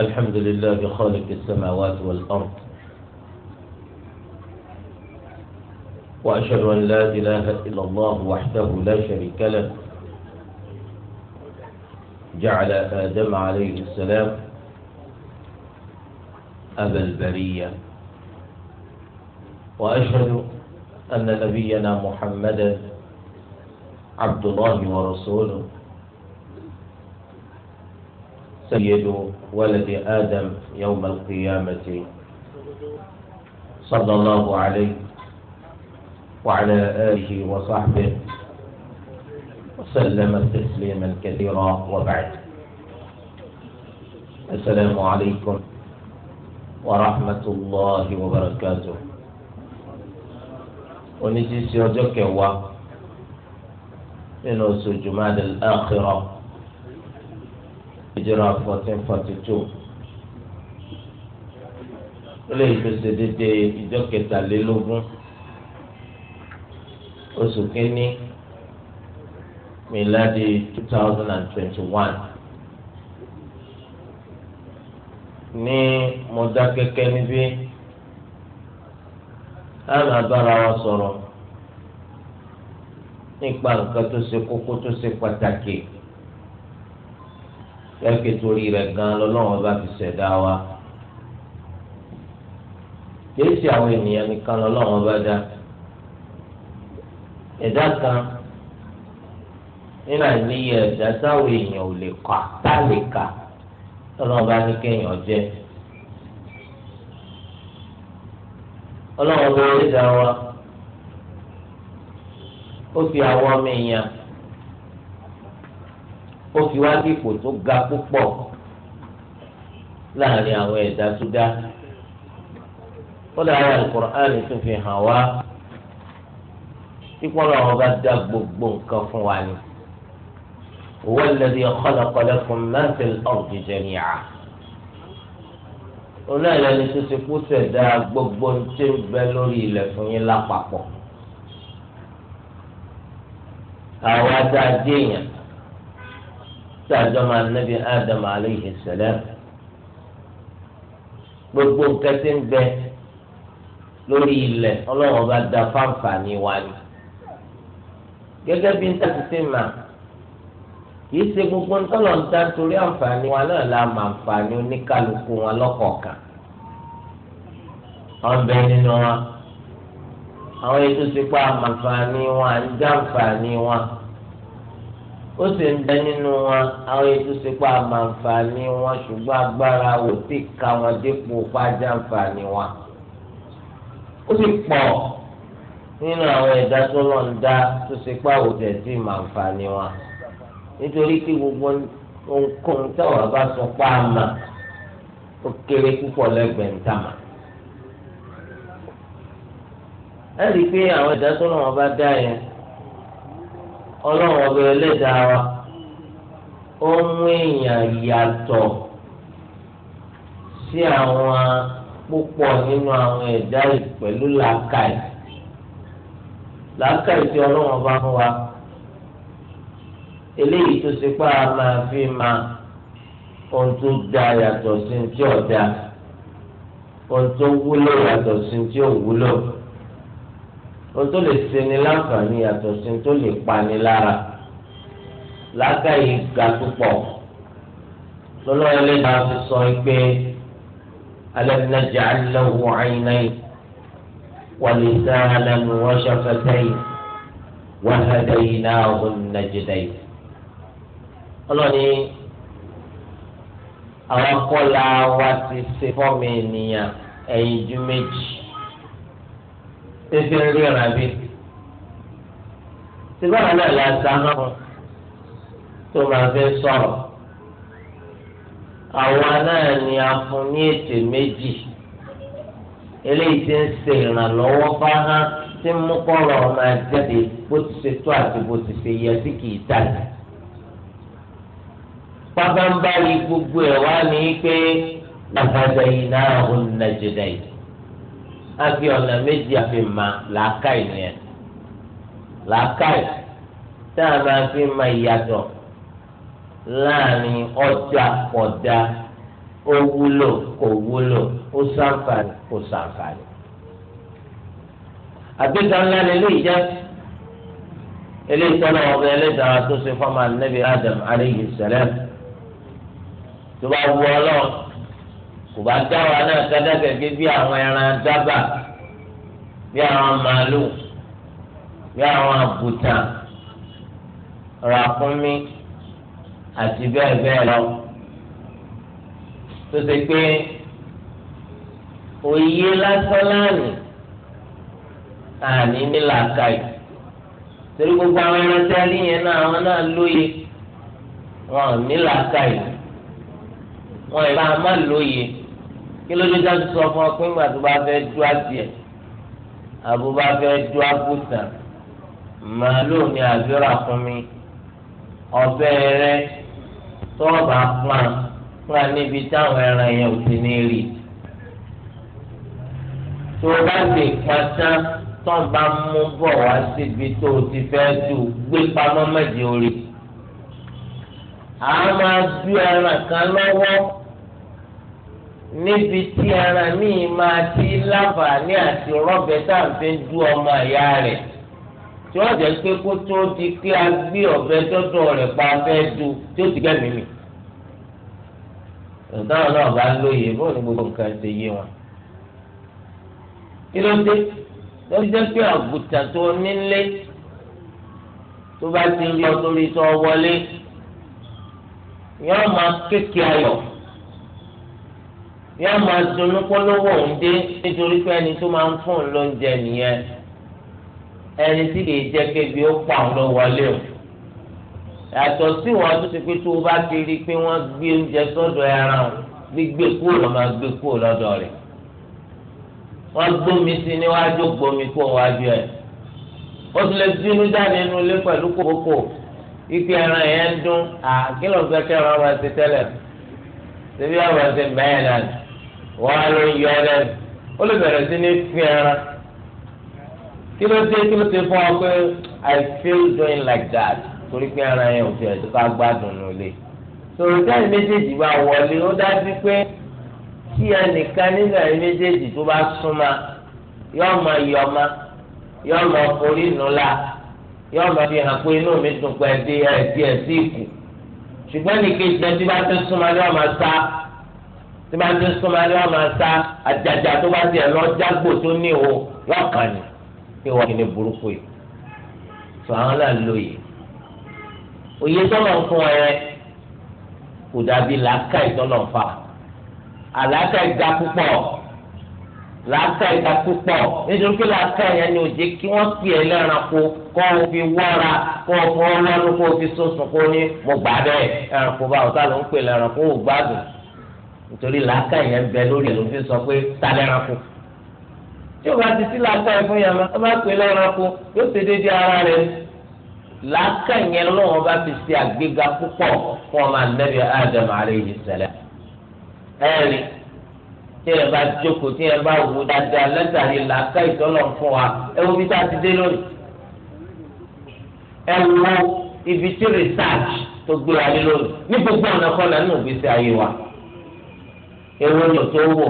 الحمد لله خالق السماوات والأرض وأشهد أن لا إله إلا الله وحده لا شريك له جعل آدم عليه السلام أبا البرية وأشهد أن نبينا محمدا عبد الله ورسوله سيد ولد آدم يوم القيامة صلى الله عليه وعلى آله وصحبه وسلم تسليما كثيرا وبعد السلام عليكم ورحمة الله وبركاته ونجي سيرجك ننسى سجمال الآخرة ìjọra fourteen forty two lórí ìpèsè dédé ìjọ kẹtàlélógún oṣù kínní miladi two thousand and twenty one ní Mọdákẹ́kẹ́ níbí láàrín agbára wa sọ̀rọ̀ nípa nǹkan tó ṣe kókó tó ṣe pàtàkì lẹ́kẹ̀ torí rẹ̀ gan lọ́lọ́run bá ti ṣẹ̀dá wa kìí ṣe àwọn ènìyàn nìkan lọ́lọ́run bá dá ẹ̀dá kan nínú àìníyẹ ẹ̀dá táwọn èèyàn ò lè kà tá lè kà lọ́lọ́run bá ní kéèyàn jẹ́ ọlọ́run bá lè dá wa ó fi àwọn ọmọ èèyàn ó fi wá sí ipò tó ga púpọ̀ láàrin àwọn ẹ̀dá tó dá ó lè àwọn Al-Qur'an tó fi hàn wá kíkọ́ náà wọn bá dá gbogbo nǹkan fún wa ni huwa alladhi khalaqa lakum ma fil ardi jami'a onáìlẹ́ni tó ti kú ṣẹ̀dá gbogbo ń tẹ́ bẹ lórí ilẹ̀ fún yín lápapọ̀ àwa dá dé èèyàn sàjọ máa nàbí Adam aleyhi sẹlẹm gbogbo nǹkan tí ń bẹ lórí ilẹ̀ ọlọ́run bá da fáǹfààní wa ni gẹ́gẹ́ bí níta ti ṣe mà kì í ṣe gbogbo ńtọ́lọ̀ ń dá torí àǹfààní wa náà la mà àǹfààní oníkàlùkù wọn lọ́kọ̀ọ̀kan ọ̀n bẹ nínú wa àwọn ètò ti pa àmàǹfààní wọn à àǹfààní wọn. ó sì ń bẹ nínú wọn àwọn ètò sípò àmàǹfààní wọn ṣùgbọ́n agbára ka wọn dípò pàjá wọn. ó sì pọ̀ nínú àwọn ẹ̀dá tó lọ ń dá tó sípò àwòtẹ́ sí màǹfààní wọn. gbogbo ohunkóhun táwọn bá sọ pa àmà ó kéré púpọ̀ lẹ́gbẹ̀ẹ́ ń ẹ rí i pé àwọn ẹ̀dá tó ọlọ́run ọba ẹlẹ́dàá wa ó mú èèyàn yàtọ̀ sí àwọn púpọ̀ nínú àwọn ẹ̀dá yìí pẹ̀lú làákàyè làákàyè tí ọlọ́run ọba fún wa eléyìí tó ṣe pé a máa fi máa ohun tó da yàtọ̀ sí ti ọ̀dà ohun tó wúlò yàtọ̀ sí ti òwúlò ohun tó lè ṣeni láǹfààní yàtọ̀ sí ohun tó lè pani lára lágbàáyé ga púpọ̀ lọ́lọ́ ẹlẹ́dàá fi sọ pé alam naj'al lahu 'aynayn wa lisanan wa shafatayn wa hadaynahu an-najdayn ọlọ́ni àwọn kọ́lá wa ti ṣe fọ́ọ̀mù ènìyàn ẹ̀yìn ju méjì. efi ń ríran bí sígbàrà náà na dáná fún tó máa fẹ́ sọ̀rọ̀ àwa náà a fún ní ètè ti ń ṣe ìrànlọ́wọ́ fáhán tí ń mú kọ́rọ̀ máa jáde bụtụtụ ịta gbogbo ẹ̀ na na agbe ọ̀nà méjì àfi ma làákàyè nìyẹn làákàyè tá a máa fi ma ìyàtọ̀ láàrin ọjà kọjá ó wúlò kò wúlò ó ṣàǹfààní kò ṣàǹfààní. àgbéga ńlá lélẹ́yìí jẹ́ eléyìí tọ́lá ọ̀bẹ ẹlẹ́dàá tó ṣe fọ́ọ̀mù anabi adam aleyhi sẹ́lẹ̀m tó bá wú ọlọ́run kò bá dá wa náà kádàkẹ́ gé bí àwọn ẹran dábà bí àwọn màálù bí àwọn àgùntàn ràkúnmí àti bẹ́ẹ̀ bẹ́ẹ̀ lọ tó ṣe pé òye lásán láàánú àní nílàákàyè torí gbogbo àwọn ẹran tẹ́ yẹn náà àwọn náà lóye wọn ò nílàákàyè wọn ìlà má lóye kí ló dé dájú sọ fún ọ pé ńgbà tó bá fẹ́ dú adìẹ àbó bá fẹ́ dú àgùtàn màálù ni àbúrò fún mi ọbẹ̀ rẹ tọ́ọ̀bà fún un fún un níbi táwọn ẹran yẹn ò ti ní rí tó o bá lè pàṣán tó o bá mú bọ̀ wá síbi tó o ti fẹ́ dùn gbé pamọ́ méje orí àá máa dú ẹran kan lọ́wọ́ níbi tí ara míì máa ti láǹfààní àti rọ́bẹ̀ tá à ń fi dú ọmọ ìyá rẹ̀ tí wọ́n jẹ́ pé kó tó di pé a gbé ọ̀bẹ dọ́dọ̀ rẹ̀ pa fẹ́ du tí ó ti gẹ́mìí mi. ìdáhùn náà bá lóye bó ni gbogbo nǹkan ṣe yé wọn. kí ló dé ló dé pé àgùntàn tó nílé tó bá ti rí ọ sórí tó wọlé yọ́n máa kéèké ayọ̀ yóò máa dunú polówó òun dé nítorí pé ẹni tó máa ń fún un lóúnjẹ nìyẹn ẹni tí kìí jẹ́ kébi ó pa òun ló wọlé o yàtọ̀ sí wọn tó ti pé tó o bá ti rí i pé wọ́n gbé oúnjẹ sọ́dọ̀ ẹran o gbígbé kúrò lọ́ máa gbé kúrò lọ́dọ̀ rẹ̀ wọ́n gbómi sí níwájú gbómi kó wájú ẹ̀ ó ti lè dínú jáde nínú ilé pẹ̀lú kòkó ipe ẹran yẹn ń dún àkìlọ̀ gbẹ́kẹ́ ọ̀rọ̀ ọ̀rọ̀ ẹ̀sìn tẹ́lẹ̀ ṣébí ọ̀rọ̀ ẹ̀sìn bẹ́ẹ̀ náà wọ́n á lọ yọ ọ lẹ́nu ó lè bẹ̀rẹ̀ sí ní fi ẹran kí ló dé kí ló dé fún ọ pé I feel doing like that torí pé ara yẹn ò fi ẹ̀sùn ká gbádùn nù lé sọ̀rọ̀ tí àyè méjèèjì bá wọlé ó dájú pé kí ẹnìkan nínú àyè méjèèjì tó bá súnmọ́ yọ ọmọ yọ ọmọ yọ ọmọ orí nùlá yọ ọmọ fi hàn pé inú mi dùn pé ẹdí ẹdí ẹsí ìkù ṣùgbọ́n ní kejì ẹtí bá tún súnmọ́ yọ ọmọ sá tí máa ń dín súnmọ́ ni wọ́n máa sa àjàjà tó bá tiẹ̀ lọ jágbó tó ní o wọ́n kàn ní kí wọ́n kíni burúkú yìí tó àwọn náà lóye òye tọ́lọ̀ ń fún ẹ kò dàbí làákà ìtọ́lọ̀ ń fa àlàákà ìgbà púpọ̀ làákà ìgbà púpọ̀ nítorí pé làákà yẹn ni ò jẹ́ kí wọ́n pè é lẹ́ranko kó o fi wọ́ra kó o fọ́ lọ́nu kó o fi sọ̀sùn kó o ní mo gbà bẹ́ẹ̀ ẹranko báwo tá ló ń pè lẹ́ranko ò gbádùn nítorí làákà yẹn bẹ lórí ló fi sọ pé ta lẹ́ranko tí o bá ti sí làákà yẹn fún yàrá ọ bá pè lẹ́ranko yóò ṣe déédéé ara rẹ làákà yẹn lọ́wọ́ bá fi ṣe àgbéga púpọ̀ fún ọmọ anabi adam aleyhi sẹlẹ ẹ̀rí tí ẹ bá jókòó tí ẹ bá wò dáadáa látàrí làákà ìtọ́lọ̀ fún wa ẹ wo bí tá a ti dé lónìí ẹ wo ibi tí research tó gbé wa lé lónìí ní gbogbo ọ̀nà kan náà nínú ìgbésí ewu ni tó wò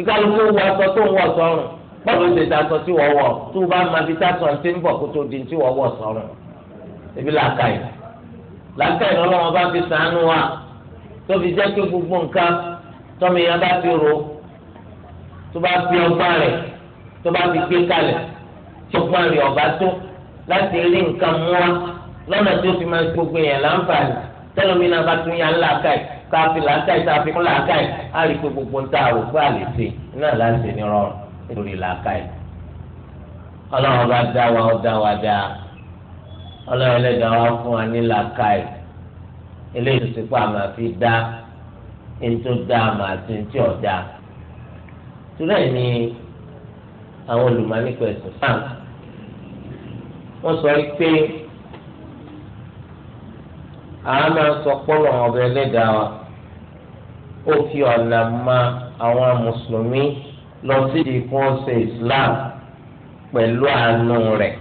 ìkàlùkù wọ aṣọ tó ń wọ sọrùn bọ́ọ̀lù ṣe ta aṣọ tí wọ́n wọ̀ tó o bá ma fi sásọ ti ń bọ̀ kó tó di tí wọ́n wọ̀ sọrùn ebi làákà yìí làákà yìí lọ́wọ́ bá fi sànú wa tó fi jẹ́ pé gbogbo nǹkan tọ́mi yẹn bá fi ro tó bá fi ọgbọ́n rẹ̀ tó bá fi gbé kalẹ̀ tó gbọ́n rẹ̀ ọ̀bá tó láti rí nǹkan mú wa lọ́nà tó fi máa gbogbo yẹn láǹfààní tẹ́lómi bá tún yà ńlá káyìí káfí làákà yìí káfí fún làákà yìí á rí i pé gbogbo ń tà ó pé àlè ṣe náà là ń ṣe ní rọrùn nítorí làákà yìí. ọlọ́run bá dá wa ó dá wa dá ọlọ́run ẹlẹ́dàá wa fún wa ní làákà yìí eléyìí tó ti pa àmà fi dá ẹni tó dá àmà àti ẹni tí ò dá. túlẹ̀ ni àwọn olùmọ̀nípa ẹ̀sìn fáwọn wọ́n sọ pé àá máa sọ pọ́lọ̀ ọ̀bẹ ẹlẹ́dàá wa ó fi ọ̀nà ma àwọn mùsùlùmí lọ sídìí kí wọ́n ṣe islam pẹ̀lú àánú rẹ̀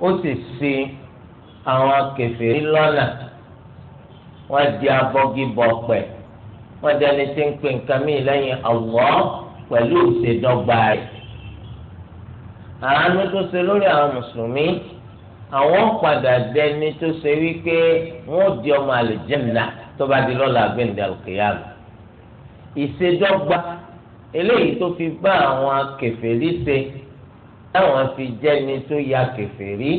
ó sì ṣì àwọn kèfèrí lọ́nà wọ́n di abọ́gibọ̀pẹ̀ wọ́n di ẹni tí ń pè nǹkan mìíràn lẹ́yìn Allah pẹ̀lú ìṣèdọ́gba rẹ̀ àánú tó ṣe lórí àwọn mùsùlùmí àwọn padà dẹni tó ṣe wípé wọ́n di ọmọ àlùjànnà náà tọ́ba di lọ́la gbẹ̀ndẹ̀ àlùkìyàmù ìṣèjọba eléyìí tó fi bá àwọn kèfèrí ṣe táwọn fi jẹ́ni tó ya kèfèrí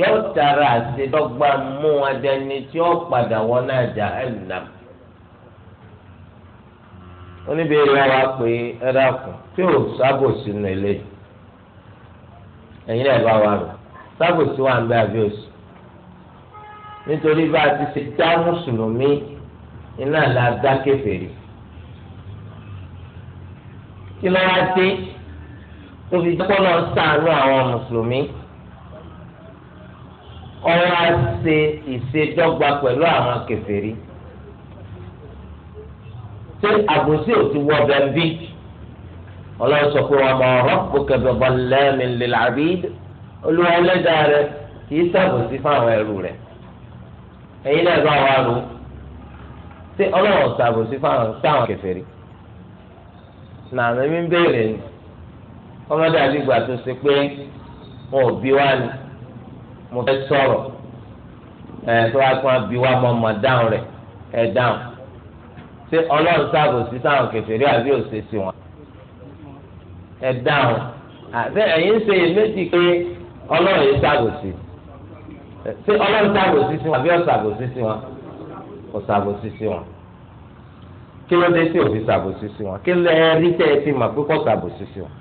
yóò tara àṣedọ́gba mú adẹni tí ó padà wọ́n náà jahannam. oníbèrè wa pé ẹ dákun tí ò sábòsí nù ẹ̀yin náà bá wà rò sábòsí wà ń bẹ àbí òsì nítorí bá a ti ṣe dá mùsùlùmí iná la dá kèfèrí kí ló wá dé tó fi dúpọ́ lọ sàánú àwọn mùsùlùmí ọwọ́ á ṣe ìṣèdọ́gba pẹ̀lú àwọn kèfèrí ṣé àbòsí ò ti wọ bẹ́ẹ̀bí ọlọ́sọ̀ pé wọn máa rọ́pò kẹfẹ́ bọ́lẹ́mì lè làbí olúwa ẹlẹ́dàá rẹ kì í ṣàbòsí fáwọn ẹrú rẹ̀. ẹ̀yin náà bá wa rò ó ṣé ọlọ́run si fáwọn táwọn Na nàánú mi ń béèrè ni ọmọdé àdìgbà tó ṣe pé wọn ò bí wá ni mo fẹ́ sọ̀rọ̀ ẹ̀ tó wá pọ́n bí wá mọ́ ọmọ dáhùn rẹ̀ ẹ̀ dáhùn ṣé ọlọ́run àbí wọn ẹ̀ dáhùn ẹ̀yin ń ṣe ṣé ọlọ́run ṣàbò sí sí wọn àbí ọ̀ṣàbò sí sí wọn ọ̀ṣàbò sí sí wọn kí ló dé tí òfin ṣàbò sí sí wọn kí lẹ rí tẹ́ ẹ ti mọ̀ pé kò ṣàbò sí sí wọn.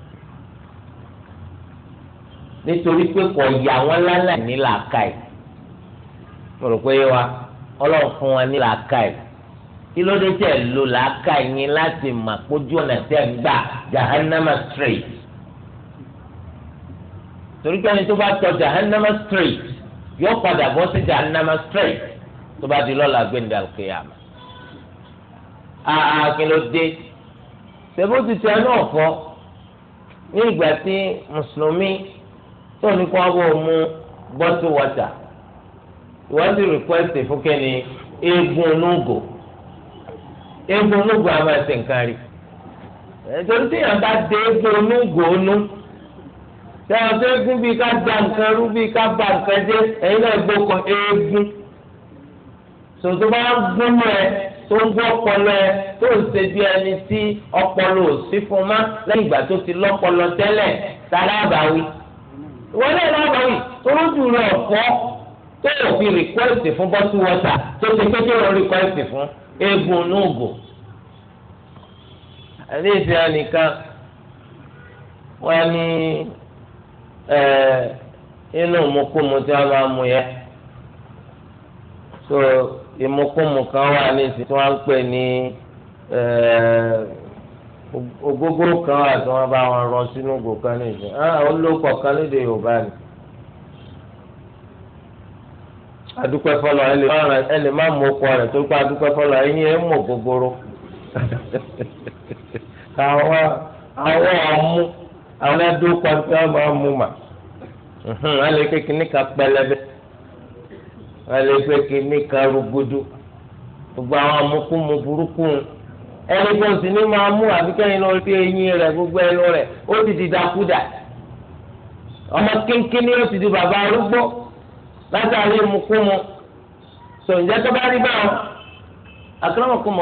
nítorí pé kò yà wọ́n lálẹ́ ní làákàyè mo rò pé yé wa ọlọ́run fún wọn ní làákàyè kí ló dé tẹ̀ lò làákàyè yín láti mọ̀ pójú ọ̀nà tẹ̀ gbà jahannama straight torí pé ẹni tó bá tọ̀ jahannama straight yóò padà bọ́ sí jahannama straight tó bá di lọ́la gbẹ̀ndà kéyàmà. àà kí ló dé ṣèbó ti tẹ náà fọ́ ní ìgbà tí mùsùlùmí tó ní kó wọ́n mú bọ́tù wọ́tà ìwọ́n ti rìkwẹ́sì fún kẹ́ni eégún onúgò eégún onúgò a máa ṣe nǹkan rí. ẹ̀jọ̀ tí yàrá bá dé eégún onúgò onú tẹ̀wọ̀n tó gún bíi ká gba nǹkan rú bíi ká ba nǹkan jẹ́ ẹ̀yin náà gbó kan eégún sòtò bá ń gún mọ́ ẹ tó ń gbọ́ ọpọlọ ẹ tó ń ṣe bí ẹni tí ọpọlọ ò sí fún má lẹ́yìn ìgbà tó ti lọ́pọlọ tẹ́lẹ̀ ta lábàáwí ìwọ náà lábàáwí tó ń dùn rẹ̀ ọ̀fọ́ tó yóò fi rìkọ́ẹ̀sì fún bọ́tú wọ́tà tó ti pé kéwọn rìkọ́ẹ̀sì fún eégún onúgò ẹni ìsìn ànìkan wọ́n ní. inú ìmúkúmu tí a máa mú yẹ so ìmúkúmu kan wà tí wọ́n ń pè ní ògógóró kan wà tí wọ́n bá wọn rọ sínú ògò kan ní ìsìn ah, kan lédè Yorùbá ni adúpẹ́ fọlọ́ ẹ má mú ọkọ tó adúpẹ́ mọ̀ àwọn ẹdó kọtí wọn máa mú mà wọn lè pé ka kan pẹlẹbẹ wọn lè pé kíní kan gbogbo àwọn amukumu burúkú ẹni tó sì ní máa mú àfikẹ́yìn náà rí eyín rẹ gbogbo ẹnu rẹ ó ti di ọmọ ó ti di bàbá arúgbó látàrí sọ̀njẹ́ tó bá rí báwọn lọ́wọ́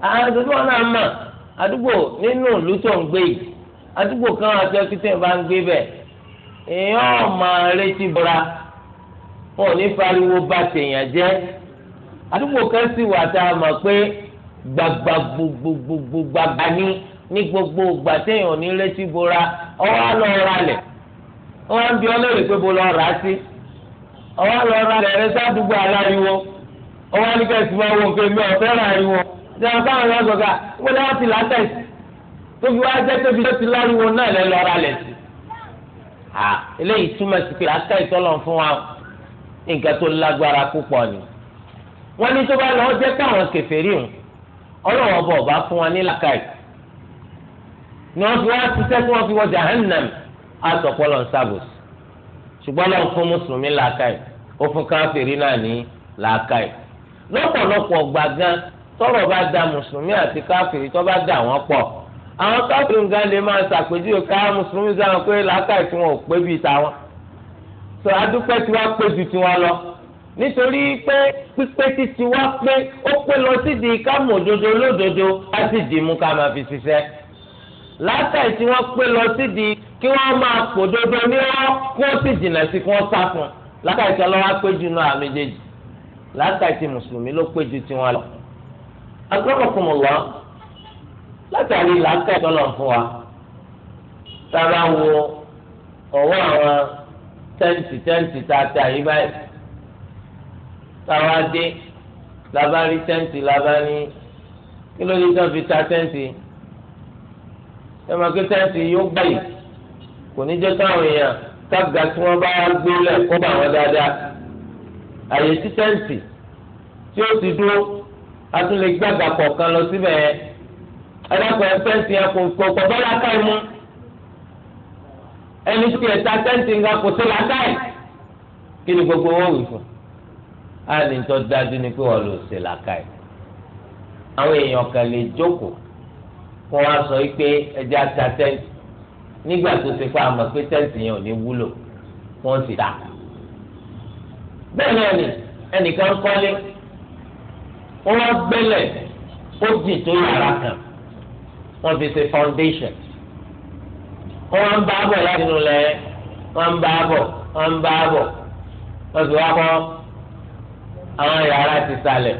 àwọn náà mọ̀ àdúgbò nínú àdúgbò kan àti ẹkítẹ́ bá ń gbé bẹ̀ èèyàn máa retí bọ́ra wọn ò ní pariwo bá tèèyàn jẹ́ àdúgbò kan sì wà tá a mọ̀ pé gbàgbà gbogbogbò gbàgbà ní ní gbogbo ìgbà téèyàn ò ní retí bọ́ra ọwọ́ á lọ ra lẹ̀ wọ́n á ń bi ọlọ́rìí pé bó lọ rà á sí ọwọ́ lọ ra lẹ̀ rẹ sádùúgbò aláriwo ọwọ́ á ní kẹ́sì máa wo mi ọ̀fẹ́ rà ariwo ìjọba báwọn yóò sọ̀gà wọ́n dá wọ́n ti tóbi wá jẹ́ tóbi tó ti láriwo náà lẹ́ lọ́ra lẹ̀ sí. à eléyìí túmọ̀ sí pé àká ìtọ́lọ̀ fún wa nǹkan tó lágbára púpọ̀ ni. wọ́n ní tó bá lọ́ọ́ jẹ́ káwọn kèfèrí hùn ọlọ́wọ́n bọ̀ bá fún wa ní làkàì. ni wọ́n fi wá ṣiṣẹ́ tí wọ́n fi wọ jahannam àtọ̀pọ̀lọ̀ ń sábòsì. ṣùgbọ́n lọ́n fún mùsùlùmí làkàì ó fún káfíìrì náà ní làkàì. lọ́pọ̀lọpọ̀ gbàgán tọ́rọ̀ bá da mùsùlùmí àti káfíìrì tó bá da wọ́n pọ̀ àwọn káfíìn gan lè máa ṣàpèjúwe ká mùsùlùmí sáwọn pé làákàyè tí wọn ò pé bíi tàwọn sọ adúpẹ́ tí wọ́n pé ju tiwọn lọ nítorí pé pípé tí tiwọn pé ó pé lọ sídìí ká mọ̀ òdodo lódodo á sì dì í mú ká máa fi ṣiṣẹ́ làákàyè tí wọ́n pé lọ sídìí kí wọ́n máa pò dodo ní wọ́n kí wọ́n sì jìnnà sí kí wọ́n sá fún un làákàyè tí ọlọ́wọ́ pé ju náà méjèèjì làákàyè tí mùsùlùmí ló pé ju tiwọn lọ látàrí làákà ìtọ́lọ̀ fún wa tára wo ọ̀wọ́ àwọn tẹ́ǹtì tẹ́ǹtì tata yìí báyìí táwa dé labá rí tẹ́ǹtì labá ní kí ló dé tán fi ta tẹ́ǹtì ẹ máa ké tẹ́ǹtì yóò gbàyè kò ní jẹ́ táwọn èèyàn tága tí wọ́n bá gbé lẹ̀ kó bá wọn dáadáa àyè tí tẹ́ǹtì tí ó ti dúró a tún lè gbàgbà kọ̀ọ̀kan lọ síbẹ̀ yẹn ẹ̀dàpọ̀ ẹ̀fẹ́sì yẹn kò kò kò bọ́lá ká ẹ̀ mú ẹni tí ẹ̀ ta tẹ́ǹtì ńgá kò sí làákàyè kí ni gbogbo owó wì fún a ní tó dájú ni pé wọ́n lò sí làákàyè àwọn èèyàn kan lè jókòó kó wá sọ pé ẹjẹ́ ata tẹ́ǹtì nígbà tó ti pa àmọ́ pé tẹ́ǹtì yẹn ò ní wúlò wọ́n sì dá bẹ́ẹ̀ náà ni ẹnìkan kọ́lé wọ́n gbẹ́lẹ̀ ó jì tó yàrá kan wọ́n fi ṣe foundation wọ́n ń bá bọ̀ láti inú lẹ̀ wọ́n ń bá bọ̀ wọ́n ń bá bọ̀ wọ́n sì wá kọ́ àwọn yàrá ti sálẹ̀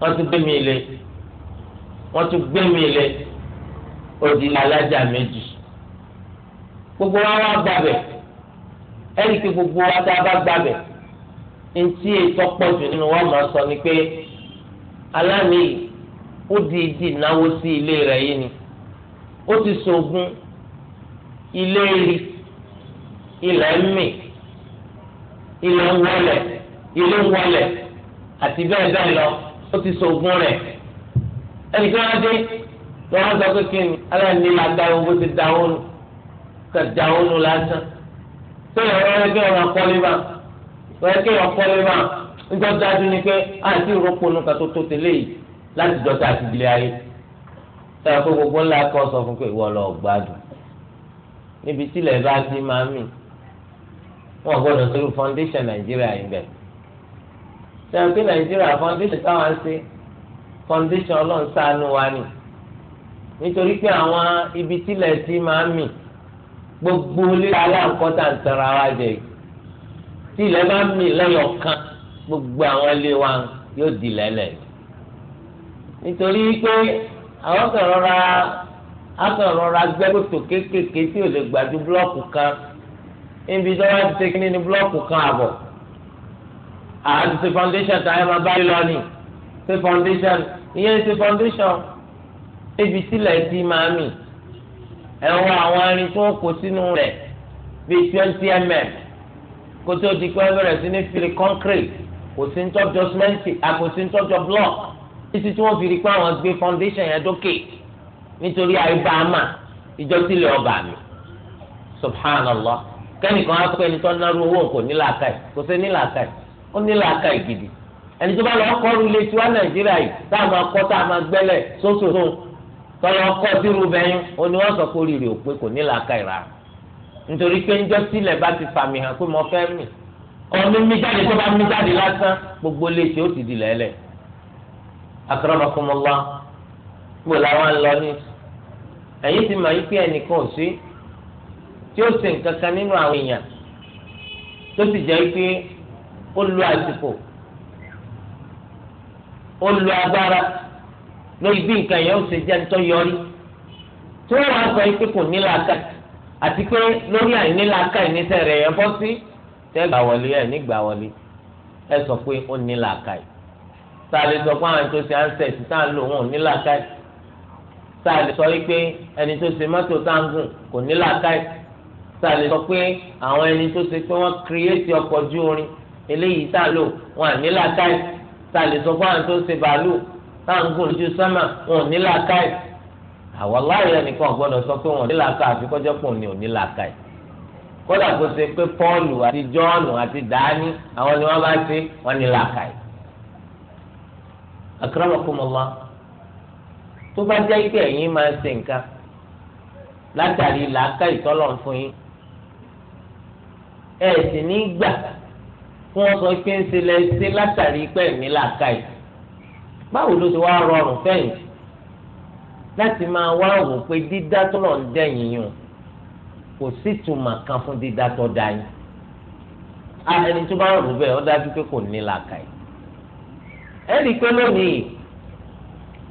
wọ́n tún gbé mi lé wọ́n tún gbé mi lé odi alájà méjì gbogbo wa wá gbàbẹ̀ ẹnìkí gbogbo wa tá a bá gbàbẹ̀ ntí ètò pọ̀jù nínú wọn máa sọ ni pé alámì yìí. ó di ìdí náwó sí ilé rẹ̀ yìí ni ó ti sogun ilé rí ilẹ̀ mì ilẹ̀ wọlẹ̀ ilé wọlẹ̀ àti bẹ́ẹ̀ bẹ́ẹ̀ lọ ó ti sògùn rẹ̀ ẹnìkan á dé lọ́wọ́ sọ pé kí ni aláìní la da owó ti da owó nu ká da owó nu lásán tó yẹ wọ́n kí wọ́n kọ́lé bá wọ́n yẹ kí dájú ni láti dọ́ta àti ìdílé ayé sọ̀rọ̀ pé gbogbo ńlá kọ́ sọ fún pé ìwọ lọ gbádùn níbi tílẹ̀ bá ti máa mì wọ́n gbọ́dọ̀ sórí foundation nàìjíríà yìí bẹ̀. sọ̀rọ̀ pé nàìjíríà foundation táwọn ṣe foundation ọlọ́run ṣàánú wa ni nítorí pé àwọn ibi tílẹ̀ ti máa mì gbogbo ilé aláǹkọ́tà ń tẹ̀ra wa jẹ tílẹ̀ bá mì lẹ́yọ̀ kan gbogbo àwọn ilé wa yóò di lẹ́lẹ̀ yìí nítorí pé àwọn kan rọra akàn rọra gbẹ́gbẹ́tò kéékèèké tí ò lè gbà ju búlọ́ọ̀kù kan níbi tí wọ́n ti ṣe kí ní búlọ́ọ̀kù kan àbọ̀ àti ṣe foundation tàyẹ̀ máa bá lọ ní ṣe foundation ìyẹn ṣe foundation níbi tílẹ̀ ti máa mì ẹ̀wọ̀n àwọn irin tí wọ́n kó sínú rẹ̀ bíi twenty mm kó tó di pé wọ́n bẹ̀rẹ̀ sí ní fili concrete kò sí ń tọ́jọ́ cement kò sí ń tọ́jọ́ block títí tí wọ́n fi rí pé àwọn gbé foundation yẹn dókè nítorí àyíká àmà ìjọsílẹ̀ ọba mi subhanallah kẹ́nìkan á pé ẹni tó náró owó kò ní làákàyè kò sí ní làákàyè ó ní làákàyè gidi ẹni tó bá lọ kọ́rù ilé tiwa nàìjíríà yìí tá a máa kọ́ tá a máa gbẹ́lẹ̀ sóṣooṣo tọ́lọ́ kọ́ sírú bẹ́yìn ó ní wọ́n sọ pé oríire ò pé kò ní làákàyè rà nítorí pé ńjọ́sílẹ̀ bá ti fàmì hàn pé mo fẹ́ mì ọ́ ní mí jáde tó bá mí jáde lásán gbogbo léṣe ó ti di lẹ́lẹ̀ akramakumullah gbogbo làwọn lọ ní ẹ̀yìn ti mọ̀ yí pé ẹnìkan ò sí tí ó sì nǹkan kan nínú àwọn èèyàn tó sì jẹ́ pé ó lo àsìkò ó lo agbára lórí bí nǹkan yẹn ó ṣe jẹ́ nítorí yọrí tí wọ́n wá sọ pé kò ní làákà àti pé lórí àìní làákà ìníṣẹ́ rẹ̀ yẹn bọ́ sí tẹ́ wọlé ẹ̀ nígbà wọlé ẹ sọ pé ó ní làákà yìí tá a lè sọ pé àwọn tó ṣe ansẹt tá a lò wọn ò ní làákàyè tá a lè sọ pé ẹni tó ṣe mọ́tò tá a ń gùn kò ní làákàyè tá a lè sọ pé àwọn ẹni tó ṣe pé wọ́n kírẹ́ẹ̀tì ọkọ̀ ojú orin eléyìí tá a lò wọn à ní làákàyè tá a lè sọ pé àwọn tó ṣe bàálù tá a ń gùn lójú sánmà wọn ò ní làákàyè àwọn láàyè nìkan gbọ́dọ̀ sọ pé wọn ò ní làákàyè àfikọ́jọ́ pọ̀ ní ò ní làákàyè kódà kó ṣe pé pọ́ọ̀lù àti jọ́ọ̀nù àti dání àwọn ni wọ́n bá ṣe wọ́n ní akramakumullah tó bá jẹ́ pé ẹ̀yin máa ń ṣe nǹkan látàrí làákà ìtọ́lọ̀ fún yín ẹ sì ní gbà fún wọn sọ pé ń ṣe lẹ́sẹ̀ látàrí pé ẹ̀mí làákà yìí báwo ló ti wá rọrùn fẹ́yìn láti máa wá wò pé dídá tọ́lọ̀ ń dẹ̀yìn yìí kò sí ìtumọ̀ kan fún dídá tọ́ ẹni tó bá rò bẹ́ẹ̀ ó dájú pé kò ní làákà yìí. ẹnì pé lónìí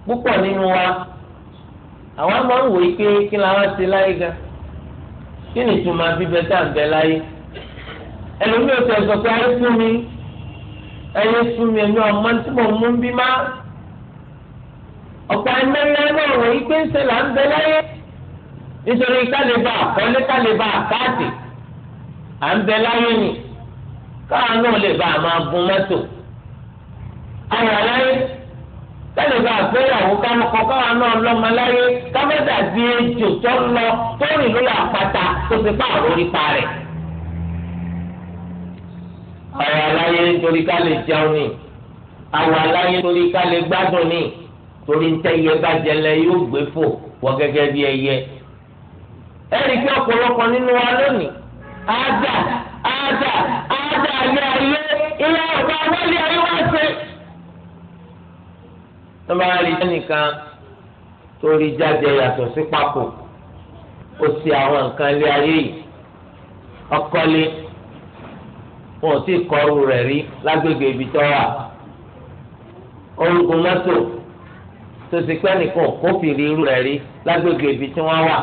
púpọ̀ nínú wa àwọn máa ń ike pé kí la wá ṣe láyé gan kí ni ìtumọ̀ bíbẹ tá à ń bẹ láyé ẹlòmíì ò tẹ̀ pé ayé fún mi ayé fún mi ẹ̀mí ọmọ tí mo mú bí má ọ̀pọ̀ ẹ̀mẹ́lẹ́ náà pé là ni náà lè bá a máa gun ayọ̀láyé tẹ́lẹ̀ bá àgbéyàwó kánukọ káwa náà lọ́mọ láyé káfẹ́tà di ejò tó ń lọ tó rìn lórí àpáta tó ti pààrọ̀ orí pa rẹ̀. ayọ̀láyé nítorí ká lè jẹun ni awọ̀láyé nítorí ká lè gbádùn ni torí ntẹ́yẹ bá jẹlẹ yóò gbé fò wọ gẹ́gẹ́ bí ẹyẹ. ẹ̀rí kí ọ̀pọ̀lọpọ̀ nínú wa lónìí ádà ádà ádà ayé ayé ilé ọ̀gá wọlé ayé w tó bá rí ẹnìkan tó rí jáde yàtọ̀ sí papò ó sì àwọn nǹkan ilé ayé yìí ọkọlé wọn ò tí ì kọrù rẹ̀ rí lágbègbè ibi tó wà orúkọ mọ́tò tó ti pẹ́ nìkan kófìrí irú rẹ̀ rí lágbègbè ibi tí wọ́n wà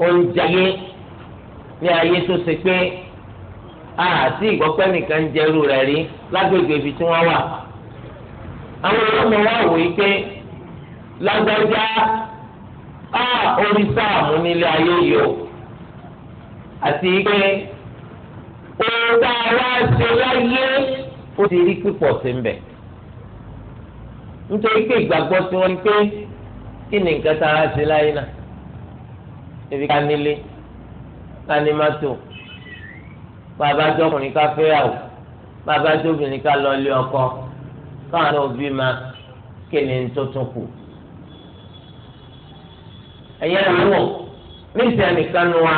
oúnjẹ ní ayé tó ṣe pé àti ìgbọ́pẹ́ nìkan jẹ́rú rẹ̀ rí lágbègbè ibi tí wọ́n wà àwọn ọlọ́mọ wa wò yí pé lágbájá á orí sáàmù nílé ayé yìí o àti pé ohun tá a wá ṣe láyé ó ti rí pípọ̀ sí ń bẹ̀ nítorí pé ìgbàgbọ́ tí wọ́n pé kí ni nǹkan tá a ṣe láyé náà ebi ká nílé ká ní mọ́tò bàbá jọkùnrin ká fẹ́yàwó bàbá jọbìnrin ká lọ ilé ọkọ káwọn náà bí ma kí ni tó tún kù. ẹ̀yẹ́ ló wọ̀ ní ìsìn ẹnìkan nu wa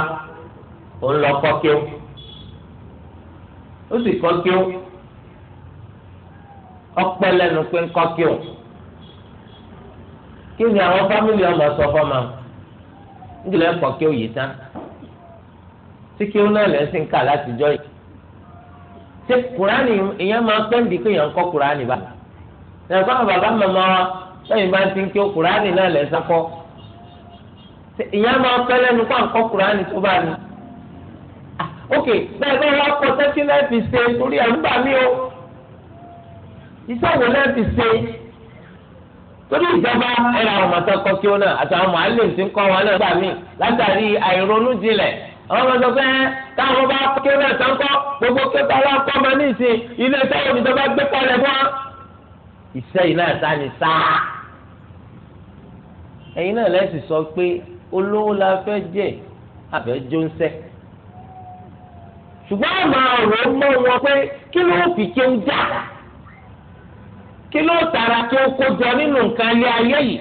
òun lọ kọ́ kí ó ó sì kọ́ kí ó ọpẹ́ lẹ́nu pé ń kọ́ kí ó kí ni àwọn fámìlì ọmọ sọ fọmọ nígbà ẹ̀kọ́ kí yìí tán tí kí ó náà lẹ́sìn kà látijọ́ yìí ṣé kùránì ìyẹn máa pẹ́ǹdì kéèyàn ń kọ́ kùránì báyìí nàìjíríà fáwọn bàbá màmá wa lẹ́yìn bá ń ti ń kí kùránì náà lẹ̀ sọ́kọ́ ìyá máa ń pẹ́ lẹ́nu pàǹkọ́ kùránì tó bá ní ok bẹ́ẹ̀ bẹ́ẹ̀ wá kọ sẹ́kí lẹ́ẹ̀fì ṣe torí àrùbá mi o iṣẹ́ wo lẹ́ẹ̀fì ṣe torí ìjọba ẹ̀rọ àwọn ọmọ tó kọ kí ó náà àtàwọn màálùm ti ń kọ́ wọn náà gbà mí látàrí àìronú jinlẹ̀ àwọn ọmọ sọ pé táwọn bá kí ó náà sọ́kọ́ gbogbo kí ó ta wá kọ́ ọmọ ní ìsìn ilé iṣẹ́ òní tó bá gbé fún wa ìṣe yìí náà sá ni sá ẹ̀yin náà lẹ́sìn sọ pé olówó la fẹ́ jẹ́ àfẹ́ jóńsẹ́ ṣùgbọ́n àmà ọ̀rọ̀ mọ́ wọn pé kí ló fi kí ó jà kí ló tara kí ó kó jọ nínú nǹkan ilé ayé yìí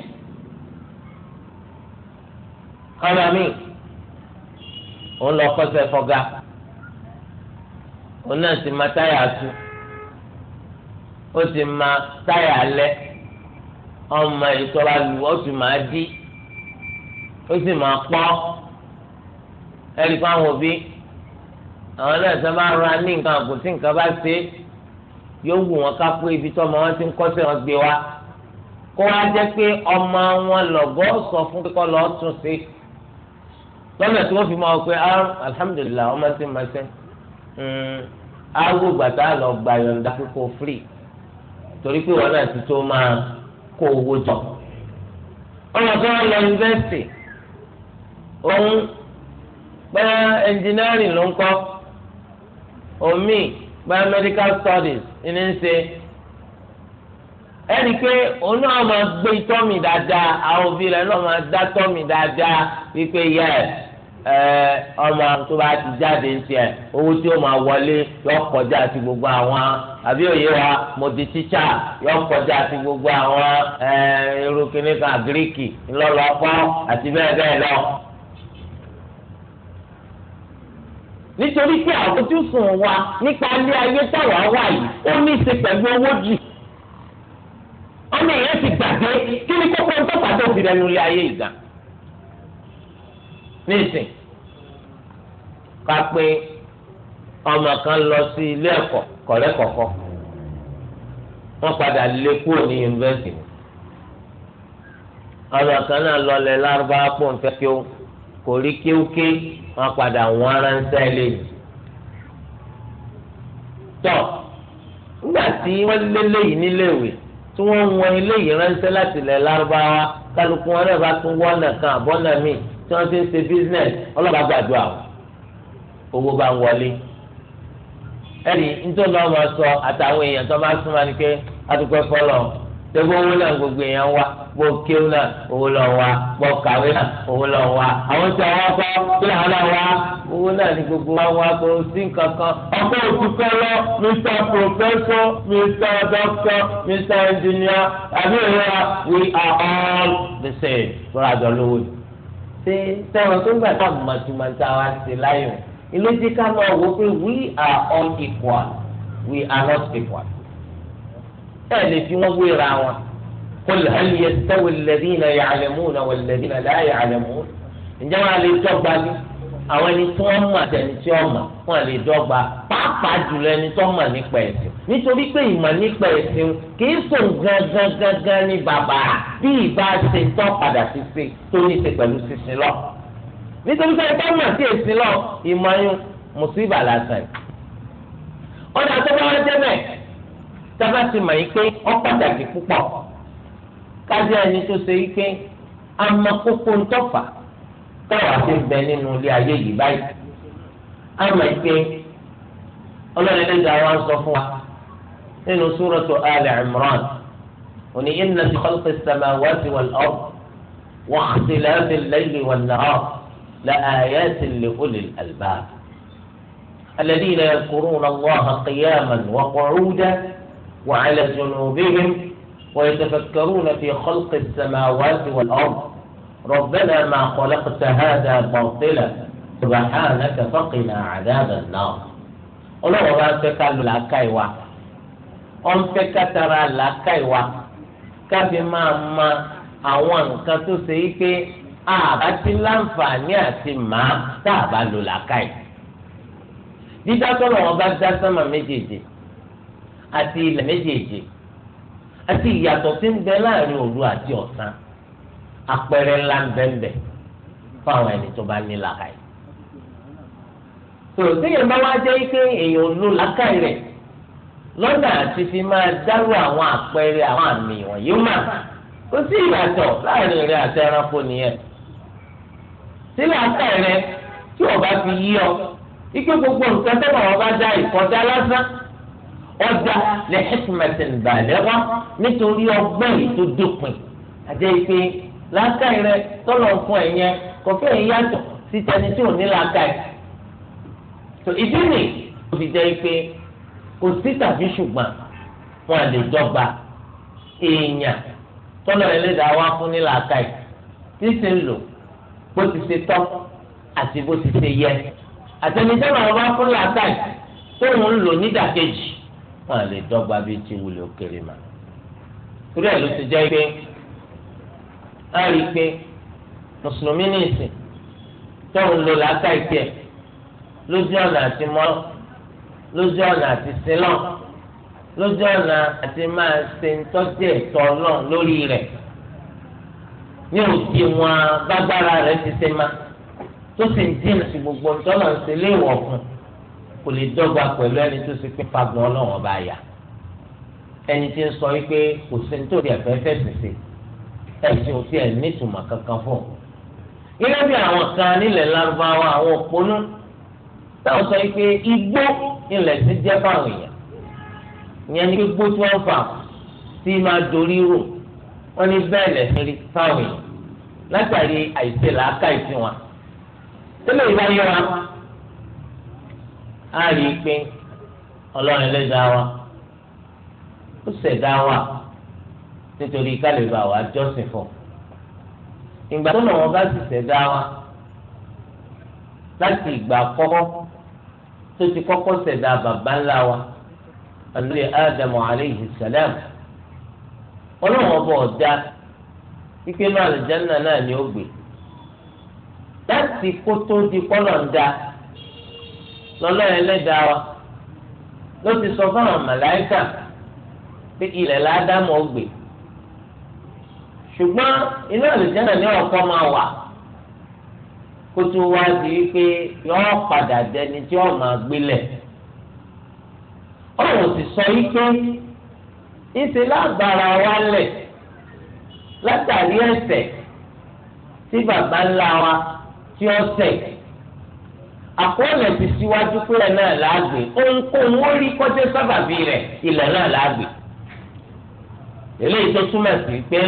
ọ̀nà mi òun lọ kọ́sẹ̀ fọ́gá òun náà sì máa táyà sùn ó sì máa táyà lẹ ọmọ ìtọ́ra lu ó sì máa dí ó sì máa pọ́ ẹ̀rí fáwọn òbí àwọn náà sábà ń ra ní nǹkan àgùn tí nǹkan bá ṣe yóò wù wọn ká pé ibi tí ọmọ wọn ti ń kọ́sẹ̀ wọn gbé wa kó wá jẹ́ pé ọmọ wọn lọ̀bọ́ sọ fún kíkọ́ lọ́ọ́ tún ṣe lọ́nà tí wọ́n fi máa pé ah, alhamdulilayi ọmọ ti máa ṣe awo hmm, gbàtà lọ gbàyọ̀ǹda kókó free torí pé wọn náà ti tó máa kó owó jọ ọmọ tó ń lọ yunifásitì òun báyà ẹnjìnírìn ló ń kọ́ omi báyà medical studies ní ń ṣe ẹnì pé òun náà máa gbé tọ́mì dáadáa àwọn òbí rẹ̀ náà máa dá tọ́mì dáadáa wípé yẹ́ẹ̀. ọmọ tó bá ti jáde ń tiẹ̀ owó tí ó máa wọlé yọ kọjá àti gbogbo àwọn àbí òye wa mo di yọ kọjá àti gbogbo àwọn irú kìnìún kan gíríkì ńlọlọpọ àti bẹ́ẹ̀ bẹ́ẹ̀ lọ. nítorí pé àfojúsùn wa nípa ilé ayé táwa wà yìí ó ní í ṣe pẹ̀lú owó jù ọmọ èèyàn ti gbàgbé kí ni kókó ń tọ́ka tó fi rẹnu ilé ayé ìgbà nísìnyí ká pé ọmọ kan lọ sí ilé ẹ̀kọ́ kọ̀lẹ́kọ̀ọ́kọ́ wọ́n padà lé kúrò ní yunifásitì ọmọ kan náà lọlẹ̀ lárúbáwá pọ̀ nfẹ́ kí ó kò rí kéwké wọ́n padà wọ́n aránsẹ́ lẹ́yìn. tọ́ nígbà tí wọ́n lé lẹ́yìn níléèwé tí wọ́n ń wọn iléyìí ránṣẹ́ láti ilẹ̀ lárúbáwá kálukú wọn náà bá tún wọ́nà kan àbọ́nà míì tí wọ́n ti ń ṣe bísínẹ́sì ọlọ́ba gbàdúrà wọn. owó bá ń wọlé ẹnì nítorí náà máa sọ àtàwọn èèyàn tó máa súnmọ́ ni pé adúpẹ́ fọlọ́ tẹ́gbẹ́ owó náà gbogbo èèyàn wá bó kéwù náà owó lọ wá bó kàwé náà owó lọ wá àwọn tí kí náà wá owó náà ni gbogbo wa wá kó sí nǹkan kan ọkọ mr professor mr doctor mr engineer àbí ìrora we are all the same lówó ṣé sẹ́wọ̀n tó ń gbà ilé tí ká máa wò pé we are all equal we are not equal ẹ lè fi wọn wéra wọn qul hal yastawi alladhina ya'lamuna walladhina la ya'lamun ǹjẹ́ wọn lè dọ́gba ní àwọn ẹni tí wọ́n mọ̀ àtẹni tí wọ́n mọ̀ wọn lè dọ́gba pàápàá jùlọ ẹni tó mọ̀ nípa ẹ̀sìn nítorí pé ìmọ̀ nípa ẹ̀sìn kìí sùn gangan gangan ní bàbá bí ìbá ṣe tọ́ padà sí sí tó ní ṣe pẹ̀lú sísin lọ́wọ́ nítorí pé ẹgbẹ́ mọ̀ sí èsì lọ ìmọ̀ọ́yún mùsùlùmí lásán. ọ̀nà àtọ́gbà wọn jẹ́ bẹ́ẹ̀ tábà ti mọ̀ yìí pé ó pàtàkì púpọ̀ kájí ẹni tó ṣe yìí pé amakókó ń tọ́fà táwa ti bẹ nínú ilé ayé yìí báyìí. a yìí pé ọlọ́run ẹlẹ́dàá wa ń sọ fún wa nínú súrọ̀tù Al Imran òní inna fi khalqi as-samawati wal ard wa ikhtilafi al-layli wan nahar. لآيات لأولي الألباب الذين يذكرون الله قياما وقعودا وعلى جنوبهم ويتفكرون في خلق السماوات والأرض ربنا ما خلقت هذا باطلا سبحانك فقنا عذاب النار ọlọ́wọ́ bá ń fẹ́ ká lu làákàyè wa ọ ń ما ká tara làákàyè àbá ti láǹfààní àti màá tá a bá lò làákàyè dídá tọ́lọ̀ wọn bá dá sánmà méjèèjì àti ilẹ̀ méjèèjì àti ìyàtọ̀ tí ń bẹ láàrin òru àti ọ̀sán àpẹẹrẹ ńlá ń bẹ́ńbẹ́ fáwọn ẹni tó bá ní làákàyè tò téèyàn bá wá jẹ́ pé èèyàn lò làákàyè rẹ̀ lọ́dà àti fi máa dárò àwọn àpẹẹrẹ àwọn àmì wọ̀nyí mà kò sí ìyàtọ̀ láàrin rẹ̀ àti ẹranko nìyẹn sílẹ̀ àtà rẹ tí o bá fi yí ọ ike gbogbo nǹkan tẹ́lẹ̀ wọn bá dá ìkọjá lásán ọjà lè hikmatin baligha nítorí ọgbẹ́ yìí tó dópin àjẹ́ ìpè làákà rẹ tọ́lọ̀ fún ẹ̀yẹn kò fẹ́ ẹ̀yìn yàtọ̀ sí tẹni tí ò ní làákà yìí. tó ìdí nì ó fi jẹ́ ìpè kò sí tàbí ṣùgbọ́n wọn lè èèyàn tọ́lọ̀ ẹlẹ́dàá wá fún ní làákà yìí tí ń lò bó ti ṣe tọ́ àti bó ti ṣe yẹ àtẹnudẹ́ náà wá fún làákàyè tó ń lò nídàkejì wọn lè dọ́gba bíi ti wulẹ̀ òkèrè mà torí ẹ̀ ló ti jẹ́ pé a rí i pé mùsùlùmí ní ìsìn tó ń lò làákàyè tiẹ̀ lójú ọ̀nà àti mọ́ lójú ọ̀nà àti sílọ̀ lójú ọ̀nà àti máa ṣe ń tọ́jú ẹ̀tọ́ náà lórí rẹ̀ ní òdi wọn bágbára rẹ̀ ti ṣe má tó sì ń dín sí gbogbo ntọ́nà ṣe léèwọ̀ fún kò lè dọ́gba pẹ̀lú ẹni tó ṣe pé fagbọn ọlọ́wọ́n bá yà ẹni tí ń sọ wípé kò sí nítorí ẹ̀fẹ́fẹ́ ṣèṣe ẹ̀sìn òsì ẹ̀ nítumọ̀ kankan fún un. gẹ́gẹ́ bí àwọn kan nílẹ̀ lárúbáwá àwọn òpónú táwọn sọ wípé igbó nílẹ̀ sí jẹ́ fáwọn èèyàn ìyẹn ní igbó tí wọ́n fà sí máa dorí rò wọ́n ní bẹ́ẹ̀ lẹ́sìn rí fáwọn èèyàn látàrí àìsè làákà ìsìn wọn tẹ́lẹ̀ ìgbà yẹn wa á rí i pé ọlọ́run ẹlẹ́dàá wa ó ṣẹ̀dá wa nítorí kálíbà wa jọ́sìn fún ìgbà tó náà wọn bá sì ṣẹ̀dá wa láti ìgbà kọ́kọ́ tó ti kọ́kọ́ ṣẹ̀dá bàbá ńlá wa àlùyé ádámù alayhi salam. ọlọ́run ọba ọ̀dà ike náà àlùjáná náà ni ó láti kó tó di kọ́lọ̀ da lọ́lọ́run ẹlẹ́dàá wa ló ti sọ fún màláìkà pé ilẹ̀ ládàmú ọgbè ṣùgbọ́n inú àlùjáná ni ọ̀kọ́ máa wà kó tó wá di wípé yọ padà dẹni tí máa gbélẹ̀ ti sọ yí ìṣe lágbára wa lẹ̀ látàrí ẹ̀ṣẹ̀ tí bàbá ńlá wa tí ó ṣẹ̀ àkọọ́lẹ̀ ti síwájú pé náà láàgbé ohunkóhun ó rí kọjá sábàbí rẹ̀ ilẹ̀ náà láàgbé eléyìí tó túmọ̀ sí pé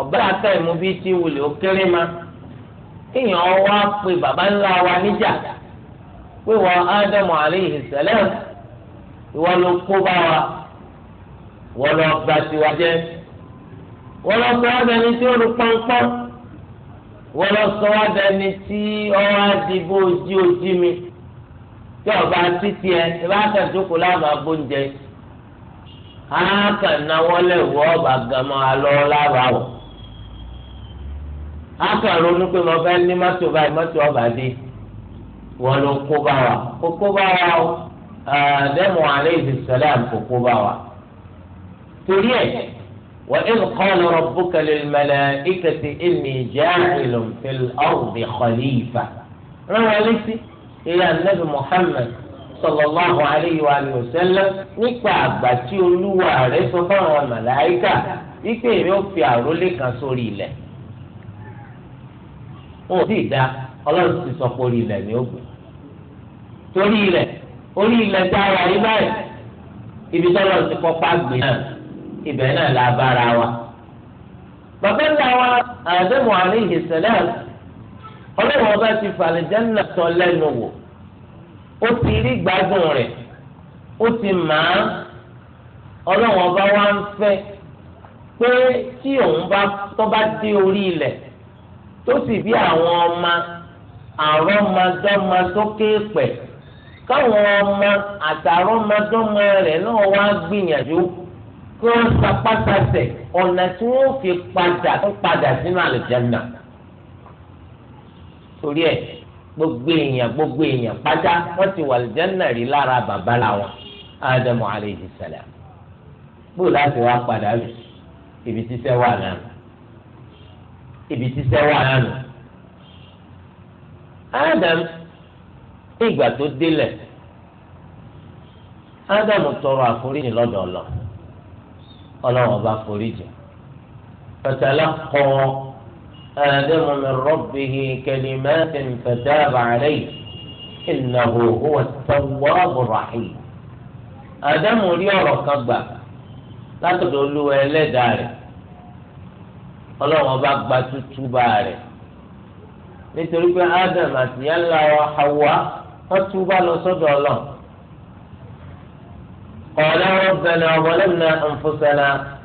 ọ̀bá àtẹ̀mú bí ti wulẹ̀ ó kéré ma kéèyàn wá pe bàbá ńlá wa níjà pé wọ́n Ádámù alayhi salam ìwọ ló kó bá wa. wọ́n lọ gba tiwa jẹ́ wọ́n lọ sọ wọ́n dẹni tí ó lu pọ́npọ́n wọ́n lọ sọ wọ́n dẹni tí ọwọ́ adìbò ojú ojú mi tí ọba títí ẹ tí bá tẹ̀ tó kó láàmú agbóúnjẹ akànnáwọ́ lẹ́wọ́ ọba gàmọ́ alọ́ lára wọ̀ akànronú pé mo fẹ́ ní mọ́tò báyìí mọ́tò ọba dé wọ́n kó bá wa kó kó bá wa o àdẹ́mu alẹ́ ìdìsẹ́lẹ̀ àpò kó bá wa torí ẹ̀ wà ẹnu kọ́ọ̀lù rabbuka lil malaikati inni ja'ilun fil ardi khalifa rán wa létí ìyá nabi muhammed sallallahu alayhi wa sallam nípa àgbà tí olúwa rẹ̀ sọ fáwọn màláìkà wípé èmi ò fi àrólé kan sórí ilẹ̀ wọn ò sì dá ọlọ́run ti sọ pé orí ilẹ̀ ni ó gbé torí ilẹ̀ orí ilẹ̀ dára yí báyìí ibi tí ti kọ́ pa náà ibẹ̀ náà la bára wa. bàbá ńlá wa àdéhùn alayhi salam ọlọ́run ọba ti fàlẹ́jẹ́nà tọ́ lẹ́nu wò ó ti rí gbádùn rẹ̀ ó ti màá ọlọ́run ọba wa ń fẹ́ pé tí òun bá tọ́ bá dé orí ilẹ̀ tó sì bí àwọn ọmọ àrọ́mọdọ́mọdókè pẹ̀ káwọn ọmọ àtàrọ́mọdọ́mọ rẹ̀ náà wá gbìyànjú kí wọ́n sapásasẹ̀ ọ̀nà tí wọ́n fi padà ń padà sínú àlùjánnà. torí ẹ̀ gbogbo èèyàn gbogbo èèyàn pátá wọ́n ti wà àlùjánnà rí lára bàbá làwọn ádámù alayhi salam bó láti wá padà lù ibi tíṣẹ́ wà náà ibi tíṣẹ́ wà náà nù. ádámù ní ìgbà tó délẹ̀ ádámù tọrọ àforíjì lọ́dọ̀ ọlọ́run ọba foríjì fatalaqqa Adamu min rabbihi kalimatin fataba alayhi innahu huwa at-tawwabu rahim Adamu rí ọ̀rọ̀ kan gbà látọ̀dọ̀ olúwa ẹlẹ́dàá rẹ̀ ọlọ́run ọba gba tútúbà rẹ̀ nítorí pé Adamu àti yàrá wa Hawa wọ́n túbà lọ sọ́dọ̀ ọlọ́run. قالا ربنا ظلمنا أنفسنا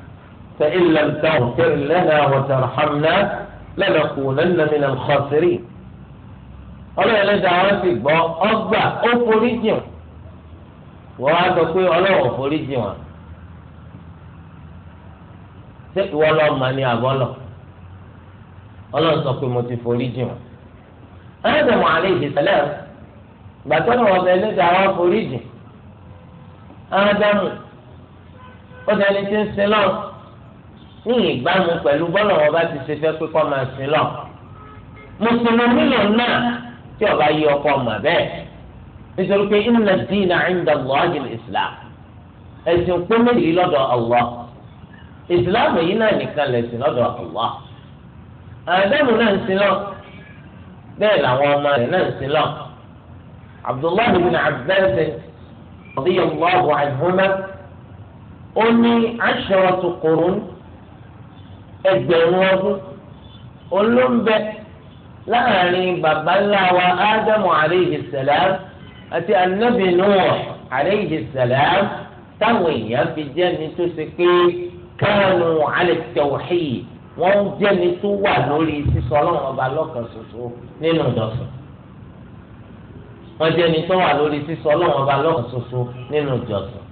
فإن لم تغفر لنا وترحمنا لنكونن من الخاسرين ọlọ́run ẹlẹ́dàá wọn sì gbọ́ ọgbà ó forí jìn wọ́n á sọ pé ọlọ́run ò forí jìn wọn ṣé ìwọ lọ́ọ́ mà ní àbọ́lọ̀ ọlọ́run sọ pé mo ti forí jìn wọn. ẹ̀ẹ́dẹ̀mọ̀ àlẹ́ ìdìsẹ́lẹ̀ gbàtọ́ ni wọ́n bẹ ẹlẹ́dàá wọn forí jìn ádámù ó dání tí ń sin lọ ní ìbámu pẹ̀lú bọ́lọ̀ wọn bá ti ṣe fẹ́ pé kọ́ máa sin lọ mùsùlùmí tí ọba yí ọkọ mà bẹ́ẹ̀ nítorí pé islam yìí náà nìkan lẹ̀sìn lọ́dọ̀ ádámù náà ń sin lọ bẹ́ẹ̀ làwọn ọmọ rẹ̀ Abdullahi bin radiyallahu anhuma ó ní asharatu qurun ẹgbẹ̀rún ọdún olóńbẹ láàrin baba ńlá wa ádámù alayhi salam àti anabi nuh alayhi salam táwọn èèyàn fi jẹ́ni tó ṣe pé kánú ala tawhid wọ́n jẹ́ni tó wà lórí sísọ ọlọ́run ọba lọ́kan ṣoṣo nínú ìdọ̀sùn wọ́n jẹ́ ẹni tó wà lórí sísọ ọlọ́run ọba lọ́kàn ṣoṣo nínú ìjọsìn.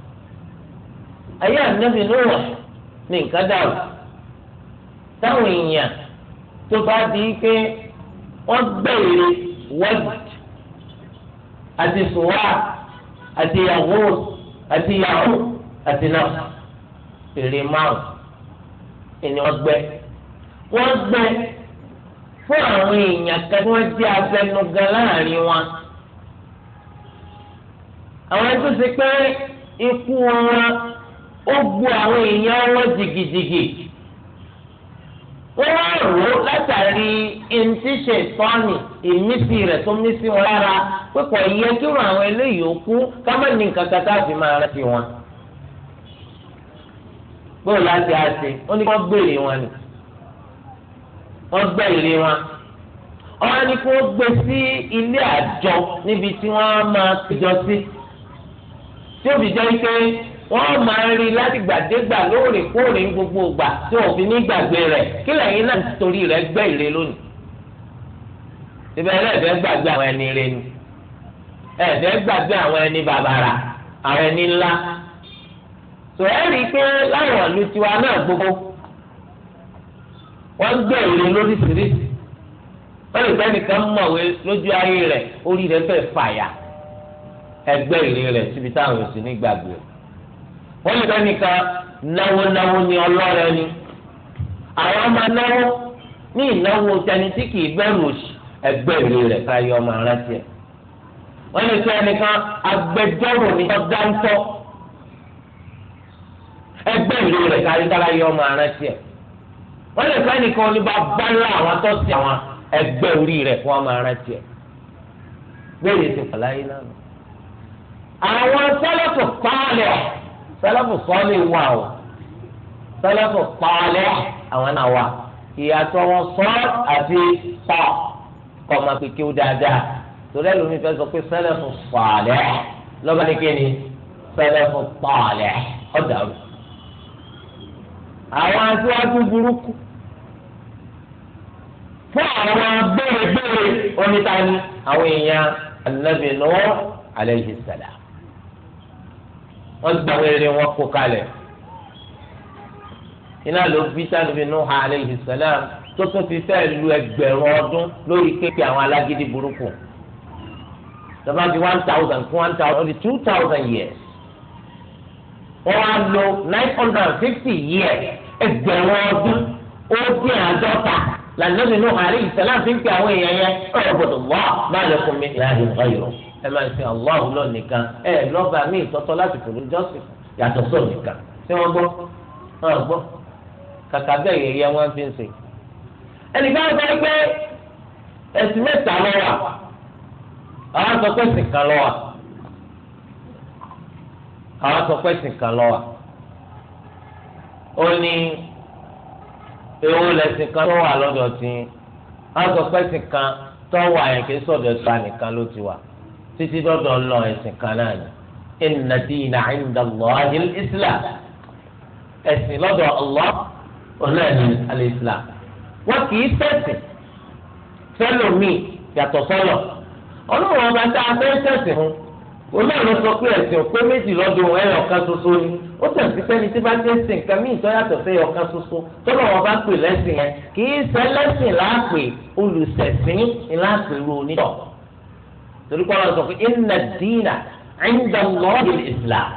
ayé ànábì níwọ̀n ní nǹkan dàrú táwọn èèyàn tó bá di pé wọ́n gbèrè wẹ́ẹ̀dì àti sùwà àti yahoo àti yahoo àti náà fèrè márùn ẹni wọ́n gbẹ wọ́n gbẹ fún àwọn èèyàn kan tí wọ́n jẹ́ abẹnugan láàrin wọn àwọn ẹni tó ṣe pé ikú wọn ó gbu àwọn èèyàn wọn jìgìjìgì wọ́n wá rò ó látàrí ìmísíṣe ìtọ́ni ìmísí rẹ̀ tó mísí wọn lára pé kò yẹ kí wọn àwọn eléyìí ó kú ká má ní nǹkan kan tá a fi máa wọn. bóyá láti àṣe ó ní kí wọ́n gbèrè wọn ni wọ́n gbèrè wọn ọ̀rọ̀ ni kí wọ́n gbé sí ilé àjọ níbi tí wọ́n máa péjọ sí. Si tí òbí jẹ́ pé wọ́n máa ń rí látìgbàdégbà lóòrèkóòrè ń gbogbo ìgbà tí òfin ní gbàgbé rẹ̀ kí lẹ́yìn náà torí rẹ̀ gbẹ́ ìre lónìí. ìbẹ̀rẹ̀ ẹ̀fẹ́ gbàgbé àwọn ẹni rẹ̀ ni ẹ̀fẹ́ gbàgbé àwọn ẹni bàbàrà àwọn ẹni ńlá. sọ ẹ́ rí i pé láwọn ìlú tiwa náà gbogbo wọ́n gbẹ́ ìre lóríṣiríṣi. wọ́n lè fẹ́ nìkan mọ̀wé lójú ayé rẹ̀ orí rẹ̀ fẹ́ fàyà. ẹgbẹ́ ìrì rẹ̀ síbi táwọn òsì nígbàgbé wọ́n lè fẹ́ nìkan náwó náwó ní ọlọ́rẹ́ ni àwọn ọmọ náwó ní ìnáwó tẹni tí kì í bẹ̀rù ẹgbẹ́ ìrì rẹ̀ káyọ̀ ọmọ aráńtì ẹ̀ wọ́n lè fẹ́ nìkan agbẹjọ́rò ní ọ̀dáńtọ́ ẹgbẹ́ ìrì rẹ̀ káyọ̀ ọmọ aráńtì ẹ̀ wọ́n lè fẹ́ nìkan oníbàbá ńlá àwọn atọ́sí àwọn ẹgbẹ́ orí rẹ̀ fún ọmọ aráńtì ẹ̀ bẹ́ẹ̀ yìí ti àwọn sálàfù pààlẹ̀ sálàfù sọ́ọ̀lì wà o sálàfù pààlẹ̀ àwọn náà wà ìyàtọ̀ wọn sọ àti pọ̀ kọ́ máa pè kí ó dáadáa torí ẹlòmíì fẹ́ sọ pé sálàfù pààlẹ̀ lọ́ba ní kí ni sálàfù pààlẹ̀ ọ̀dà rẹ̀ àwọn aṣáájú burúkú fún àwọn gbèrègbèrè onítàní àwọn èèyàn anabi Nuh alayhi salam wọ́n gba rere wọn kó kalẹ̀ iná ló bí sálùmí Nuh alayhi salam tó tún fi fẹ́ lu ẹgbẹ̀rún ọdún lórí kéèké àwọn alágídí burúkú tọ́ba di one thousand fún one thousand ọdún two thousand years wọ́n á lo nine hundred and fifty years ẹgbẹ̀rún ọdún ó dín àádọ́ta lànà Nuh alayhi salam fi ń pè àwọn èèyàn yẹn ọ̀rọ̀ gbọ́dọ̀ wá má lakum min ilahin ghayruh ẹ máa ń sin Allahu lọ nìkan ẹ lọ́ba mi ìtọ́tọ́ láti kò lójọ́sìn yàtọ̀ sọ nìkan tí wọ́n gbọ́ wọ́n gbọ́ kàkà bẹ́ẹ̀ yẹ̀yẹ́ wọ́n fi ń sè. ẹnìkan sọ pé ẹ̀sìn mẹ́ta lọ wà àwọn sọ pé ẹ̀sìn kan lọ wà àwọn sọ pé ẹ̀sìn kan lọ wà ó ní ewu lẹ́sìn kan tó wà lọ́dọ̀ tí wọ́n sọ pé ẹ̀sìn kan tó wà yẹn kì í sọ̀dọ̀ ìpa nìkan ló ti wà títí dọ́dọ̀ lọ ẹ̀sìn kan náà ni inna dina inda Allahi islam ẹ̀sìn lọ́dọ̀ Allah ọ̀nà ni al-islam wọn kì í ṣẹ̀sìn fẹ́lòmíì yàtọ̀ sọ́lọ̀ ọlọ́run ọba tá a fẹ́ ṣẹ̀sìn fún olóòrùn sọ pé ẹ̀sìn òpé méjì lọ́dún ẹ̀yọ̀ kan ṣoṣo ni ó tẹ̀ sí pẹ́ni tí bá dé sí nǹkan míì tó yàtọ̀ sí ẹ̀yọ̀ kan ṣoṣo tọ́lọ̀ wọn bá pè lẹ́sìn yẹn kì í ṣe lẹ́sìn láàpè olùsẹ̀sìn láàpè ru onítọ̀ torí kọ́ lọ́n sọ pé inna dínà islam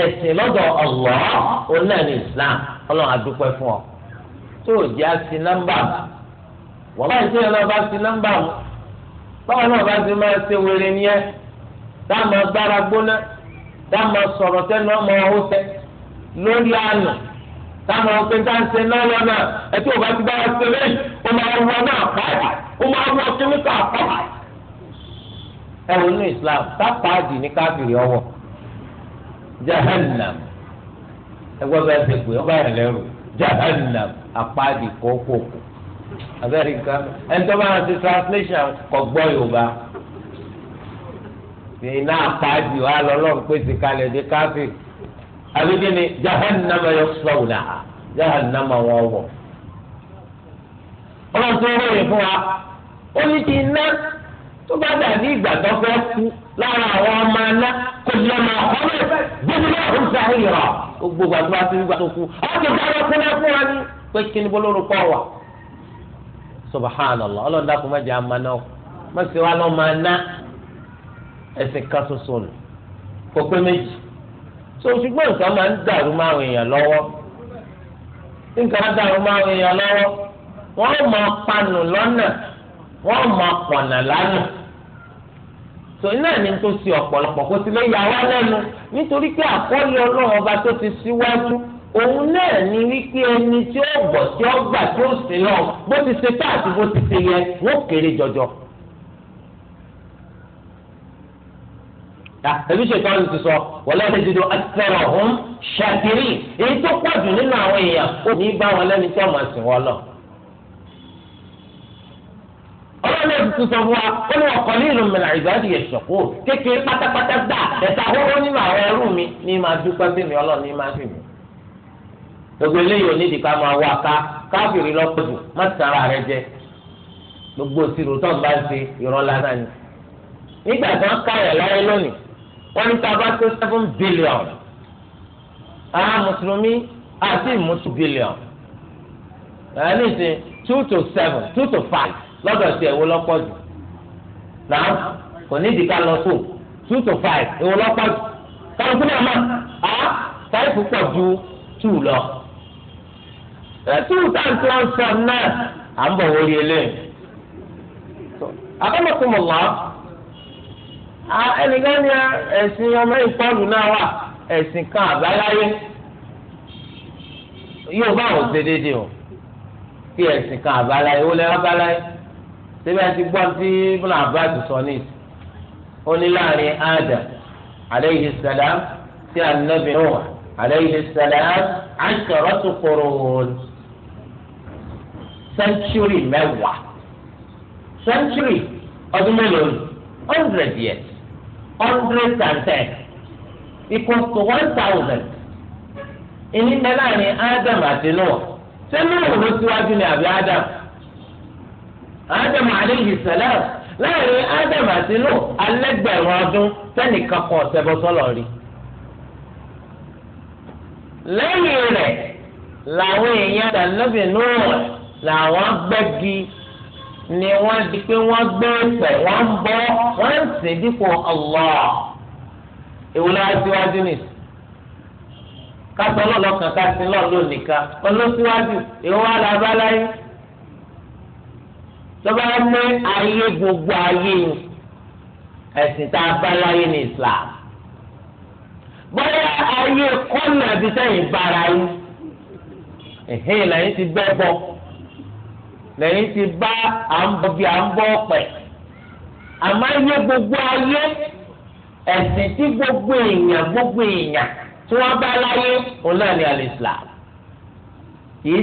ẹ̀sìn lọ́dọ̀ Allah òun ní islam ọlọ́run adúpẹ́ fún ọ tó o jẹ́ àti nọ́mbà wọ́n bá ìṣe bá mu báwọn náà bá máa ṣe dáàmú agbára gbóná dáàmú ọmọ lórí àná o bá ti bá wa ṣe o máa wọ náà o máa wọ kíníkà ẹ̀rù nínú islam sápáàdì ní káfíìrì ọwọ́ jahannam ẹgbẹ́ bá ṣe pé ọba yẹn lẹ́rù jahannam apáàdì kókòkò abẹ́rìkà ẹni tó bá wọn ti translation kọ̀ gbọ́ yorùbá iná apáàdì wa lọ́lọ́run pèsè kalẹ̀ dé káfíìrì àbíkí ni jahannam yọ sọ̀rọ̀ náà jahannam wọn wọ̀ ọlọ́run tó ń ròyìn fún wa ó ní ti ná. tó bá dàbí ìgbà tó fẹ́ kú lára àwọn ọmọ aná kò gbogbo náà ó sá gbogbo gbà tó kú fún wa ní pé kí ni wà. subhanallah má jẹ́ ṣùgbọ́n nǹkan máa ń dàrú máa ń lọ́wọ́ nǹkan máa ń dàrú máa ń lọ́wọ́ wọ́n máa pọ̀nà lánàá tòun náà ni tó ṣe ọ̀pọ̀lọpọ̀ kó ti lè yà wá lẹ́nu nítorí pé àkọ́lé ọlọ́run ọba tó ti síwájú òun náà ni wípé ẹni tí ó gbọ́ tí ó gbà tí ó sì lọ bó ti ṣe tá àti bó ti ṣe yẹ wọ́n kéré jọjọ. Ah, ẹbí ṣètò ọdún ti sọ wọlé ẹni dídò ẹsẹrọ ọhún ṣàkírí èyí tó pọ̀ jù nínú àwọn èèyàn ò ní bá wọn lẹ́ni tí ọmọ ẹ̀sìn wọn lọ ọlọ́run náà ti tún sọ fún wa ó ní ọkọ ní ìlú mẹ́lá ìgbàdì ẹ̀ṣọ̀kó kékeré pátápátá gbà ẹ̀ta wọ́wọ́ nínú àwọn ẹrú mi ní máa dúpẹ́ sí mi ọlọ́run ní máa fi mi. gbogbo eléyìí ò ká máa wá ká káfíìrì lọ́pọ̀jù má ti tara rẹ jẹ gbogbo òsirò tó ń bá ṣe ìrọ̀ lásán ni. nígbà tí wọ́n káyọ̀ láyé lónìí wọ́n ní tábà tó seven billion àwọn mùsùlùmí àti ìmùsùn billion ẹ̀ ní ìsìn two to seven two to five lọ́dọ̀ sí ẹ̀wọ́ lọ́pọ̀ jù náà kò ní ìdíkà lọ sùn two to five ẹ̀wọ́ lọ́pọ̀ jù kálukú náà máa á five pọ̀ ju two lọ. two times one son náà à ń bọ̀ wọlé eléyìí. akọ́nàkùnmọ̀ wá ẹnìkan ní ẹ̀sìn ọmọ ìpọ́ọ̀lù náà wà ẹ̀sìn kan àbáláyé yóò bá àwọn ṣe déédéé o kí ẹ̀sìn kan àbáláyé ó lẹ́rọ abáláyé síbi àti gbọ́ tí ibùnà abbas sọ ní ìsìn ó ní láàrin adam aleyhi salam sí anabi nuh aleyhi salam asharatu qurun sẹ́ńtúrì mẹ́wàá sẹ́ńtúrì ọdún mélòó ni hundred years hundred and ten equals to one thousand ìní mẹ́láàrin adam àti nuh sẹ́ńtúrì ló síwájú ní àbí adam. ádámù alayhi salam láàrin ádámù àti nù alegba ọdún sẹ́nìkan kọ̀ ọ̀sẹ̀ bọ́ rí lẹ́yìn rẹ̀ làwọn èèyàn dànàbì làwọn ni wọ́n di pé wọ́n gbé pẹ̀ wọ́n ń bọ́ wọ́n ń sè dípò Allah ìwúlẹ̀ aṣíwájú ni kásán kásán nìkan tọ́ba ní ayé gbogbo ayé ẹ̀sìn tá a bá láyé ní Islam bọ́lá ayé kọ́nà àti sẹ́yìn bára yín ẹ̀hìn lẹ́yìn ti bẹ́ bọ́ lẹ́yìn ti bá à ń bọ́ bí à gbogbo ayé ẹ̀sìn tí gbogbo èèyàn gbogbo èèyàn tí wọ́n bá láyé òun náà ní kì í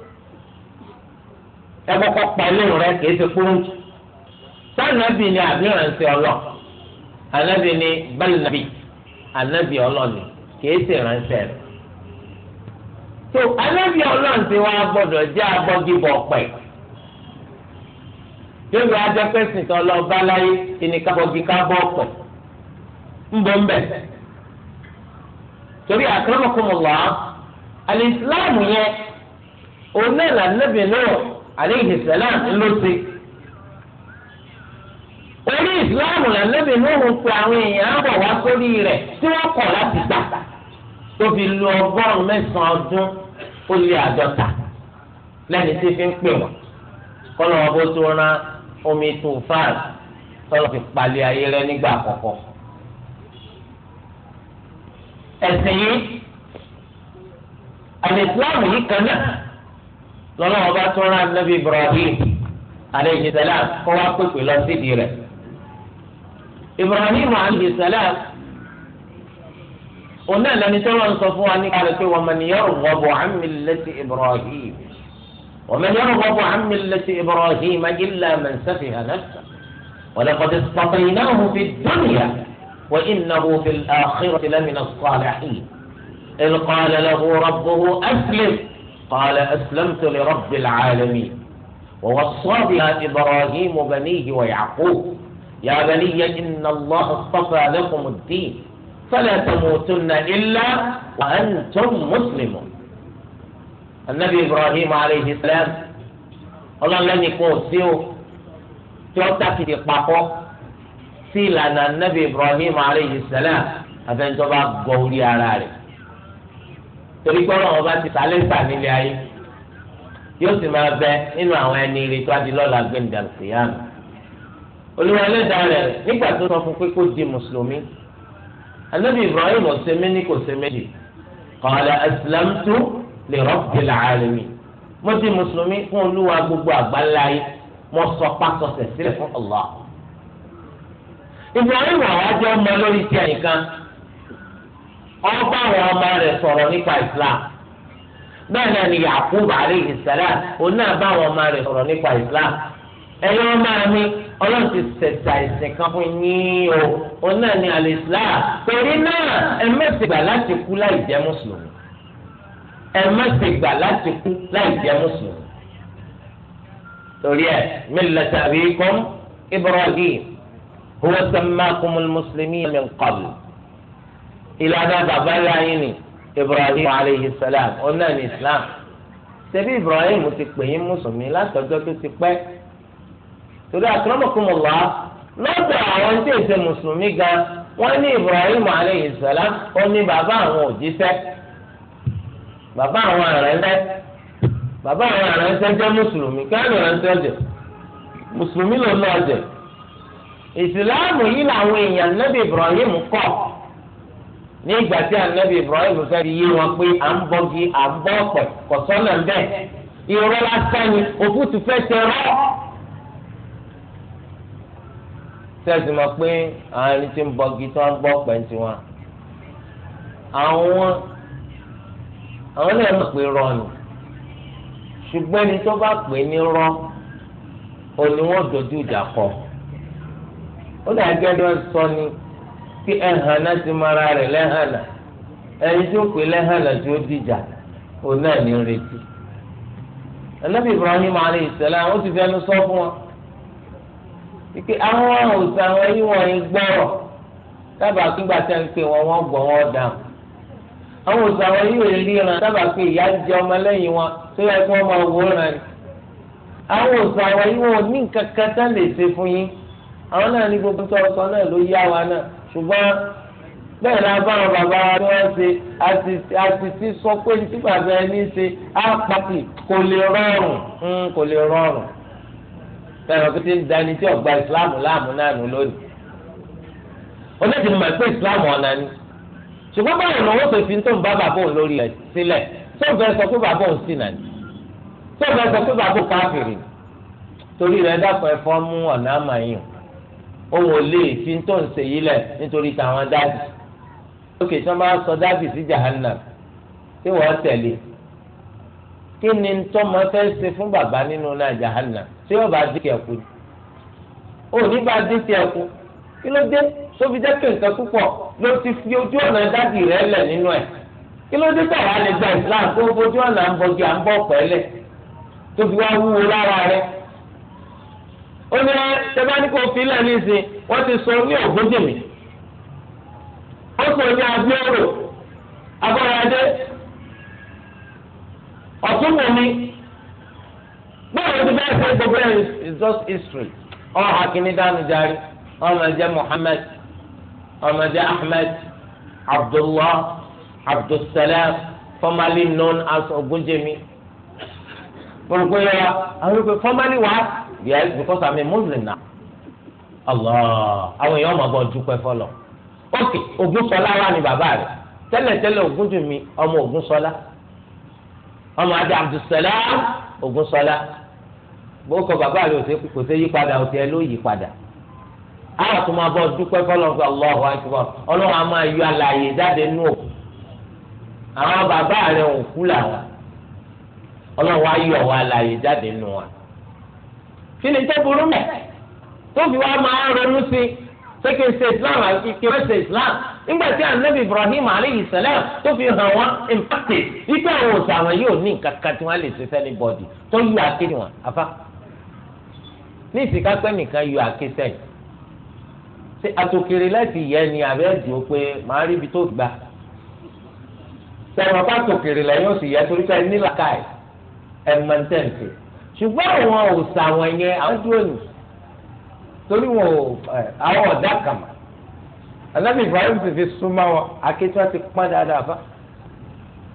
ẹgbẹ́kọ̀ pẹ̀lú rẹ kìí ṣe kúrúntù sànàbì ni àbírànṣẹ́ ọlọ́ ànàbì ni bẹ́lẹ̀nàbì ànàbì ọlọ́ni kìí ṣe ránṣẹ́ rẹ. tó ànàbì ọlọ́ni ti wá gbọ́dọ̀ jẹ́ abọ́gibọ̀ yóò wá jẹ́ pé sìntàn lọ bá láyé kí ni kábọ́gi kábọ́ torí àkàrà aleyhi salam ló ṣe orí ìsìláàmù lànàbì Nuhu pe àwọn èèyàn bọ̀ wá sórí rẹ̀ tí wọ́n kọ̀ láti gbà tó fi lu ọgọ́rùn-ún mẹ́sàn-án ọdún ó lé àádọ́ta lẹ́ni tí fi ń pè wọ́n kọ́nà ọbọ̀ tó rán omi tó fáàlì tọ́lọ́ fi palẹ̀ ayé rẹ nígbà àkọ́kọ́. ẹ̀sìn yìí àlè ìsìláàmù yìí kan náà. tọ́lá wọn bá tún rán anábì ibrahim aleyhi salam kó wá pèpè lọ sídìí rẹ̀ ibrahim aleyhi salam òun náà lẹni tó lọ́n sọ fún wa nípa rẹ̀ pé wọ́n mẹni wa man yarghabu an millati ibrahim wọ́n mẹni wa man yarghabu an millati ibrahim illa man safiha nafsahu wa náà istatainahu fi dúnìyà iná wọ́n fi àkírọ̀ dunya وإنه في الآخرة لمن الصالحين إذ قال له ربه أسلم قال أسلمت لرب العالمين ووصى بها إبراهيم بنيه ويعقوب يا بني إن الله اصطفى لكم الدين فلا تموتن إلا وأنتم مسلمون النبي إبراهيم عليه السلام الله لن يكون سيو تيوتاكي تقبقو سيلا النبي إبراهيم عليه السلام أفنتوا بقى قولي على عليه torí pé ọlọ́run bá ti sálẹ̀ sà nílé ayé yóò sì máa bẹ nínú àwọn ẹni ire tó adi lọ́la gbẹ̀ndàlùkìyàmù olùwà ẹlẹ́dàá rẹ̀ nígbà tó sọ fún pé kó di mùsùlùmí anabi ibrahim ọ̀sẹ̀ méjì kò ṣe méjì qala aslamtu li rabbil alamin mo di mùsùlùmí fún olúwa gbogbo àgbáńlá yìí mo sọ pásọsẹ̀ sílẹ̀ fún Allah ibrahim àwọn ajẹ́ ọmọ lórí ti àyíká ọba àwọn ọmọ rẹ̀ sọ̀rọ̀ nípa islam bẹ́ẹ̀ náà ni yakubu aleyhi salam òun náà bá àwọn ọmọ rẹ̀ sọ̀rọ̀ nípa islam ẹ̀yin ọmọ mi ọlọ́run ti ṣẹ̀ṣà ìsìn kan fún yín o òun náà ni al-islam torí náà ẹ mẹ́sẹ̀ gbà láti kú láì jẹ́ mùsùlùmí ẹ mẹ́sẹ̀ gbà láti kú láì jẹ́ mùsùlùmí torí ẹ millata abikum ibrahim huwa sammakumul muslimina min qabl ìlànà bàbá láyé ni ibrahim aleyhi salam ọ̀nà ní islam ṣebí ibrahim ti pè yín mùsùlùmí látọjọ́ tó ti pẹ́ torí àtúrọmọkùnmọlá lọ́dọ̀ àwọn tí èsè mùsùlùmí gan wọ́n ní ibrahim aleyhi salam ó ní bàbá àwọn òjíṣẹ́ bàbá àwọn àrẹlẹ bàbá àwọn àrẹlẹ jẹ́ mùsùlùmí káàdì ránṣẹ́ jẹ́ mùsùlùmí ló jẹ́ ìsìláàmù yìí làwọn èèyàn nábì ibrahim kọ́ ní ìgbà tí anabi ibrahim fẹ́ fi yé wọn pé à ń bọ́gi à ń bọ́ ọ̀pẹ̀ kò sọ́nà bẹ́ẹ̀ irọ́ lásán ni òfútu fẹ́ tẹ rọ́ sẹ́sì mọ̀ pé àwọn ẹni tí ń bọ́gi tí wọ́n ń bọ́ ọ̀pẹ̀ ń tiwọn àwọn àwọn náà mọ̀ pé rọ́ ni ṣùgbọ́n ẹni tó bá pè ní rọ́ òní wọ́n dojú ìjà kọ ó dàgbẹ́ ló ń sọ ni. kí ẹhànà ti mara rẹ̀ lẹ́hànà ẹni tí ó pè lẹ́hànà tí ó dìjà òun náà ní retí anabi ibrahim alayhi salam ó ti sọ fún wọn ike àwọn òòsàn àwọn ẹyí wọn gbọ́rọ̀ dábàá pé ń wọn wọn gbọ́ wọn àwọn àwọn dábàá pé ìyá ọmọ lẹ́yìn wọn tó yẹ kí máa wò ó àwọn ṣùgbọ́n bẹ́ẹ̀ la bá àwọn bàbá wa tí wọ́n ṣe àṣìṣe sọ pé tí bàbá ẹni ṣe á pàtì kò lè rọrùn hmm, kò lè rọrùn bẹ́ẹ̀ wọ́n ti ń dání tí ọ̀gbà ìsìláàmù láàmú náà nù lónìí onídìí mọ̀ pé ìsìláàmù ọ̀nà ni ṣùgbọ́n báyìí lọ́wọ́ tó fi ń tó ń bá bàbá òun lórí rẹ̀ sílẹ̀ tó ń fẹ́ sọ pé bàbá òun sì nàní tó ń fẹ́ sọ pé bàbá òun káfìrì torí rẹ̀ dákun ẹ̀fọ́ mú ọ̀nà àmàyàn òun ò lè fi tó ń ṣe yìí lẹ̀ nítorí tàwọn dáàbì lókè tí wọ́n bá sọ dáàbì sí jahannam tí wọ́n tẹ̀lé kí ni tọ́mọ fẹ́ ṣe fún bàbá nínú náà jahannam tí yóò bá dín tiẹ̀ kú ó ní bá dín tiẹ̀ kú kí ló dé tó fi jẹ́ pé púpọ̀ ló ti fi ojú ọ̀nà dáàbì rẹ̀ lẹ̀ nínú ẹ̀ kí ló dé tàwa lè gba ìsìlámù tó fojú ọ̀nà à ń bọ̀gì à ń bọ̀ pẹ́lẹ̀ tó fi wá wúwo lára rẹ̀ ó ní ẹ tẹ́bá ní kò fi lẹ́nu ìsìn wọ́n ti sọ ní ògúndìmí ó sọ ní abíọ́rò abọ́yadé ọ̀túnwòmí báwo ti bẹ́ẹ̀ ṣe gbogbo ẹ̀ is just history ọ̀ hakini dánú darí ọmọ jẹ́ Muhammad ọmọ jẹ́ Ahmed Abdullah Abdulsalam formerly known as Ogunjemi. Olùkọ́ yẹn wa àwọn olùkọ́ formerly wa. they are because i'm a muslim now allah àwọn èèyàn ọmọ bọ dúpẹ́ fọlọ ok wà ní bàbá rẹ̀ tẹ́lẹ̀tẹ́lẹ̀ ọmọ Ògúnṣọlá ọmọ adé Abdulsalam Ògúnṣọlá gbókò bàbá rẹ̀ òsè kò sè yípadà òsè ẹ ló bọ fọlọ fún a máa jáde nù àwọn bàbá rẹ̀ òkú làwọn Ọlọ́run á yọ wọn àlàyé jáde nù kí ni tó burú mẹ́ tó fi wá máa ronú sí pé kí n ṣe islam àti kí n ṣe islam nígbà tí anabi ibrahim aleyhi salam tó fi hàn wọn ìmpákì wípé àwọn òsè àwọn yóò ní nǹkan kan tí wọ́n lè ṣe sẹ́ni bọ́ọ̀dì tó yí àké wọn afá ní ìsìnká pẹ́ nìkan yọ àké sẹ́yìn ṣe àtòkèrè láti yẹ ni àbẹ́ dùn pé màá rí ibi tó gbà sẹ́wọ̀n bá tòkèrè lẹ́yìn òsì yẹ torí pé nílàkàì ẹ̀ mọ̀ntẹ́ǹtì ṣùgbọ́n àwọn òòsà àwọn yẹn àwọn dúró nù torí wọn ò àwọn ọ̀dà kàmà anabi ibrahim ti fi súnmọ́ wọn akéwì wọn ti pọ́n dáadáa fa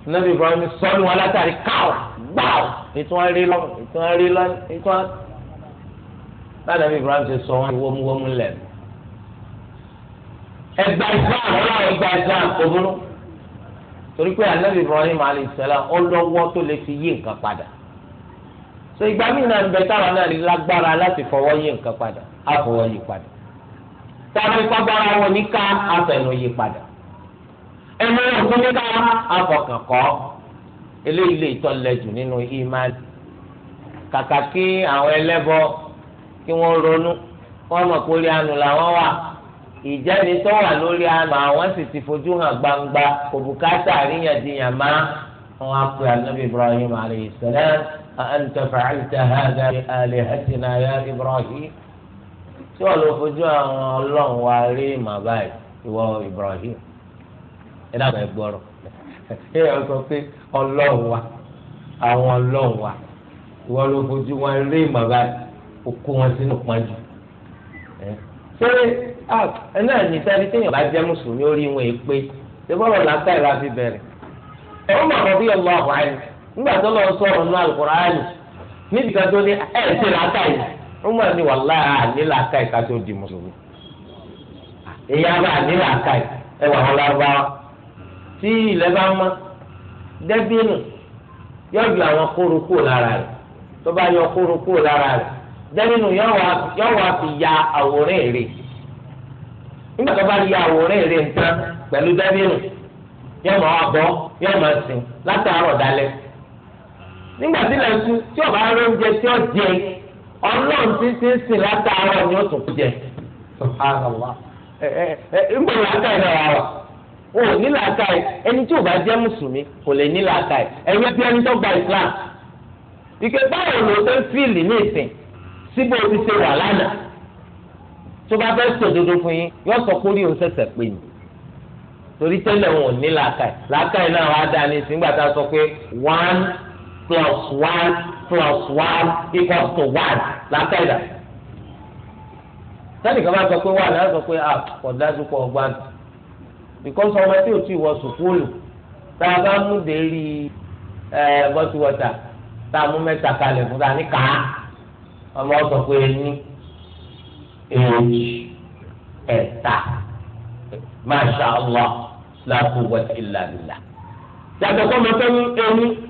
anabi ibrahim sọ́nù wọn látàrí káwà gbáwò ètò wọn rí lọ́nà ètò wọn rí lọ́nà ètò wọn. anabi ibrahim ti sọ wọn wọ́múwọ́mú lẹ́nu ẹgbà islam ọlọ́run ẹgbà islam kò burú torí pé anabi ibrahim alayhi salam ọlọ́wọ́ tó lè fi yí nǹkan padà so ìgbà míì náà ń bẹ táwọn náà ní lágbára láti fọwọ́ yí nǹkan padà á fọwọ́ yí padà táwọn ìfagbára wọn ní ká àfẹnù yí padà ẹnu ọ̀gbìn ní ká àfọkàn kọ́ eléyìí lè tọ́lẹ̀ jù nínú ìmáàlì kàkà kí àwọn ẹlẹ́bọ kí wọ́n ronú wọ́n mọ̀ pé orí àánú làwọn wà ìjẹ́ni tó wà lórí àánú àwọn sì ti fojú hàn gbangba òbúkátà àríyànjiyàn má wọn á pe ànábì Ibrahim alayhi salam. أأنت فعلت هذا بآلهتنا يا إبراهيم سؤال فجاء الله وعلي ما باي هو إبراهيم إلا ما يقبره هي أقول الله وعلي àwọn ọlọ́run wa ìwọ ló fojú wọn rí màbá òkú wọn sínú pọ́njú. ṣé ẹ náà ní sẹ́ni téèyàn bá jẹ́ mùsùlùmí ó rí wọn èpè ṣé bọ́lọ̀ làákà ìlà fi bẹ̀rẹ̀. ẹ̀rọ màmá bí ọlọ́ àwọn àìní nígbà tó lọ sọ̀rọ̀ nínú alukur'ani níbi kan tó ní ẹ̀ ń ṣe làákà yìí Umar ní wàláhà àní làákà yìí ká tó di mùsùlùmí ìyá bá àní làákà yìí ẹ wà wọn lárúbáwá tí ilẹ̀ bá mọ́ dẹ́bínú yóò ju àwọn kóró kúrò lára rẹ̀ tó bá yọ kóró kúrò lára rẹ̀ dẹ́bínú yóò wá fi ya àwòrán èrè nígbà tó bá ya àwòrán èrè nǹkan pẹ̀lú dẹ́bínú yóò máa bọ́ yóò máa sìn látàárọ̀ dalẹ́ nígbà tí lè tu tí ọba rẹ oúnjẹ tí ó jẹ ọlọ́run tí ti ń sìn látàárọ̀ ni ó tún jẹ nbọ làákà yìí náà wà o ní làákà yìí ẹni tí ò bá jẹ́ mùsùlùmí kò lè ní làákà yìí ẹ̀yẹ́ bí ẹni tó gba Islam ike báwo ló fẹ́ fíìlì ní ìsìn síbò ti ṣe wà lánàá tó bá fẹ́ sòdodo fún yín yóò sọ pé orí òun ṣẹ̀ṣẹ̀ pé ni torí tẹ́lẹ̀ wọn ò ní làákà yìí làákà yìí náà wà á dá ní ìsìn sọ pé one plus one plus one equals to one lápẹ́ ìdá. sani kan bá sọ pé one á sọ pé ah kò dájú pọ̀ ọgbà nù because ọmọ tí o ti wọ sùkúlù tá a bá mú dérí ẹ bọ́tù wọ́tà tá a mú mẹ́ta kalẹ̀ fún ta ní ká ọmọ sọ pé ní èjì ẹ̀ta masha allah la quwwata illa billah. yàtọ̀ kọ́ mọ́tọ́ ní ẹni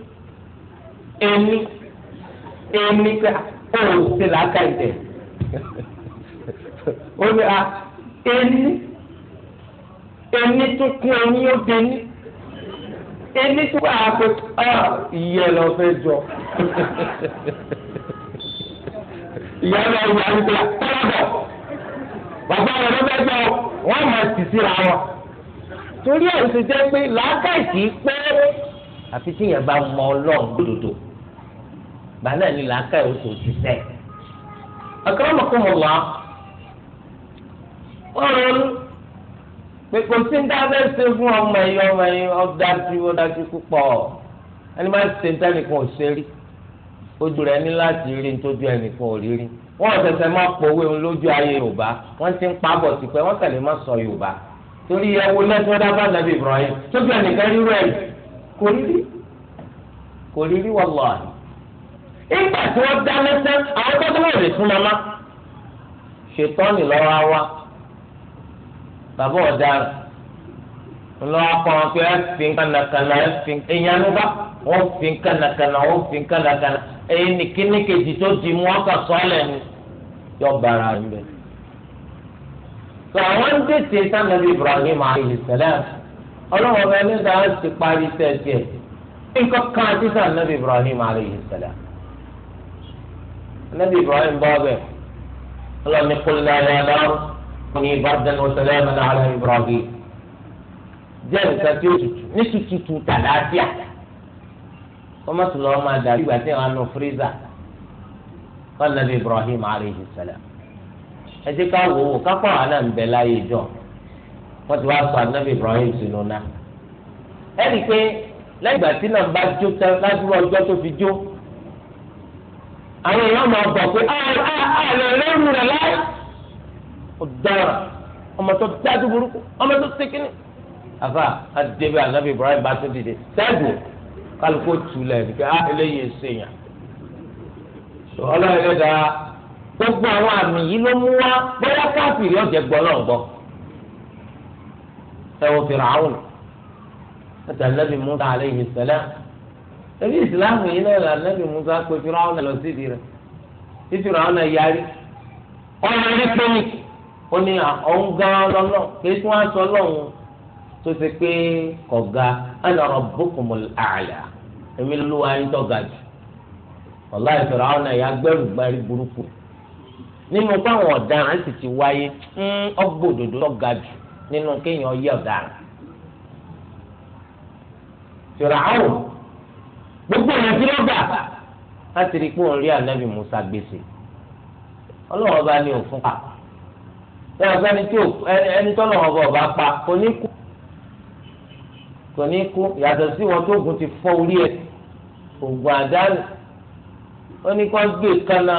èmi èmi pé ah, ó ò ṣe làákà ìdẹ ó ní a ẹni ẹni tó kún ẹni ó dé ní ẹni tó kún àpò ọ ìyẹ lọ fẹ́ jọ ìyá lọ ìyá ń gbà kọlọbọ bàbá rẹ ló fẹ́ jọ wọn máa tì síra wọn torí ẹ̀ ń ṣe jẹ́ pé làákà ìdí pé àfi tí yẹn bá mọ ọlọ́run gbódòdó bàálẹ̀ ni làákà yóò tó ṣiṣẹ́. akramakumullah wọ́n rọrùn pé kò sí ní dábẹ́ ṣe fún ọmọ ẹ̀yọ ọmọ ẹ̀yọ ọ̀dájú ọ̀dájú púpọ̀ ẹni máa ń ṣe ní tẹ́nìkan ò ṣe rí ojú rẹ̀ ní láti rí ní tójú ẹnìkan ò rí rí wọ́n ṣẹ̀ṣẹ̀ máa pòwe lójú ayé yorùbá wọ́n ti ń pabọ̀ sí pé wọ́n tẹ̀lé má sọ yorùbá torí ẹwo lẹ́sìn ọ̀dá bá nàbí Ibrahim tójú ẹnìkan rírọ̀ ẹ̀yìn kò rí rí kò rí rí wallahi. ìgbà tí wọ́n dá lẹ́sẹ̀ àwọn tó tó wọlé fún mama ṣètọ́nì lọ́wọ́ wa bàbá ọ̀daràn lọ́wọ́ kọ́ wọn pé ẹ fi kànàkànà ẹ fi ìyanúbá wọ́n fi kànàkànà wọ́n fi kànàkànà èyí nìkíní kejì tó di mú ọkà sọ́ọ̀lẹ̀ ni yọ bàrà ń bẹ̀. sọ àwọn ń tètè sànàbí Ibrahim alayhi salam ọlọ́wọ́ ọba ẹlẹ́dàá á ti parí sẹ́ẹ̀sì ẹ̀ nǹkan kan àti sàn nàbì ibrahim aleyhi sàlá nàbì ibrahim bá bẹ̀ ọlọ́ni kúlẹ̀ ayélujára ní ìbàdàn ọ̀sẹ̀lẹ̀ mẹ́ta alẹ́ ibrahim jẹ́ nǹkan tí ó tutù ní tutù tàlàáfíà wọ́n mọ̀tò lọ́wọ́ máa dàbí ìgbà tí wọ́n á nu fírísà wọ́n nàbì ibrahim aleyhi sàlá ẹ jẹ́ ká wò ó kápá wà náà ń bẹ láyé jọ́ọ̀ wọ́n ti wá sọ anabi ibrahim sínú náà ẹnì pé lẹ́yìn ìgbà tí náà bá jó tán ládùúgbò ọjọ́ tó fi jó àwọn èèyàn máa gbọ́ pé àlọ́ lẹ́rù rẹ̀ láì ọ̀daràn ọmọ tó dájú burúkú ọmọ tó sékìní. àfà àdébẹ̀ anabi ibrahim bá tó dìde sẹ́ẹ̀dù kálukó tulẹ̀ ní pé á ah, eléyìí èsè yàn. ọlọ́run ẹ̀dá gbogbo àwọn àmì yìí ló mú wá bóyá káfíìrì ọ̀jẹ̀ gbọ́ náà gbọ́. ẹwọ fìràwọn àti anabi musa aleyhi salam ebi isilamu yìí náà anabi musa pé fìràwọn lọ sí ìdí tí fìràwọn yarí ọmọ ilé pẹ́ẹ́nì ó ní ọ̀hún gan lọ́lọ́ kí tí wọ́n tó ṣe pé kọ̀ga ana rabbukumul a'la èmi ló wá ń jù ọ̀la fìràwọn ya gbẹ́rù gbárí burúkú nínú ọ̀daràn sì ti wáyé hmm, ọgbọ́dọ̀dọ̀ jù. nínú kéèyàn yẹ ọ̀daràn ṣòro àwọn gbogbo ọ̀nà tí wọ́n gbà láti rí i pé òun rí ànábì Musa gbèsè ọlọ́wọ́ bá ní òfun pa ẹnì kan tí ẹni tọ́lọ̀ ọba ọba pa kò ní kú kò ní kú yàtọ̀ sí wọn tó gùn ti fọ́ orí ẹ̀ ògùn àdánù ó ní kó gbé kánná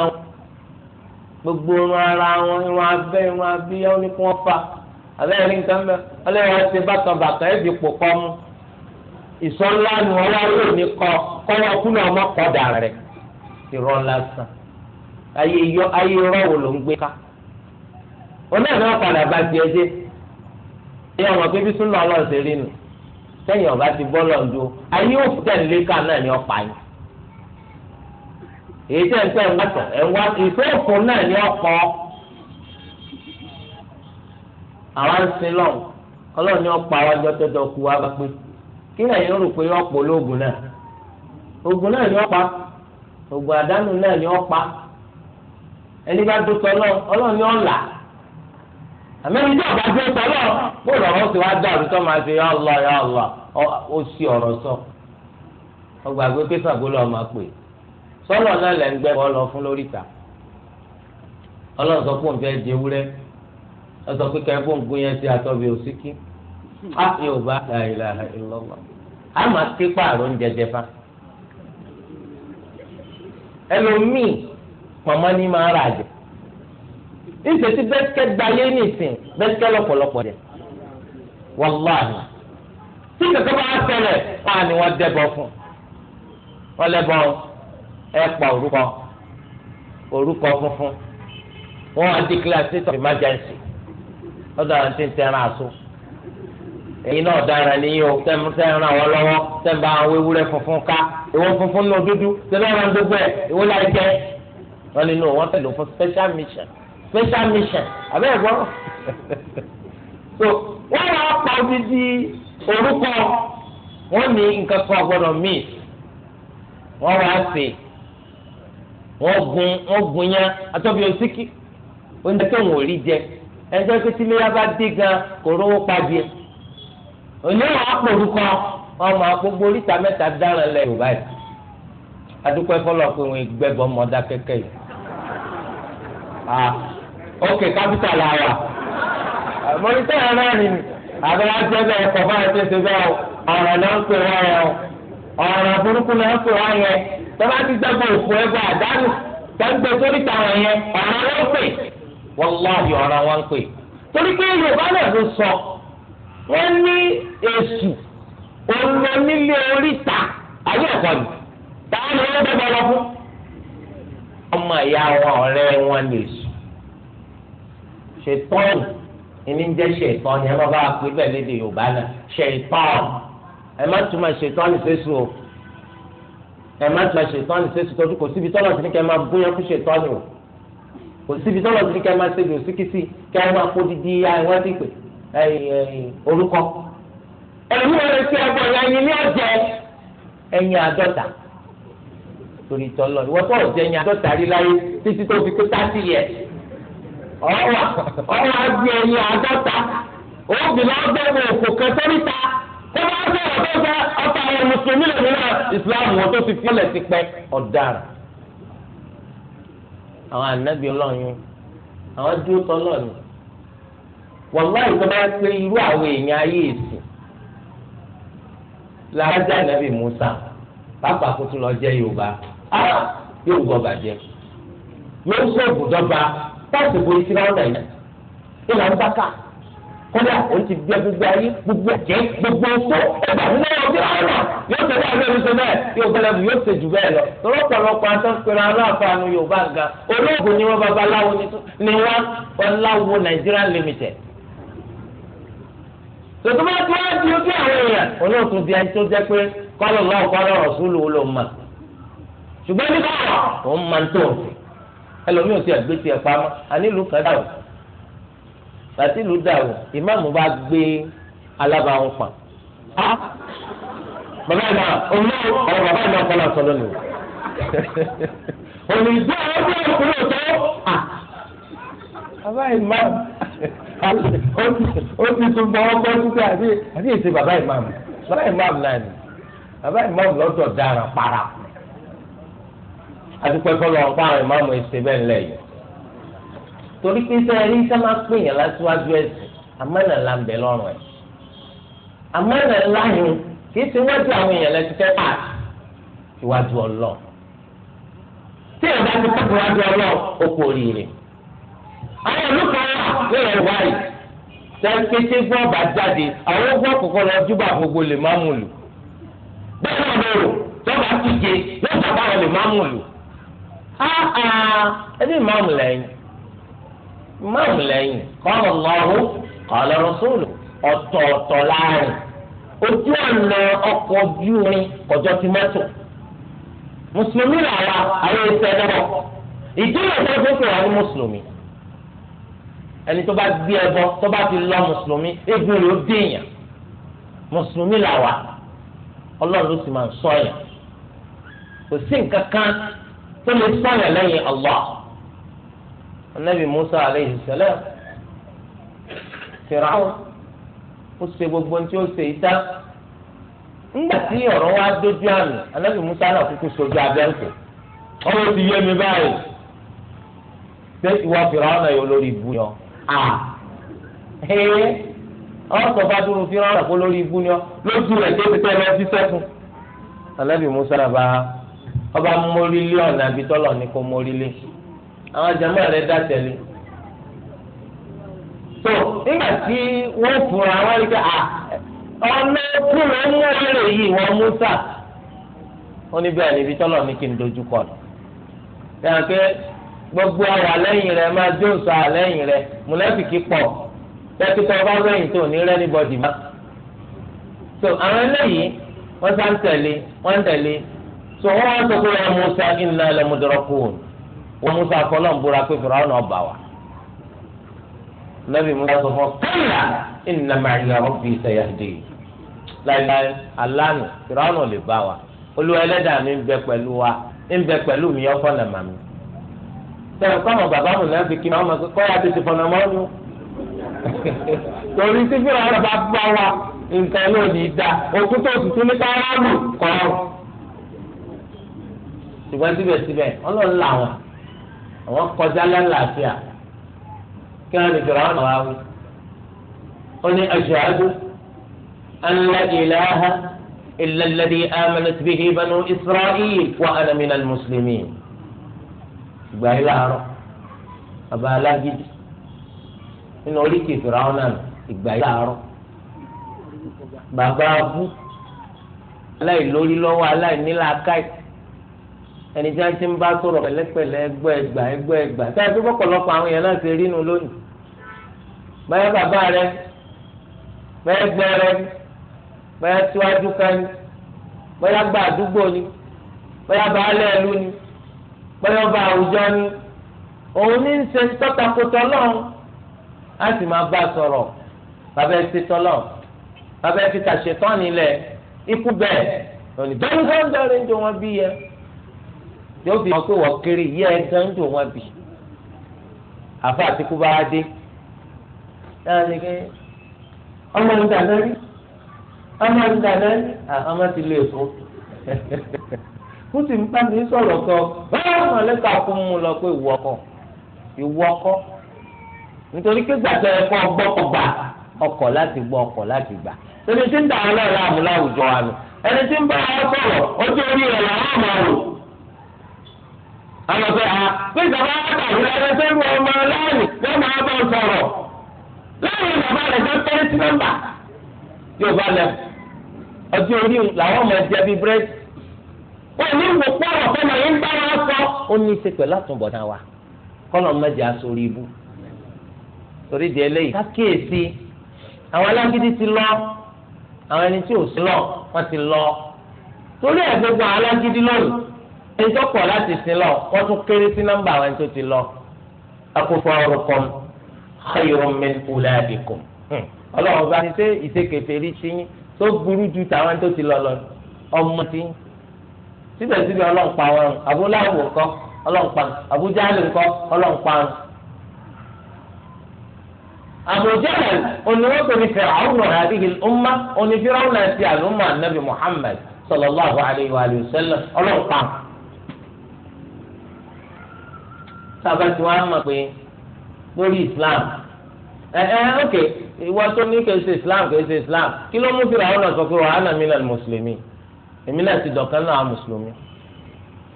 gbogbo irun ara wọn irun abẹ́ irun abíyá ó ní kó wọ́n pa. abẹ́rẹ́ ní nǹkan bẹ́ẹ̀ ọlọ́run á ti bákan bàkan ẹ̀dì pò kọ́ mu ni wọ́n wá lò ní kọ́ kọ́wọ́ kúnà ọmọ kọ́dà rẹ̀ lásán ayé yọ ayé wo ló ń gbé ká onáà padà bá tiẹ̀ dé pé rí nu ọba ti bọ́ ayé òfin tẹ̀lé ká náà ni ọ̀pá yìí èyí tẹ̀ ń tẹ̀ ń wá tọ̀ ẹ̀ wá àwa sin lọ ọlọ́run ni ọ̀pọ̀ àwọn àjọ tọjọ kú wa bá pé kí lẹ́yìn rò pé ọ̀pọ̀ olóògùn náà oògùn náà ni wọ́n pa oògùn àdánù náà ni wọ́n pa ẹni bá dó sọ lọ ọlọ́run ni tí dó sọ lọ kó wá dá máa ṣe yọ fún lóríta ọlọ́run sọ fún wọ́n sọ pé kẹ́kọ̀ọ́ ń gún yẹn sí atọ́bi òsíkí á ní ò bá àìlà ìlọ́wọ́ á máa ké pààrọ̀ oúnjẹ jẹ fa ẹlòmíì pọ̀nmọ́ ní máa rà jẹ níṣẹ́ tí bẹ́sikẹ́ gbayé nìsín bẹ́sikẹ́ lọ́pọ̀lọpọ̀ jẹ wàláhì tí kẹ̀kẹ́ bá ṣẹlẹ̀ wọ́n á ní wọ́n dẹ́bọ̀ fún wọ́n lẹ́bọ̀ ẹ̀ pa orúkọ orúkọ funfun wọ́n á di kíláàsì of emergency lọ́dọ̀ àwọn tí ń tẹran àṣọ èyí náà dára níyìn o tẹ́mu tẹ́ran wọn lọ́wọ́ tẹ́mu bá àwọn ewúrẹ́ funfun ká ìwọ funfun náà dúdú tẹ́lẹ̀ wọn gbogbo ẹ̀ ìwọ láì jẹ́ wọn nínú wọn tẹ̀lé fún special mission special mission àbẹ́ ẹ̀gbọ́n so wọ́n wá pa odidi orúkọ wọ́n ní nǹkan kan gbọ́dọ̀ míì wọ́n wá sí wọ́n gun wọ́n gun yẹn atọ́bi osiki oúnjẹ tó ń wò rí jẹ ẹjọ́ pé tí léyà bá dé gan kò rówó pàdé òní àwọn akpọ̀rúkọ ọmọ gbogbo oríta mẹ́ta dára lẹ yorùbá yìí adúpọ̀ ẹ̀fọ́lọ́ pé wọ́n gbẹ́bọ̀ mọ́dá kẹ́kẹ́ yìí ah ok kápítà la wà mọ̀lítà ẹ̀rọ rìn àbẹ̀ ajẹ́bẹ̀ ẹ̀kọ́ bá ẹ̀ tẹ̀sẹ̀ bẹ́ẹ̀ ọ̀rọ̀ náà ń pè wọ́n yẹn ọ̀rọ̀ burúkú náà ń pè wọ́n yẹn tọ́lá ti dẹ́gbẹ̀ òfò ẹ̀gbẹ́ àdánù wàláhì ọ̀ràn wọn pè torí pé yorùbá náà ló sọ wọn ní èṣù ọ̀nà nílé oríta àbí ọ̀kọ́ ni táwọn ni wọ́n dẹ́gbẹ́ lọ fún. ọmọ ìyá wọn ọ̀rẹ́ wọn lè sùn ṣètọ́ọ̀nù ìní ń jẹ́ ṣètọ́ọ̀nù ẹ má bá pé bẹ́ẹ̀ lédè yorùbá náà ṣètọ́ọ̀nù ẹ má túmọ̀ ṣètọ́ọ̀nù sẹ́sù o ẹ má túmọ̀ ṣètọ́ọ̀nù sẹ́sù tó kò síbi tọ́lọ̀ sí ni kẹ́ máa gún fún ṣètọ́ọ̀nù o kò síbi tọ́lọ̀ ti kẹ́ máa ṣe lò síkìsì kẹ́ ẹ máa kó didi àwọn ti pè orúkọ. ẹ̀rú ẹ̀rẹ́ sí ẹgbẹ́ rẹ ẹyin ní ọ̀jẹ̀ ẹyin àádọ́ta torí tọ́lọ̀ ìwọ tó ọ̀jẹ̀ ẹyin àádọ́ta rí láyé títí tó fi pé táàtì yẹ ọ̀wà ọ̀wà gbé ẹyin àádọ́ta òbí náà bẹ̀rẹ̀ òkò kan sórí ta kó bá sọ̀rọ̀ tó sọ ọ̀tá àwọn mùsùlùmí lòmìnira ìsìláàmù wọn tó ti fílẹ̀ ti pẹ́ ọ̀daràn àwọn ànábì ọlọ́run àwọn dúró tọ́lọ́ọ̀nù wàláì tó bá pé irú àwọn èèyàn ayé èsì làájá ànábì Musa pápá kó tún lọ jẹ́ Yorùbá ah, yóò gbọ́ bàjẹ́ yóò sọ òbúdọ́gba táàsì bo ìsirá ọ̀nà yìí ìlànà bá kà kódà òun ti gbẹ gbogbo ayé gbogbo ẹ̀jẹ̀ gbogbo ọ̀tọ̀ ẹgbà nínú ọjọ́ ọ̀nà yóò tẹ̀lé àlọ́ ìṣe bẹ́ẹ̀ yóò gbẹlẹ́ bu yóò ṣe jù bẹ́ẹ̀ lọ lọ́pọ̀lọpọ̀ atọ́sọ̀rọ̀ aláàfáàní yorùbá ga olóògùn ni wọ́n babaláwo ni wọ́n ọláwo nàìjíríà limited. tòtúmọ̀ tí wọ́n ti fi àwọn èèyàn olóòtú di ẹni tó jẹ́ pé kọ́lọ̀ lọ́wọ́ kọ́lọ̀ rọ̀ṣúlù ló mà ṣùgbọ́n nígbà wà láti ìlú dàrú ìmáàmù bá gbé alábàáhùn pa. bàbá ìmọ̀ ọmọ ọ̀rọ̀ bàbá ìmọ̀ ọ̀pọ̀ náà sọ lónìí. òyìnbó ọdún ọkùnrin ọ̀tọ́. bàbá ìmọ̀ o ti tún bọ́ ọgbọ́n títí àti àti èsì bàbá ìmọ̀ bàbá ìmọ̀ náà ni bàbá ìmọ̀ lọ́dọ̀ dára para. àti pẹ́ kọ́ lọ́ọ́ pa àwọn ìmọ̀ ẹ̀sìn bẹ́ẹ̀ lẹ́yìn torí pé sẹ́yìn rí sẹ́ máa pè yàn lásìwájú ẹ̀sìn amánà ńlá ń bẹ lọ́rùn ẹ̀ amánà ńlá yẹn kì í ṣe wájú àwọn èèyàn lẹ́sìn fẹ́ pààtì iwájú ọlọ́ tí ìyàbá ti kọ́ iwájú ọlọ́ ó kú oríire àwọn ìlú kan wà lórí ẹ̀wá yìí tẹ́lifíṣẹ́ gbọ́ bá jáde àwọn ọgbọ́n kọ̀ọ̀kan lọ júbà gbogbo lè má mú lù bẹ́ẹ̀ náà lọ́rọ̀ tọ́ba kíje yóò bàbá lè má mú lù. ẹni ìmáàmù lẹ́yìn mọ́ọ̀mù lẹ́yìn kọ́ọ̀lù lọ́hùn kọ́ọ̀lù rọ́sùlù ọ̀tọ̀ọ̀tọ̀ láàrin ojú ọ̀nà ọkọ̀ ojú irin kọjọ́ ti mọ́tò mùsùlùmí làwa àwọn ẹsẹ̀ náà ìdílé tó fún pé wà ní mùsùlùmí ẹni tó bá gbé ẹbọ tó bá ti lọ mùsùlùmí egun rẹ̀ ó déèyàn mùsùlùmí làwa ọlọ́run ló sì máa ń sọ yẹn kò sí nǹkan kan tó lè sọ yẹn lẹ́yìn Allah anabi musa aleyhi salam fìràwọn ó ṣe gbogbo tí ó ṣe ìta ńgbà tí ọ̀rọ̀ wa dójú àmì anabi musa náà kúkú sojú abẹ́ǹkò ọ̀rọ̀ ti yé mi báyìí ṣé ìwọ fìràwọn náà yóò lórí ibu yọ à ẹ̀ẹ́ ọ̀rọ̀ sọ bá dúró fìràwọn náà kó lórí ibu yọ lójú rẹ̀ tó ti tẹ́ ẹ lọ́ọ́ anabi musa náà bá ọba mórílé àbítọ́lọ̀ ní kó mórílé. àwọn jama rẹ dá tẹ̀lé tó nígbà tí wọ́n fura wọ́n rí pé ọ̀nà kúrò ń mú ẹrẹ yìí wọ́n mú sà wọ́n ní tọ́lọ̀ gbogbo àwọn àlẹ́yìn rẹ máa jó sọ àlẹ́yìn rẹ mùlẹ́fìkì pọ̀ tẹ́títọ́ bá lẹ́yìn tó ní rẹ́nìbọ̀dì má. tó àwọn eléyìí wọ́n sá ń tẹ̀lé wọ́n ń tẹ̀lé tó wọ́n wá sọ wọ́n musa fọlọ́n búra pé fìràwọn náà bà wá musa sọ fún kánà inna ma'iya rabbi sayahdi láìláì aláàánú fìràwọn lè bá wa olúwa ẹlẹ́dàá mi ń bẹ pẹ̀lú wa ń bẹ pẹ̀lú mi ọkọ nà màmí. sẹ́yìn kọ́mọ bàbá mi náà fi kí máa ń kọ́ ya ti ti fọ̀nà mọ́ ọ́nù. torí tí wa nǹkan ló ní í dá òkúta òtútù ní kọ́. àwọn kọjá lálàáfíà kí wọn lè jọra wọn náà wáwí ó ní ashhadu an la ilaha illa alladhi amanat bihi banu isra'il wa ana minal muslimin ìgbà yìí láàárọ̀ bàbá alágídí nínú oríkì ìfìràwọn náà ìgbà yìí láàárọ̀ bàbá abú aláìlórí lọ́wọ́ aláìníláàkáì ẹni tí a ti ń bá sọ̀rọ̀ pẹ̀lẹ́pẹ̀lẹ́ ẹgbẹ́ ẹgbà ẹgbẹ́ ẹgbà táyà tó pọ̀pọ̀lọpọ̀ àwọn èèyàn náà ṣe rí nu lónìí. báyà bàbá rẹ báyà gbẹ rẹ báyà síwájú kan ni báyà gba àdúgbò ni báyà baálé ìlú ni báyà ọba àwùjọ ni òun ní í ṣe tọ́takùtọ̀ lọ́hùn á sì máa bá sọ̀rọ̀ bàbá ẹ ti tọ́lọ̀ bàbá ẹ ti tàṣetán nílẹ̀ ikú bẹ́ẹ̀ òní yóò fi hàn pé wọ́n kéré yí ẹ̀sán ń dùn wọn bì àfa àtikú bá wá dé náà ni pé ọmọ ń dáná rí ọmọ ń dáná rí ọmọ ti lè fún ó sì ń bá mi sọ̀rọ̀ kan báwọn mọ̀lẹ́ka fún mu lọ pé ìwọ kọ ìwọ kọ nítorí pé gbàgbọ́ ẹ̀kọ́ gbọ́kọ̀gbà ọkọ̀ láti gbọ́ ọkọ̀ láti gbà ẹni tí ń dà wọn lọ́ọ̀rọ̀ àmúláwùjọ wa nù ẹni tí ń bá wọn sọ̀rọ̀ ojú orí rẹ̀ làwọn máa rò. àwọn ha pé ìjọba ah, àtàwọn ẹgbẹ́ tó ń bọ̀ ọmọ láàyè wọ́n máa bọ̀ sọ̀rọ̀ láàyè bàbá yóò bá orí làwọn ọmọ bíi bírèkì ní wò yín bá wọn sọ. ó ní í ṣe pẹ̀lú wa mẹ́jẹ asorí ibú ti lọ àwọn ẹni tí ò sí lọ ti lọ torí ẹ̀ gbogbo alágídí ẹni tó kọ̀ láti sin lọ wọ́n tún kéré sí nọ́mbà àwọn ẹni tó ti lọ. akófó ọrùkọ́m xeyìrún mi kúlẹ̀ àdìkù. ọlọ́run bá ní ṣe ìṣèkèfé rí sí yín tó burú ju tàwọn ẹni tó ti lọ lọ ọmọ tí. síbẹ̀síbẹ̀ ọlọ́run pa wọn abúláwò kọ́ ọlọ́run pa àbújá lè kọ́ ọlọ́run pa wọn. àbújá oníwọ́pẹ̀ àwọn ọ̀rọ̀ àdìgì ọmọ onífẹ́ràn náà ti àlùmọ̀ muhammad sallallahu alayhi wa sallam tábà tí wọ́n á mọ̀ pé lórí Islam ẹ ẹ ok ìwọ tó ní kì í ṣe Islam kì í ṣe Islam kí ló mú fìrà àwọn náà sọ pé wà á nà mí nà mùsùlùmí èmi náà ti dọ̀kan náà mùsùlùmí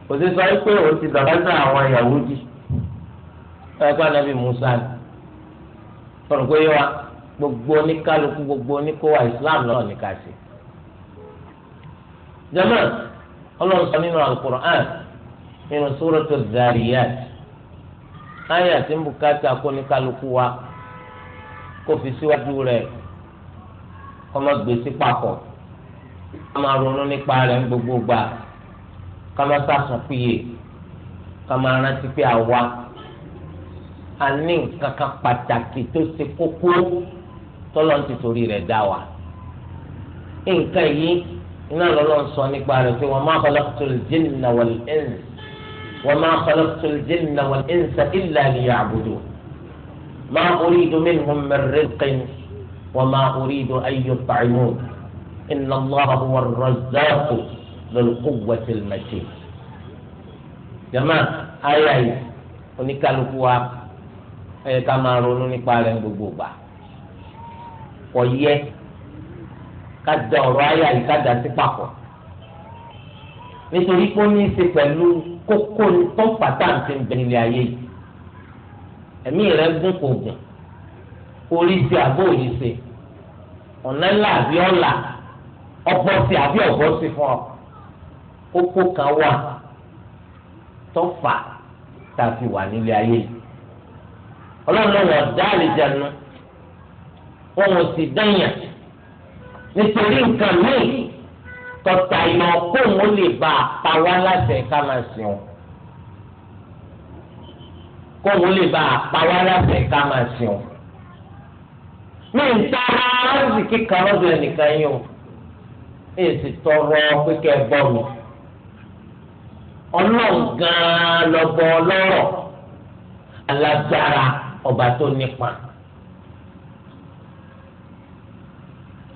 kò sí sọ pé òun ti dọ̀kan náà àwọn Yahudi ẹ̀kọ́ anabi Musa ni sọ̀rọ̀ pé wa gbogbo oníkálukú gbogbo oníkówà Islam náà ní ká ṣe. jama ọlọ́run sọ nínú Al-Qur'an nínú Suratul ayé àti bùkátà kó ní kálukú wa kó fi síwájú rẹ̀ kó má gbèsè papọ̀ ká máa ronú nípa rẹ̀ ń gbogbo gbà ká má sàsùn péye ká máa rántí pé àwa a ní nǹkan kan pàtàkì tó ṣe kókó tọ́lọ́ ti torí rẹ̀ dá wa nǹkan yìí iná lọ́lọ́ sọ nípa rẹ̀ pé wa ma khalaqtul jinna wal insa. وما خلقت الجن والإنس إلا ليعبدون ما أريد منهم من رزق وما أريد أن يطعمون إن الله هو الرزاق ذو القوة المتين جماعة آية oníkálukú wa كما ká máa ببوبا nípa rẹ̀ gbogbo gbà kò yẹ ká kókó tó ń pàtàǹtì ń bẹ̀rẹ̀ ayé yìí ẹ̀mí rẹ̀ gún kò gùn orí sí àbó òyì sí ọ̀nà ńlá àbí ọ̀la ọ̀bọ sí àbí ọ̀bọ sí fún ọ kókó kan wà tó fà tá a fi wà nílé ayé yìí ọlọ́run wọn dá àlejò nu wọn ò sì dáyà nítorí nǹkan míì tọ́ta iná kóun ó lè bá àpáwá láṣẹ ká máa sìn ọ́ kóun ó lè bá àpáwá láṣẹ ká máa sìn ọ́ mi ń tọrọ ọ́sì kíkà lọ́dọ̀ ẹnìkan yín o èsì tọrọ pípẹ́ bọ́ mi ọlọ́run gan-an lọ́bọ ọlọ́rọ̀ alágbára ọba tó nípa.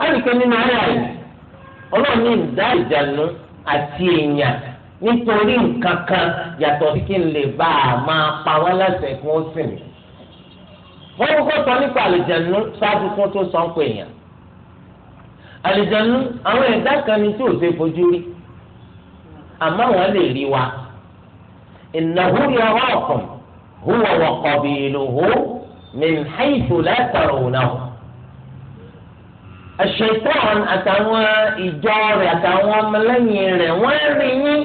àyíká nínú ayé àyè ọlọ́run ní ìdá ìjànú àti èèyàn nítorí nǹkan kan yàtọ̀ sí kí n lè bá a máa pa wọ́n lẹ́sẹ̀ kí wọ́n sìn mí. wọ́n kọ́kọ́ sọ nípa àlìjànú ṣáájú kí wọ́n tó sọ ń pè èèyàn. àlìjànú àwọn ẹ̀dá kan ni tí ò ṣe fojú rí àmọ́ wọ́n lè rí wa. innahu yarakum huwa wa qabiluhu min haythu la tarawnahu. àṣetán àtàwọn ìjọ rẹ̀ àtàwọn ọmọlẹ́yìn rẹ̀ wọ́n rí yín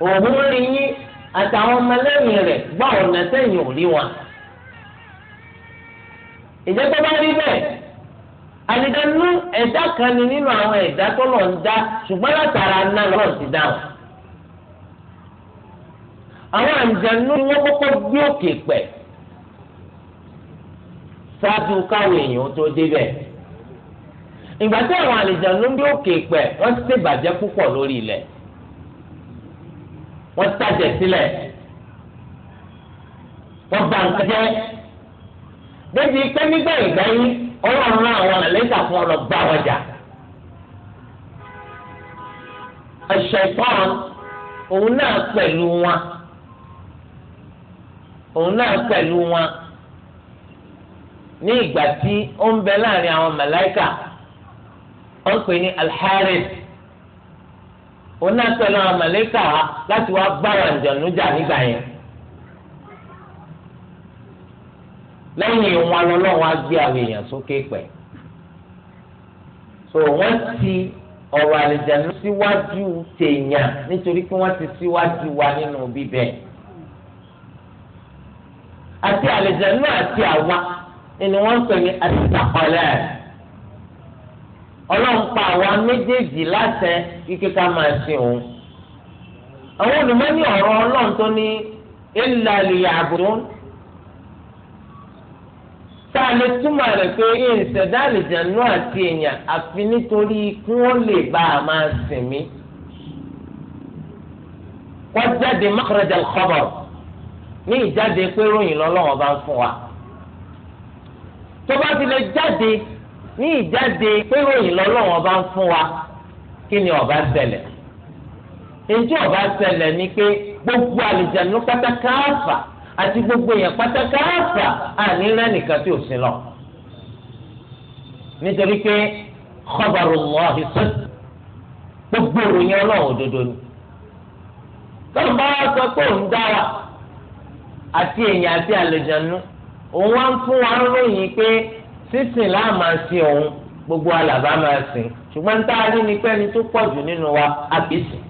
òun rí yín àtàwọn ọmọlẹ́yìn rẹ̀ gbá ọ̀nà sẹ́yìn ò rí wọn. ìjẹ́ bá rí bẹ́ẹ̀ àdìdánú ẹ̀dá kan ni nínú àwọn ẹ̀dá tó lọ ń dá ṣùgbọ́n látara ná lọ́ọ̀ ti dáhùn. àwọn àǹjẹ̀nú ni wọ́n kọ́kọ́ gbé òkè pẹ̀ ṣáájú káwọn èèyàn tó débẹ̀. ìgbà tí àwọn àlejò ló ń bí òkè pẹ̀ wọ́n ti bàjẹ́ púpọ̀ lórí ilẹ̀ wọ́n tàjẹ̀ sílẹ̀ wọ́n bà ń jẹ́ débi pé nígbà ìgbà yìí ọlọ́run náà àwọn àlejò fún ọ lọ bá wọn jà. Àṣẹ̀tán òun náà pẹ̀lú wọn òun náà pẹ̀lú wọn ní ìgbà tí ó ń bẹ láàrin àwọn màláíkà wọ́n ń pè ní alḥaris òun náà pẹ̀lú àwọn màlẹ́kà láti wá bá àjọ̀nú jà nígbà yẹn. lẹ́yìn ìwọ̀n lọ́lọ́wọ́ á gbé àwọn èèyàn sókè pẹ̀. so wọ́n ti ọ̀rọ̀ àlìjánu síwájú tèèyàn nítorí pé wọ́n ti síwájú wa nínú bíbẹ̀. àti àlìjánu àti àwa ni wọ́n ń pè ní àtìsàkọ́lẹ́ẹ̀ ọlọ́run pa àwa méjèèjì láṣẹ kíkẹ́ ká máa ṣe òun. àwọn olùmọ́ni ọ̀rọ̀ ọlọ́run tó ní illa liya'budun tá a lè túmọ̀ rẹ̀ pé ìṣẹ̀dá àlìjẹ̀nú àti èèyàn àfi nítorí kí wọ́n lè bá a máa sìn mí. wọ́n jáde makhraj al ní ìjáde pé ròyìn lọ́lọ́wọ́ bá ń fún wa. tó bá ti lè jáde. ní ìjáde pé ròyìn lọ́lọ́wọ́n bá ń fún wa kí ọba ṣẹlẹ̀ ǹjẹ́ ọba ṣẹlẹ̀ ni pé gbogbo àlùjánu pátákáàfà àti gbogbo èèyàn pátákáàfà àníràn nìkan tí ò sí lọ nítorí pé khabarullahi sọ́ọ̀ gbogbo ìròyìn ọlọ́run òdodo ni tọ́lù bá wá sọ pé òun dára àti èèyàn àti òun wa ròyìn pé sísìn láàmà sí òun gbogbo alàbá máa sìn ṣùgbọ́n tá a rí ni pé ẹni tó pọ̀ jù nínú wa àbísìn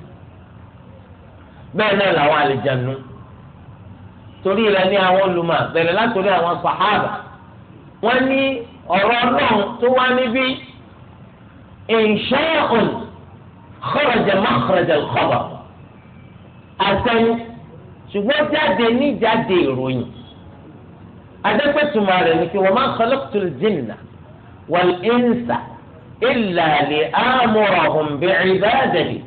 bẹ́ẹ̀ náà làwọn àlejànú torí rẹ̀ ní àwọn olùmọ̀ bẹ̀rẹ̀ látòrí àwọn sàhábà wọ́n ní ọ̀rọ̀ náà tó wá níbí ìṣẹ́yìn kharaja makhraja al-khabar àtẹnu ṣùgbọ́n jáde níjáde ìròyìn adẹ́pẹ́tùmọ̀ rẹ̀ ni kí wa ma khalaqtul jinna wal insa illa li'amurahum bi'ibadati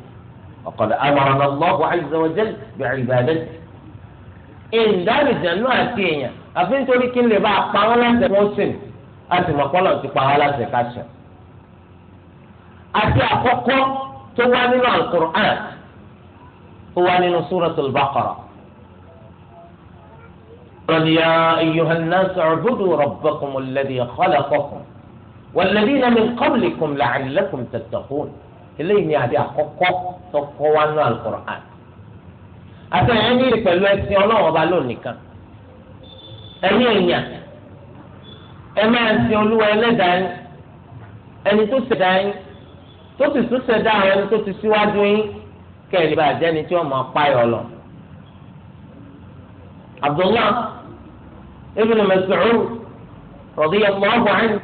ọ̀kọ̀d amarana Allahu azza wa jalla bi'ibadati. ìdáàbì jẹ̀nú àti èèyàn àfi nítorí kí n lè bá a pa wọn láti wọn sìn láti mọ̀ pọ́lọ̀ ti pa wọn láti ká sìn. àti àkọ́kọ́ tó wá nínú Al-Qur'an tó wá nínú Suratul Baqarah قال يا أيها الناس اعبدوا ربكم الذي خلقكم والذين من قبلكم لعلكم تتقون إليه يعني أقوى تقوى القرآن àtẹ̀yẹ́nì pẹ̀lú ẹsìn ọlọ́run ọba lónìí kan ẹ̀yin èèyàn ẹ máa sin olúwa ẹlẹ́dàá yín ẹni tó ṣẹ̀dá yín tó sì tún ṣẹ̀dá àwọn ẹni tó ti síwájú yín kẹ́ ẹ̀ lè bàjẹ́ ni tí wọ́n máa pààyàn lọ. عبد الله ابن مسعود رضي الله عنه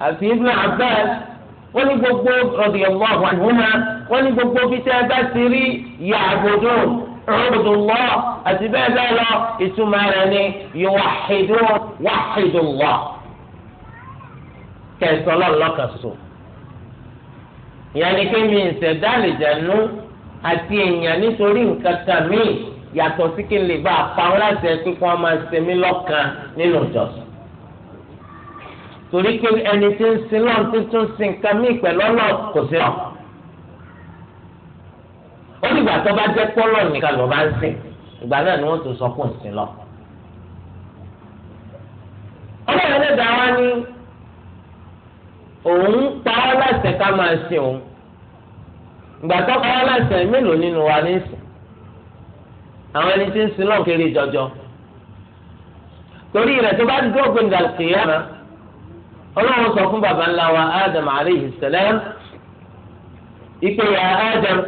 àti ibn abbas wọ́n ní gbogbo radiyallahu anhuma wọ́n ní gbogbo bí tẹ́ ẹ bá ti rí ya'budun ubudullah àti bẹ́ẹ̀ bẹ́ẹ̀ lọ ìtumọ̀ rẹ̀ ni yuwahhidun wahhidullah kẹsàn-án lọ́lọ́kan so. ìyá ni kí mi ìṣẹ̀dá lè jẹ̀nu àti èèyàn nítorí nǹkan kan míì yàtọ̀ sí kí n lè bá a pa wọn láti ẹ pé kí wọn máa ṣe mí lọ́kàn nínú ìjọsìn torí pé ẹni tí ń sin lọ́n tí tún sin nǹkan mí pẹ̀lú ọ̀nà kò sí lọ. ó ní ìgbà tó bá jẹ́ pọ́lọ̀ nìkan ló bá ń sìn ìgbà náà ni wọ́n tún sọ fún ìsìn lọ. ọlọ́run ẹlẹ́dàá wa ní òun pa ọ́ láṣẹ ká máa sin òun ìgbà tó pa ọ́ láṣẹ mélòó nínú wa ní sìn àwọn ẹni tí ń sin lọ́n kiri jọjọ torí rẹ̀ tó bá dúró gbẹ̀ngà kìyàmá ọlọ́run sọ fún baba ńlá wa Adam aleyhi salam ìpè ya Adam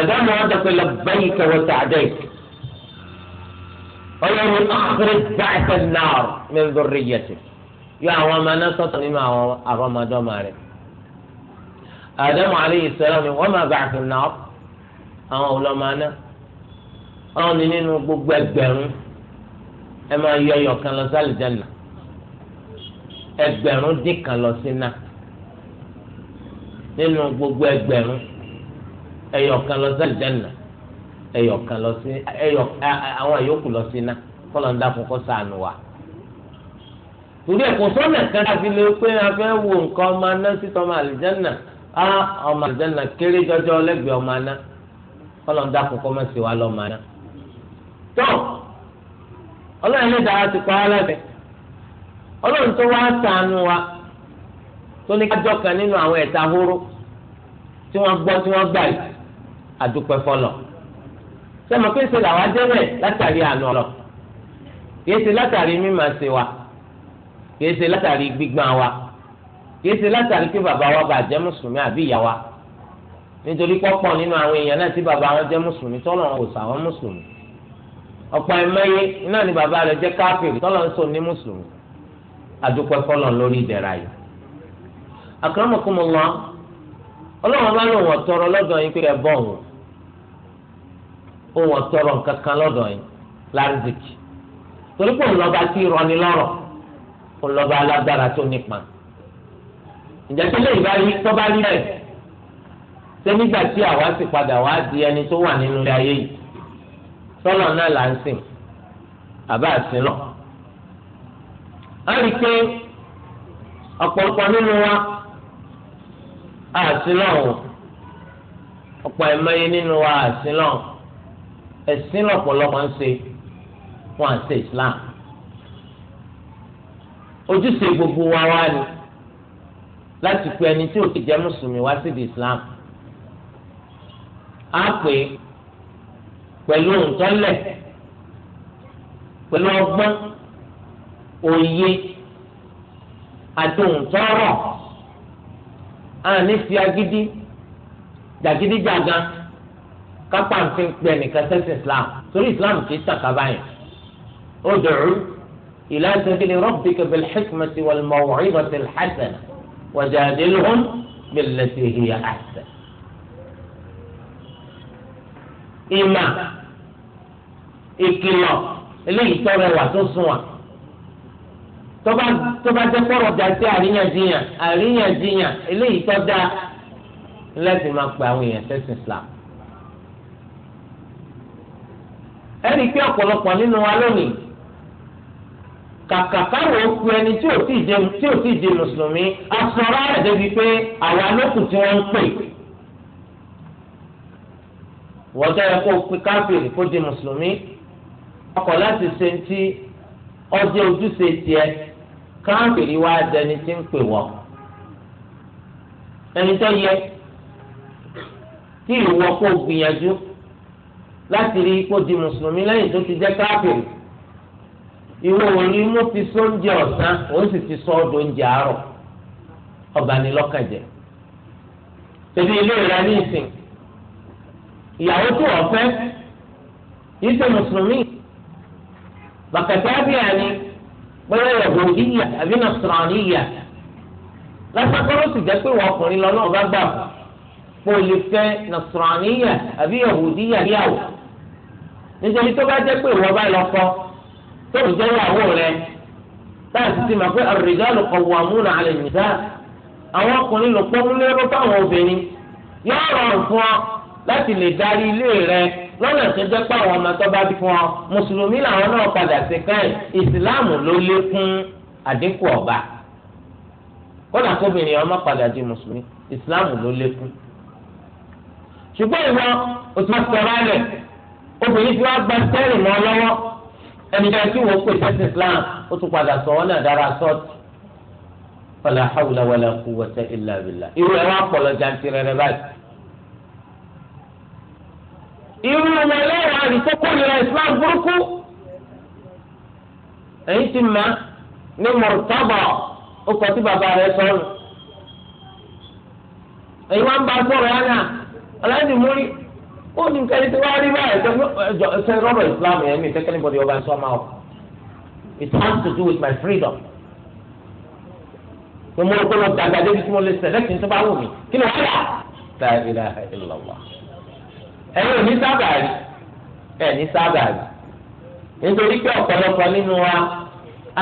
Adam wọn dọ̀pẹ̀ labbayka wa sa'dayka ọlọ́run akhrij ba'sa an-nar min dhurriyyatik yọ àwọn ọmọ náà sọ̀tọ̀ nínú àwọn àrọ́mọdọ́mọ rẹ̀ Adam aleyhi salam ni wọ́n máa ba'sa an-nar àwọn ọlọ́mọ náà. ọlọ́run ni nínú gbogbo ẹgbẹ̀rún ẹ máa yọ ẹyọ kan lọ sí dín kan lọ sí nínú gbogbo ẹgbẹ̀rún ẹyọ kan lọ sí àlùjánnà ẹyọ kan lọ sí ẹyọ àwọn yòókù lọ wa torí kan lè pé a fẹ́ wo nǹkan ọmọ aná á ọmọ kéré jọjọ lẹ́gbẹ̀ẹ́ ọmọ aná ń kọ́ sí wa lọ́mọ aná. tó ọlọ́run lè dára ti pa wá lẹ́sẹ̀ ọlọ́run tó wá wa tó ní kájọ́ kan nínú àwọn ẹ̀ta horo tí wọ́n gbọ́ tí wọ́n gbà yìí àdúpẹ́ fọlọ́ sẹ́mi pé ṣe làwọn látàrí ṣe látàrí mímọ̀ wa kìí ṣe látàrí gbígbọ́n wa ṣe látàrí pé bàbá wa bá mùsùlùmí àbí ìyá wa nítorí pọ́pọ́ nínú àwọn èèyàn náà tí bàbá wọn jẹ́ mùsùlùmí ọ̀pọ̀ ẹ̀mẹ́yẹ náà ni bàbá rẹ̀ jẹ́ káfíìn tọ́lọ̀ ń sọ ní mùsùlùmí àdúpẹ́ kọ́lọ̀ lórí ìdẹ̀ra yìí. àkàràmọ̀kùnmọ̀lá ọlọ́run bá lòun ọ̀tọ́rọ lọ́dọ̀ yín pé ẹ bọ̀ òun òun ọ̀tọ́rọ nǹkan kan lọ́dọ̀ yín lárídìkì torí pé òun lọ́ba tí rọni lọ́rọ̀ òun lọ́ba alágbára tó nípa ǹjẹ́ tó lè bá rí tó bá rí bẹ́ẹ̀ sẹ́nígbà tí àwa sì padà wá di ẹni tó wà nínú ilé ayé yìí sọlọ náà là ń sìn àbá àsìn lọ. a rí i pé ọ̀pọ̀lọpọ̀ nínú wa àsìn lọ́hùn ọ̀pọ̀ ẹ̀mẹ́yẹ nínú wa àsìn lọ́hùn ẹ̀sìn lọ́pọ̀lọpọ̀ ń ṣe wọn àti Islam ojúṣe gbogbo wa wá ni láti pe ẹni tí ò ti jẹ́ mùsùlùmí wá sí di Islam á pè é pẹ̀lú ntọ́lẹ̀ pẹ̀lú ọgbọ́n òye àti ntọ́rọ̀ àní fi agídí jàgídíjàgan kápá nfin pẹ nìkan sẹ́sìn islam torí islam kì í sàkàbà yẹn ó dùrù ìlà sabili rabbika bil hikmati wal maw'izati al hasana wajadilhum billati hiya ahsan. ìmà ìkìlọ̀ eléyìí tọrọ rẹwà tó sùn wà tọba tọba jẹ kọrọ àríyànjiyàn àríyànjiyàn eléyìí tọ dá lẹsìn máa pe àwọn èèyàn sẹsìn Islam ẹnì pé ọ̀pọ̀lọpọ̀ nínú wa lónìí kàkà káwọn ẹni tí ò tí mùsùlùmí asọ̀rọ̀ débi pé tí wọ́n ń pè wọ́n ọkọ̀ láti ṣe ti ọjọ́ ojúṣe tiẹ̀ káàkiri wá dẹni tí ń pè wọ́n ẹni tó yẹ kí ìwọ kó gbìyànjú láti rí kó di mùsùlùmí lẹ́yìn tó ti jẹ́ káàkiri ìwọ òní mú ti sóúnjẹ ọ̀sán òun sì ti sọ ọdún oúnjẹ àárọ̀ ọ̀bànilọ́kànjẹ́ tẹ̀lé ilé rẹ ní ìsìn ìyàwó tó ọ̀fẹ́ yìí ṣe mùsùlùmí bàkàtàbíà ni bóyá yahudiya àbí nasraniya lásàkọ́rọ́ sì jẹ́ pé wọ́n ọkùnrin lọ́nà ọba gbà kó o lè fẹ́ nasraniya àbí yahudiya yàwó nítorí tó bá jẹ́ pé ìwọ bá lọ kọ́ tó ń jẹ́ ìyàwó rẹ táàsì ti mọ̀ pé ar-rijalu qawwamuna 'ala an-nisaa àwọn ọkùnrin lò pọ́ múlẹ́rọ́ fáwọn obìnrin yóò rọrùn fún ọ láti lè darí ilé rẹ lọ́nà tó jẹ́ pé àwọn ọmọ tó bá bí fún ọ mùsùlùmí làwọn náà padà sí káyìn ìsìláàmù ló lékún àdínkù ọba kódà kóbìnrin ọmọ padà di mùsùlùmí ìsìláàmù ló lékún. ṣùgbọ́n ìwọ òtún sọ̀rọ̀ alẹ̀ obìnrin tí wọ́n gba sẹ́rì mọ́ lọ́wọ́ ẹni tó ti wò ó pè sẹ́sì islam ó tún padà sọ wọn náà dára sọ́ọ̀tù. fala hawla wala quwwata illa billah irú ọmọ ẹlẹ́wàá rí tó kórìíra islam burúkú èyí ti mà ní mọ̀tàbà ó kọ sí bàbá rẹ̀ sọ́nù èyí wọ́n bá sọ̀rọ̀ yánà aláìsí múrí ó ní nǹkan ẹni tí wọ́n rí báyìí ṣe rọ́rọ̀ islam yẹn mi fẹ́kẹ́ níbọ̀dì ọba ẹ̀sọ́ máa wọ̀ it has to do with my freedom mo mọ̀ ọ́ pé mo dàgbà débi tí mo lè sẹ̀lẹ́kì tó bá wù mí kí ló wà lá ẹ̀yin ò ní sábà rí ẹ̀ ní sábà rí nítorí pé ọ̀pọ̀lọpọ̀ nínú wa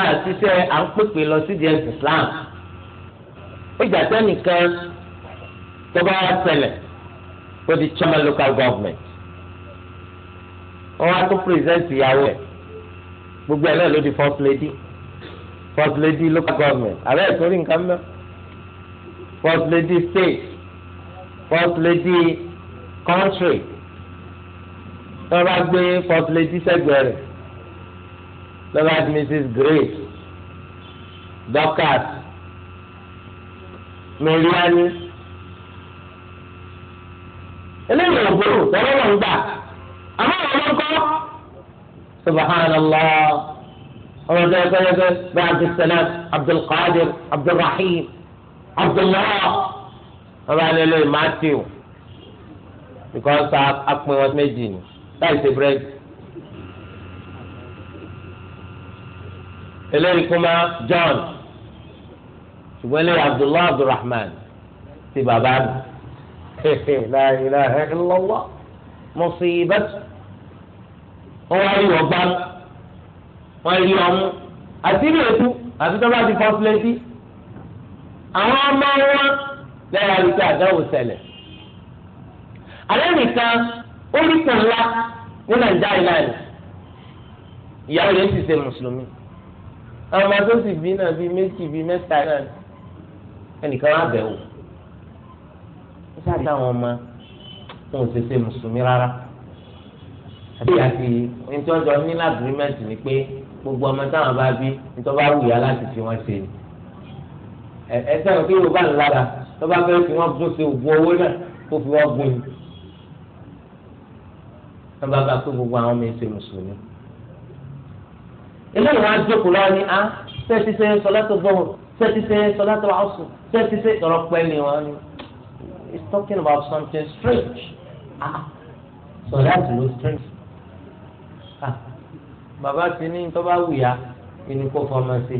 á ṣiṣẹ́ à ń pèpè lọ sí ẹ̀sìn Islam ó jà sẹ́nìkan tó bá wá ṣẹlẹ̀ ó di chairman local government wọ́n wá tó present ìyàwó ẹ̀ gbogbo ẹ̀ náà ló di first lady first lady local government àbẹ́ ìtòrí nǹkan mọ́ first lady state first lady country wọn bá gbé first lady sẹ́gbẹ̀ẹ́ rẹ̀ lọ́ba di mrs grace dorcas mẹríani eléyìí ògbóró tọ́lọ́ wọn gbà àmọ́ wọn ló kọ́ subhanallah ọmọ tó yẹ kọ́lẹ́ pé bí abdulsalam abdulkadir abdulrahim abdullah wọn bá lé matthew because apin wọn méjì ni láì ṣe búrẹ́dì. eléyìí kúmá John ṣùgbọ́n eléyìí Abdullahi Abdulrahman ti bàbá mi la ilaha illallah musibat wọ́n wá rí ọgbà wọ́n rí ọmú àti rí ètú àti tó bá ti fọ́ sílẹ̀tì àwọn ọmọ wọn lẹ́yìn àlùkò àdáwò ṣẹlẹ̀ alẹ́ nìkan ó rí kò ńlá ní nàìjíríà náà ni ìyàwó rẹ̀ sì ṣe mùsùlùmí àwọn ọmọ tó sì bí náà bíi méjì bíi mẹ́ta náà ni ẹnìkan wá bẹ̀ wò ó sáà táwọn ọmọ wọn ò ṣe ṣe mùsùlùmí rárá àti àti ìtọ́jọ ní lágrímẹ́ǹtì ni pé gbogbo ọmọ táwọn bá bí nítorí bá wù yá láti fi wọn ṣe ni ẹ ẹ sẹ́wọ̀n kí yorùbá ńlára tó bá fẹ́ fi wọn gún sí ògùn owó náà kó fi wọn gún ni wọn bá gba gbogbo àwọn ọmọ ẹsẹ mùsùlùmí. ilé ìwà àjòkù lọ ni a sẹ́ẹ̀tì sẹ́yìn sọlá tó bọ̀ sẹ́ẹ̀tì sẹ́yìn sọlá tó wà sùn sẹ́ẹ̀tì sẹ́yìn sọlá ni wọ́n ni it's talking about something strange ah sọlá tó ló strange ah bàbá ti ní tó bá wù yá inú kó fọmọ sí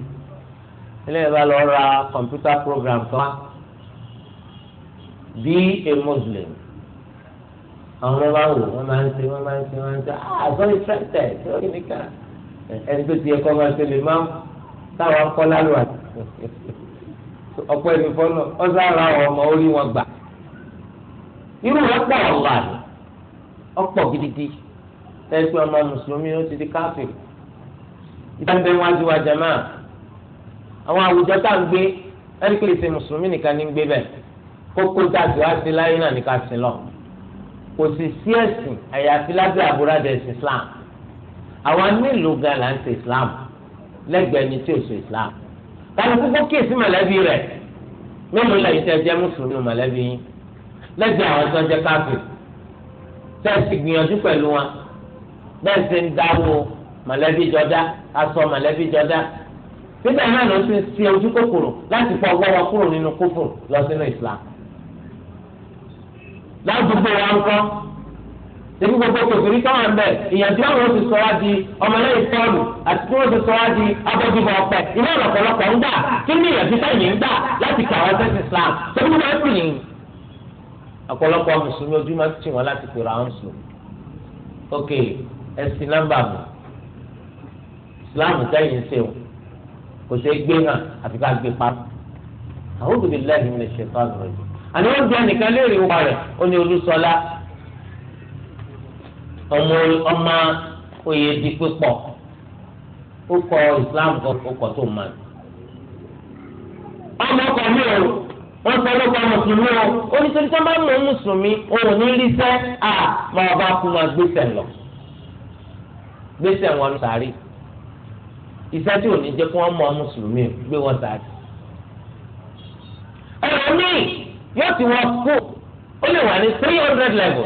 ilé ìwà lọ ra computer program kan be a muslim àwọn ọmọ máa ń wò wọ́n máa ń ṣe wọ́n máa ń ṣe wọ́n máa ń ṣe àgbọn ìfẹ́tẹ̀ tí ó ní ká ẹni tó ti yẹ kọ́ máa ṣe lè máa táwọn akọ́ lálùwà ọ̀pọ̀ ẹni fọ́nà ọ̀sára àwọn ọmọ orí wọn gbà irú wọn pọ̀ ọ̀la ni ọ̀pọ̀ gidigidi ẹgbẹ́ ọmọ mùsùlùmí ó ti di káfíìn ìdáńbẹ́ wájú wa jama àwọn àwùjọ tá à ń gbé ẹni pé ìsìn mùsùlùmí nìkan ní ń gbé bẹ́ẹ̀ kókó tá a ti wá sí láyé náà ní ká sin lọ́wọ́. kò sì sí ẹ̀sìn àyàfi lábẹ́ àbúradà ẹ̀sìn islam àwọn mélòó gan la ń islam lẹ́gbẹ̀ẹ́ ni tí islam kálukú kó kíyèsí mọ̀lẹ́bí rẹ̀ mélòó lẹ́yìn tẹ́ jẹ́ mùsùlùmí mọ̀lẹ́bí yín lẹ́gbẹ̀ẹ́ àwọn tó ń jẹ́ káfíìn tẹ́ ẹ sì gbìyànjú pẹ̀lú wọn bẹ́ẹ̀ ṣe ń dáwó mọ̀lẹ́bí jọdá aṣọ mọ̀lẹ́bí jọdá náà ló ti ṣe ojú kòkòrò láti fọ ọgbọ́n wọn kúrò nínú kófò islam. ládùúgbò wa ń kọ́ ebi gbogbo kòtòrí káwọn bẹ ìyànjú àwọn oṣù sọ wá di ọmọlẹ́yìn pọ́ọ̀lù àti tí wọ́n ti sọ wá di abọ́dúbọ̀ ọ̀pẹ iná ọ̀pọ̀lọpọ̀ ń gbà kí ni ìyànjú sẹ́yìn ń gbà láti kà wọ́n sẹ́sì Islam tó ní wọ́n pè yín. ọ̀pọ̀lọpọ̀ mùsùlùmí ojú máa ń tì wọ́n láti pèrò àwọn sùn. ok ẹ̀sìn nọ́mbà mi Islam sẹ́yìn ṣe o kò ṣe é gbé hàn àfi ká gbé pa. àwọn òbí àní wọ́n jẹ́ nìkan léèrè wà rẹ̀ ó ní olúṣọlá ọmọ ọmọ oyè di pípọ̀ ó kọ islam kan ó kọ tó máa ọmọ ọkọ mi ò wọ́n sọ ló pa mùsùlùmí o ó ní sọ́dún tó bá mọ̀ mùsùlùmí òun ní rí sẹ́ à máa bá kú máa gbèsè lọ gbèsè wọn sàárì iṣẹ́ tí ò ní jẹ́ kí wọ́n mọ̀ mùsùlùmí gbé wọn sàárì. ẹ̀rọ míì yóò ti wọ school ó lè wà ní three hundred level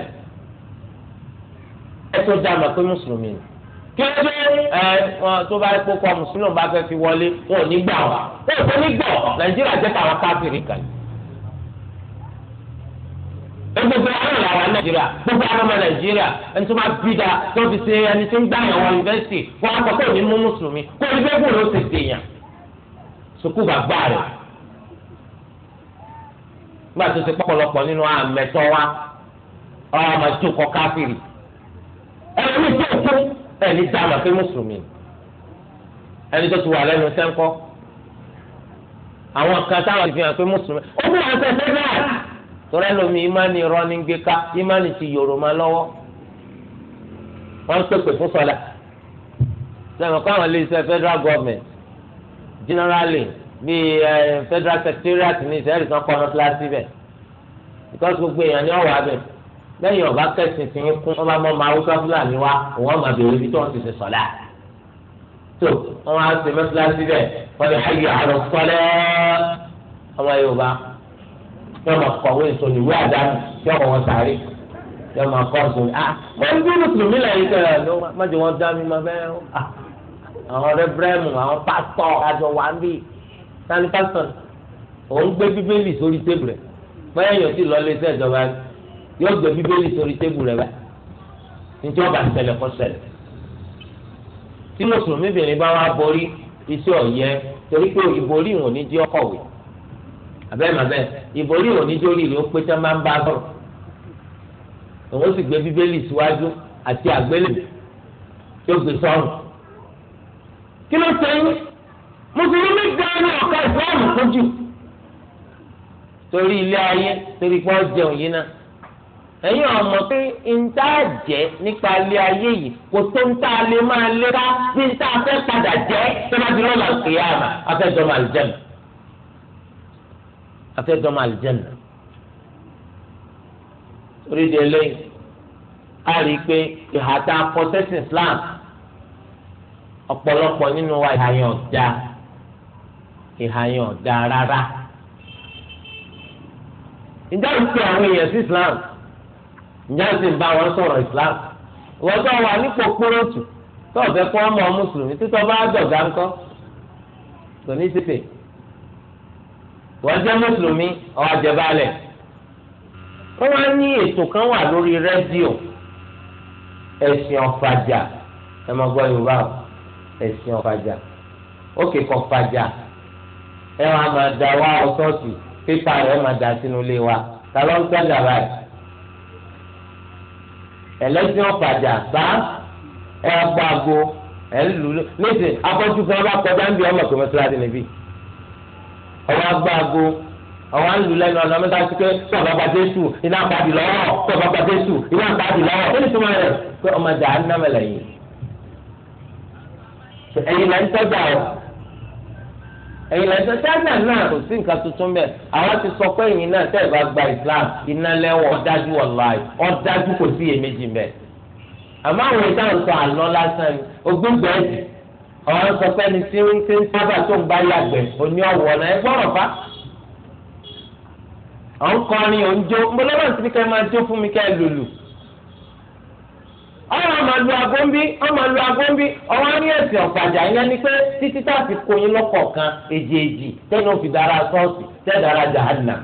ẹ tó dá àmà pé mùsùlùmí ni kí ló dé ẹ tó bá kó kọ mùsùlùmí bá fẹ́ fi wọlé wọn ò ní gbà wá wọn ò fẹ́ ní gbọ̀ nàìjíríà jẹ́ tàwọn káfíìrì kan gbogbo àwọn làwọn nàìjíríà gbogbo àwọn ọmọ nàìjíríà ẹni tó bá bí da tó fi ṣe ẹni tó ń gbà yàn wọn yunifásitì wọn akọ kó ní mú mùsùlùmí kó ní bẹ́ẹ̀ bò ló ṣe ṣèyàn sukù bàbá rẹ̀ nígbà tó ti pọ̀pọ̀lọpọ̀ nínú àmẹ́tọ́ wa ọ̀rọ̀ àmà tó kọ káfíìrì ẹni tó kú ẹni dáhùn àfi mùsùlùmí ẹni tó ti wà lẹ́nu sẹ́ńkọ́ àwọn kan táwọn ti fi hàn pé mùsùlùmí ó bí wọn fẹsẹ̀ náà torí ẹlòmí ìmánì irọ́ ní gbé ká ìmánì ti yòrò máa lọ́wọ́ wọ́n ń pèpè fún sọ́lá sẹ́wọ̀n káwọn ilé iṣẹ́ federal government generally bíi federal secretariat ní ìsẹ́rì kan kọ́ mọ́tíláṣí bẹ̀ because gbogbo èèyàn ni ọ̀wà bẹ̀ lẹ́yìn ọ̀bá kẹsìn ti ń kún ọba mọ́ máa wúkọ́ fúlàní wa òun ọmọ bèrè ibi tó ń ti ṣe sọ̀lá tó wọn á ṣe mọ́tíláṣí bẹ̀ wọ́n ti hayyu ala sọ́lẹ́ ọmọ yorùbá yọ máa kọ̀wé ìsòlù ìwé àdánù yọ kọ̀ wọn sàárè yọ máa kọ́ ìsòlù ah wọ́n ń bí mùsùlùmí lẹ́yìn kẹrẹ ló má jẹ wọn dá mi máa fẹ́ ah, àwọn rẹ́bírẹ́mù àwọn pásítọ̀ àjọ wà ń bíi tani pásítọ̀ òun gbé bíbélì sórí tébù rẹ̀ báyọ̀ yóò sì lọ́ọ́ lẹ́sẹ̀ ìjọba yóò gbé bíbélì sórí tébù rẹ̀ báyìí nítorí ọba ṣẹlẹ̀ kọ́ ṣẹlẹ̀ tí mùsùlùmí bìnrin bá wá borí iṣẹ́ ọ̀yẹ torí pé ìborí ìwọ̀n ní jẹ́ ọkọ̀wé abẹ́màbẹ́ ìborí ìwọ̀n ní jẹ́ oríire ó pé tán máa ń bá sọ̀rọ̀ òun sì gbé bíbélì síwájú àti àgbélébù tó gbé sọ́run kí ló sẹ́yìn mùsùlùmí gan ni ọ̀ka ìsìláàmù kojú torí ilé ayé torí pé wọ́n jẹun yìí náà ẹ̀yin ọmọ pé ntá jẹ́ nípa ilé ayé yìí kò tó ntá lè máa lé ká bí ntá fẹ́ padà jẹ́ tẹ́lájú lọ́la kìíyàmà afẹ́jọba àlùjẹ́nà afẹ́jọba àlùjẹ́nà torí de lẹ́yìn a rí i pé ìhà tá Islam ọ̀pọ̀lọpọ̀ nínú wa ìhà yẹn ọ̀dà ìhàyàn ọ̀dà rárá. ǹjẹ́ ń pe àwọn èèyàn sí islam ǹjẹ́ ń sì ń bá wọn sọ̀rọ̀ islam ìwọ́n tó wà nípò kúròtù tó ọ̀fẹ́ kọ́ ọmọ mùsùlùmí títọ́ bá dọ̀gá ńkọ́ kò ní sípè wọ́n jẹ́ mùsùlùmí ọ̀wá jẹ̀bálẹ̀ wọ́n wá ní ètò kan wà lórí rédíò ẹ̀sìn ọ̀fàjà ẹ̀ máa gbọ́ yorùbá ẹ̀sìn ọ̀fàjà ókè kọ̀fàjà. Okay, ẹ wàá máa da wá ọsọ́ọ̀sì pépà rẹ̀ máa da sínú ilé wa ta ló ń sẹ́ńdà báyìí. ẹlẹ́sìn ọ̀pàjà bá ẹ gbọ́ àgbo ẹ ń lù ú níṣẹ́ akọ́jú kan bá kọjá ń bí ọmọ tó mọ́sálásí níbí. ọwọ́ agbọ́ àgbo ọwọ́ ń lù lẹ́nu ọ̀nà mẹ́ta sí pé tọ́ba gbàdé sù iná gbàdé lọ́wọ́ tọ́ba gbàdé sù iná gbàdé lọ́wọ́ kí ni tí wọ́n rẹ̀ pé ọmọ dàá ń námẹ́lẹ̀ yìí. ẹ̀yin lẹ́ ń tọ́jà ọ̀ ẹ̀yin ẹ̀sẹ̀ china náà kò sí nǹkan tuntun bẹ́ẹ̀ àwọn ti sọ pé ẹ̀yin náà tẹ́ ẹ̀ bá gba islam iná lẹ́wọ̀ ọ̀dájú wallahi ọ̀dájú kò sí èméjì bẹ́ẹ̀. àmọ́ àwọn ìta ń sọ àná lásán ni ogúngbẹ̀ ẹ̀sì sọ pé ẹni tí ń ti ń sábà tó ń bá yàgbẹ́ òní ọ̀wọ́ náà ẹ gbọ́rọ̀ fa. ọ̀rọ̀ máa lu aago ń bí ọ̀rọ̀ máa lu aago ń bí ọ̀rọ̀ ní ẹ̀sìn ọ̀gbàjà yẹn ni pé títí tá a ti kó yín lọ́kọ̀ọ̀kan èjì èjì tẹ́nu fi dára sọ́ọ̀sì tẹ́dára jàánà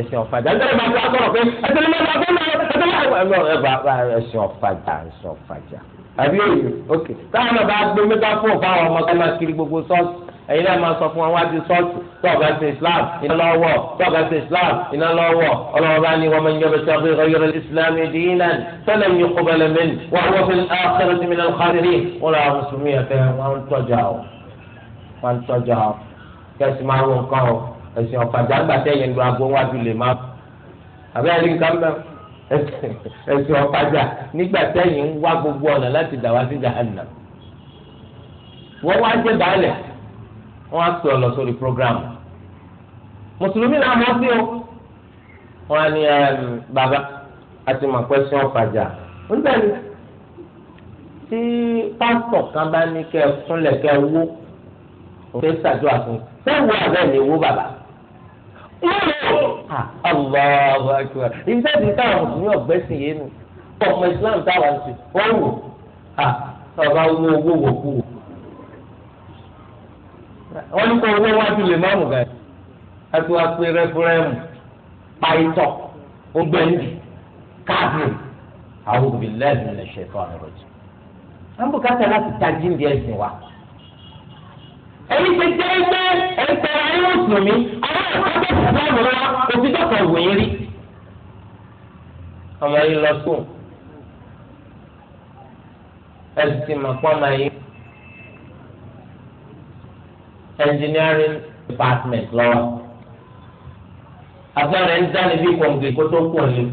ẹ̀sìn ọ̀fàjà ń tẹ́lẹ̀ máa lu aago rọ̀ pé ẹ̀sìn máa lu aago náà ẹ̀sìn máa lu aago náà ẹ̀sìn ọ̀fàjà ẹ̀sìn ọ̀fàjà àbí òye ok táwọn ọba gbé mẹ́ta fún ọ̀fà àwọn ọmọ ẹ̀yin náà máa sọ fún wa wájú sọ́ọ̀tù tó ọ̀gá sí islam iná lọ́wọ́ tó ọ̀gá sí islam iná lọ́wọ́ ọlọ́wọ́ bá ní wọ́n yọ bẹ̀sẹ̀ ọ̀gbìn ọ̀yọ́rọ̀ islam dínà sẹ́lẹ̀ mi kó bẹ̀lẹ̀ mi wà wọ́n fi àkẹ́rẹ́ sí mi náà kárírí wọn làwọn mùsùlùmí ẹ̀fẹ́ wọn ń tọ́jà o wọn ń tọ́jà o kẹ́sì máa wọ nǹkan o ẹ̀sìn ọ̀fàjà gbàtẹ́ yẹn lu aago wájú lè má àbẹ́ ẹ̀rí nǹkan mẹ́ ẹ̀sìn ọ̀fàjà nígbà tẹ́yìn ń wá gbogbo ọ̀nà láti dà sí jahannam wọ́n wá jẹ́ baálẹ̀ wọ́n á pè ọ lọ sórí program mùsùlùmí náà mọ̀ sí o wọ́n á ní bàbá àti mọ̀ pẹ́ sí ọ̀fàjà nígbà yìí tí pásítọ̀ kan bá ní kẹ́ ẹ fúnlẹ̀ kẹ́ ẹ wó òfin ṣàjọ àfún sẹ́wọ́ àbẹ́ ni wó bàbá. Allahu akbar iṣẹ́ ti táwọn mùsùlùmí ọ̀gbẹ́sìn yé nu ọmọ Islam táwọn ti wọ́n wò ọba wo owó wò kú wò wọ́n ní kó owó wájú lè má mú gan àti wá pé rẹ́fúrẹ́mù pàìtọ́ ọgbẹ́ndì káàdì àwọn òbí lẹ́nu lè ṣe fún ọ̀rọ̀ jù. wọ́n bù kátà láti tají ní ẹ̀sìn wa. èyí ti jẹ́ pé ẹ̀sẹ̀ ayé mùsùlùmí àwọn ìpàdé ìsìlámù wa kò fi dọ́kọ̀ wòye rí. ọmọ yìí lọ sùn ẹ̀sìn màpọ́ máa yí engineering department lọ́wọ́ agbára ẹni dání bí kọ̀ǹgì kó tó kù ọ̀lẹ́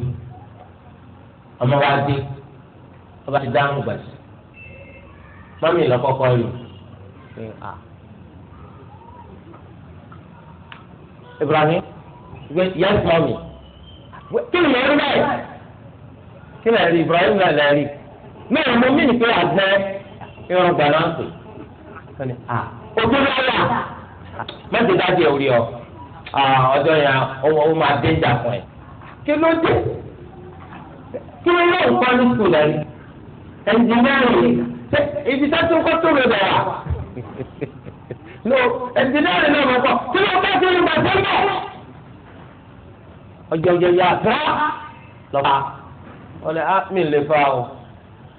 ọmọ wa dé ọba ti dáhùn gbàsí mọ́mí lọ́kọ́kọ́ lò Ibrahim yes mọ́mí kí ni ẹ̀rí báyìí kí ni ẹ̀rí Ibrahim náà lẹ́rí mẹ́rin mo mí ni pé àgbẹ̀ ẹ̀rọ gbàlá ń pè é ojú lọ́la mẹ́tẹ̀ẹ́ dájú ẹ̀ orí ọ ọjọ́ yẹn ó máa dé ìjà fún ẹ. kí ló dé kí ló lé nǹkan ní sùn lẹ́nu ẹ̀ǹdínẹ́rì ibi sẹ́tún kó tó lè bẹ̀rẹ̀ no ẹ̀ǹdínẹ́rì náà mọ̀ kọ́ kí ló bá ti rí bàtẹ́ bẹ̀. ọjọ́ ọjọ́ yà fẹ́ lọ́ba wọ́n lè á mi lè fa o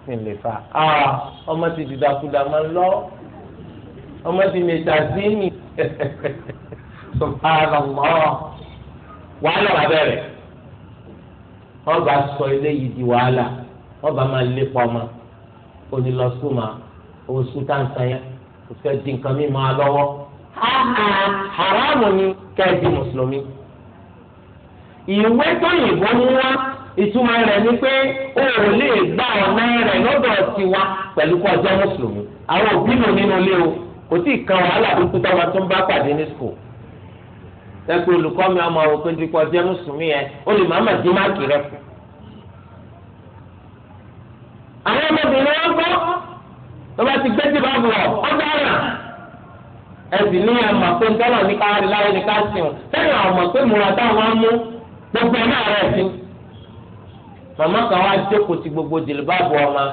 mi lè fa ah, ọmọ ti dìdàkudà máa ń lọ ọmọ ti lè tàzímì subhanallah wàhálà wà bẹ̀rẹ̀ wọ́n bá sọ eléyìí di wàhálà wọ́n bá máa lépa ọmọ onílọ́sùnmá owó sùtàǹsányá kò fẹ́ di nǹkan mímọ́ alọ́wọ́ haramu ni kẹ́ẹ̀dì mùsùlùmí ìwé tó yìnbọn mú wá ìtumọ̀ rẹ̀ ni pé o ò lè gba ọ̀nà rẹ̀ lọ́dọ̀ tiwa pẹ̀lú kọjá mùsùlùmí àwọn òbí lò nínú ilé o kò tí ì kan wàhálà dúkú táwọn tó ń bá pàdé ní skul tẹ́kọ̀ olùkọ́ mi ọmọ àwọn òpin dípọ̀ jẹ́ mùsùlùmí yẹn ó lè má má dín máàkì rẹ fún. àwọn ọmọbìnrin wọn kọ́ lọ́ba ti gbé tìbá bọ̀ ọgbà rà ẹ̀sìn ní àmà pé ńtọ́nà ní ká rí láyé ní ká sìn sẹ́yìn àwọn ọmọ pé múra táwọn mú gbogbo ẹ̀ náà rẹ̀ sí. màmá kan wá jókòó ti gbogbo jìlìbá bọ̀ ọmọ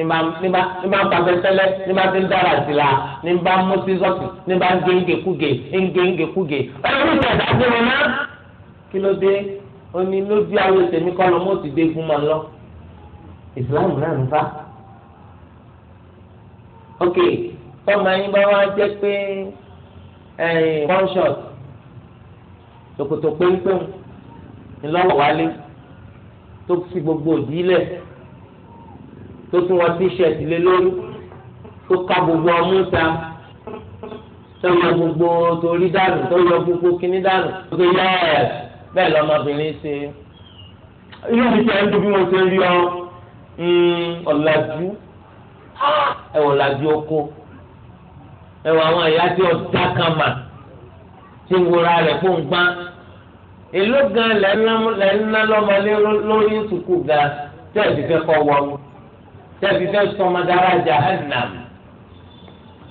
nígbà nígbà nígbà gbàgbẹ́sẹ́lẹ́ nígbà tí ń dára sí la nígbà mú sísọ́ọ̀sì nígbà ń gé ń gé kúgè ń gé ń gé kúgè ọlọ́run ìjọba gbé wọn náà kí ló dé ó ní lójú àwọn ìsẹ̀mí kọ́ lọ́mọ́ ti dé fún ma lọ ìsìláàmù náà ń fa. ok tọ́mọ yín bá wá jẹ́ pé conscious tòkòtò péńpéń ńlọ́wọ́ wálé tó fi gbogbo òdì lẹ̀ tó tún wọ tíṣẹ̀tì lé lórí tó ká gbogbo ọmú ta tó yọ gbogbo torí dànù tó yọ gbogbo kíní dànù tó ké yẹ́ẹ̀s bẹ́ẹ̀ lọ́mọbìnrin ṣe inú mi ti ẹ̀ ń dùn bí mo ṣe rí ọ hmm, ọ̀làjú ẹ wò làjú oko ẹ àwọn ẹ̀yà tí ọ̀dà kan mà tí ń wura rẹ̀ fún gbọ́n èló gan lẹ́ńlá lọ́mọ lórí sùkúù gan tẹ́ẹ̀sì fẹ́ kọ́ wọ́n tẹbi fẹ́ sọmọdára jahannam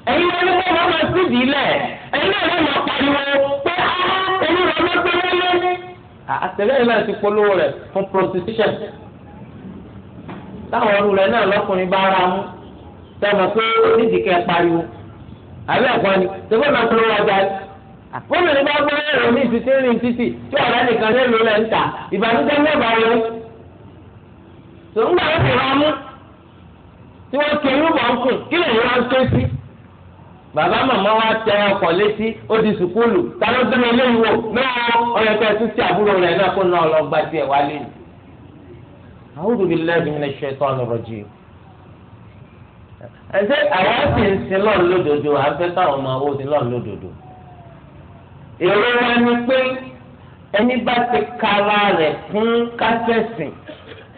ẹ̀yin ló ń bọ wọn máa sí di ilẹ̀ ẹ̀yin náà ló máa pariwo pé ah, olùrọ ló gbé wọlé ah, àtẹlẹyìn náà ti polówó rẹ̀ fún prostitution táwọn ọrùn rẹ̀ náà lọkùnrin bá ara mú tẹmọ pé nídìí kẹ pariwo àbí ẹ̀kọ́ ni tẹmọ náà polówó ọjà ni wọ́n lè bá gbọ́ ẹ̀rọ ní ìtútù ní títì tí ọ̀rẹ́ nìkan lè lò lẹ́ ń tà ìbànújẹ́ ní ọ̀bà wọn. tòun gbà ó fi wá mú tí wọ́n ké irúbọ̀ ń kùn kí lè wá ń sí. bàbá màmá wa tẹ ọkọ̀ létí ó di sùkúlù ta ló dúró léyìn wò náà na tún ti àbúrò rẹ̀ náà kó náà lọ gba tiẹ̀ wá lé. a'udhu billahi minash shaitanir rajim. ẹ̀sẹ̀ àwọn sì ń sin lọ́ọ̀ lódodo à ń fẹ́ káwọn ọmọ owó sin lọ́ọ̀ lódodo. èrò wa ni pé ẹni bá ti kara rẹ̀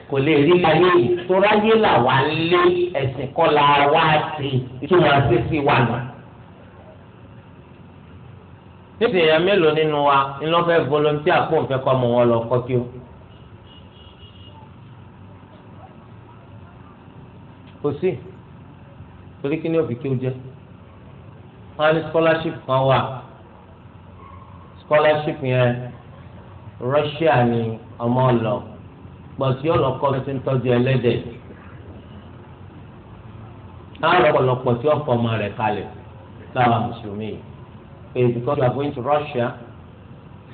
kò lè rí ayé yìí là wá lé ẹ̀sìn kọ́ la wá sí ìtumọ̀ sísí wà nù. níbi èèyàn mélòó nínú wa ni wọ́n fẹ́ volunteer kó nfẹ́ kọ́ mọ wọn lọ kọ́ kí o. kò sí torí kí ni òbí kí o jẹ wọn á ní scholarship kan wà scholarship yẹn Russia ni ọmọ ọlọ́ọ̀ gbọ̀nsí ọlọ́kọ́ mi ti ń tọ́jú ẹlẹ́dẹ̀ náà lọ́pọ̀lọpọ̀ tí ọkọ̀ ọmọ rẹ̀ kalẹ̀ lára mùsùlùmí pé because you are going to Russia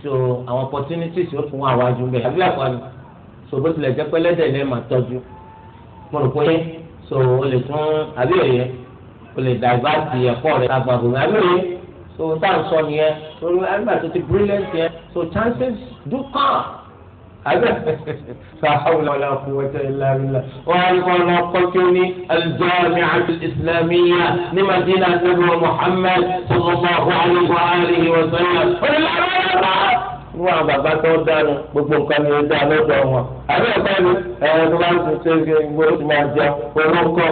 so àwọn opportunities ó fún àwọn àjùm bẹ́ẹ̀ àbí àpàlù so bó tilẹ̀ jẹ́ pé ẹlẹ́dẹ̀ lẹ́ẹ̀ máa tọ́jú mo rò pé so o lè tún àbí òye o lè dàgbàsì ẹ̀kọ́ rẹ̀ lágbàgbọ́ mi àbí òye so táà ń sọ nìyẹn so nígbà tó ti brilliant yẹn so chances do come. فحول ولا قوة إلا بالله وأيضا نقلتني الجامعة الإسلامية لمدينة نبي محمد صلى الله عليه وآله وسلم wọ́n àwọn bàbá tó dánu gbogbo nǹkan ní ẹja lọ́dọ̀ wọn. àbí ẹ̀ka ni ẹ̀rọ tó bá ń ṣe ṣe gbogbo tó máa jẹ owó kọ́.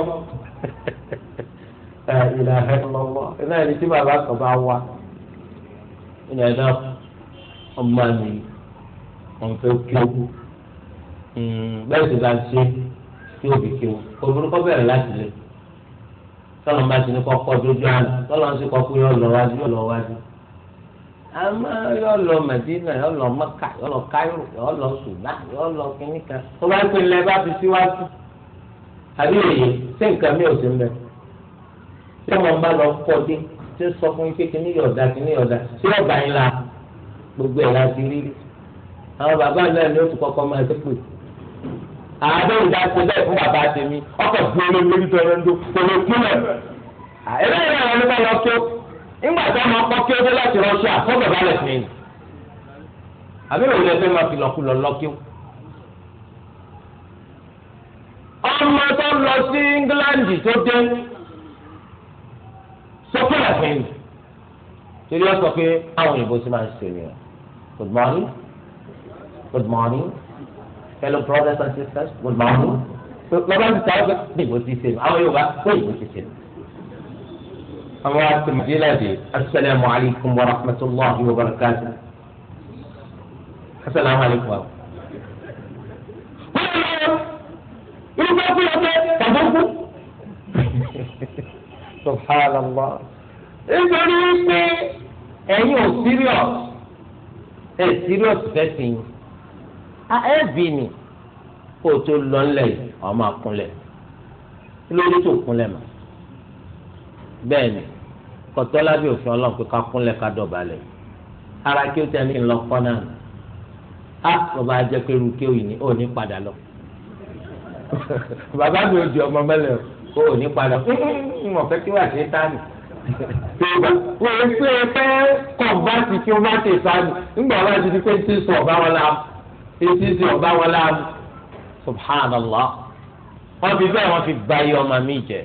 ìlà ẹ̀ lọ́wọ́ iná ẹni tí bàbá kan bá wá. ìlà náà ọmọ mi wọn fẹ́ kíw hmm, bẹ́ẹ̀ sì bá ṣe kí òbí kíw olùkọ́ bẹ̀rẹ̀ láti lè tọ́lọ̀ bá ti ní kọ́kọ́ dójú àná tọ́lọ̀ ń sì kọ́ pé yọ lọ wájú yọ lọ wájú àmọ́ yọ lọ Mẹdínà yọ lọ Mẹ́kà yọ lọ Káírò yọ lọ Sudan yọ lọ kìnnìkan tó bá ń pè lẹ bá fi síwájú àbí èyí sí nǹkan mi ò sí mbẹ tí wọn bá lọ kọ dé tí sọ fún yín pé kìnnìyàn ọ̀dà kìnnìyàn ọ̀dà tí ọ̀gbà yín la gbogbo ẹ̀ la ti rí rí àwọn bàbá náà ni ó ti kọ́kọ́ máa ṣe pè. àádọ́rù dá ṣe bẹ́ẹ̀ fún bàbá tèmi ọkọ̀ fún olórí lórí tọrọ ń dó kòló kúlẹ̀. ẹlẹ́yìn náà ló bá lọ tó ńgbà tó máa kọ́ kí ó dé láti rọ́ṣà fún bàbá rẹ̀ fún mi. àbẹ̀rẹ̀ òun lè fẹ́ máa fi lọ́kùlọ̀ lọ́kíó. ọmọ tó lọ sí Íńgíláńdì tó dé sọ́kùlẹ̀ fún mi. torí ọ sọ pé àwọn òyìnbó ti máa ń ṣe good morning. good morning fellow brothers and sisters good morning So, ti ta ọ́gbẹ́ pé ìwé ti sèm àwọn Yorùbá are ìwé ti sèm. àwọn àti màdínà dé asalaamu alaykum wa rahmatulahi wa barakatu asalaamu alaykum wa. irú bá أيوه سيريوس tàbí kú. subhanallah. ẹ̀ẹ́bì ah, ni kó o tó lọ ńlẹ̀ yìí ọ̀ máa kúnlẹ̀ lórí tó kúnlẹ̀ mọ́ bẹ́ẹ̀ ni kọ̀tọ́lá bí òfin ọlọ́run pé ká kúnlẹ̀ ká dọ̀bálẹ̀ ara kí o tẹ́ ní ńlọkọ́ náà nù á bàbá jẹ́ pé irú kí o yìí ní ò ní padà lọ bàbá mi ò di ọmọ mẹ́lẹ̀ o ò ní padà mọ̀ fẹ́ kí wà sí tánì wọ́n pé ẹ fẹ́ kọ̀ǹbá ti kí wọ́n bá ti sánì nígbà wọn ti di pé ti sọ̀ bá wọn la etí ṣe ọba wọn láàmú subhanallah wọn fi bẹ́ẹ̀ wọn fi gba iye ọmọ mi jẹ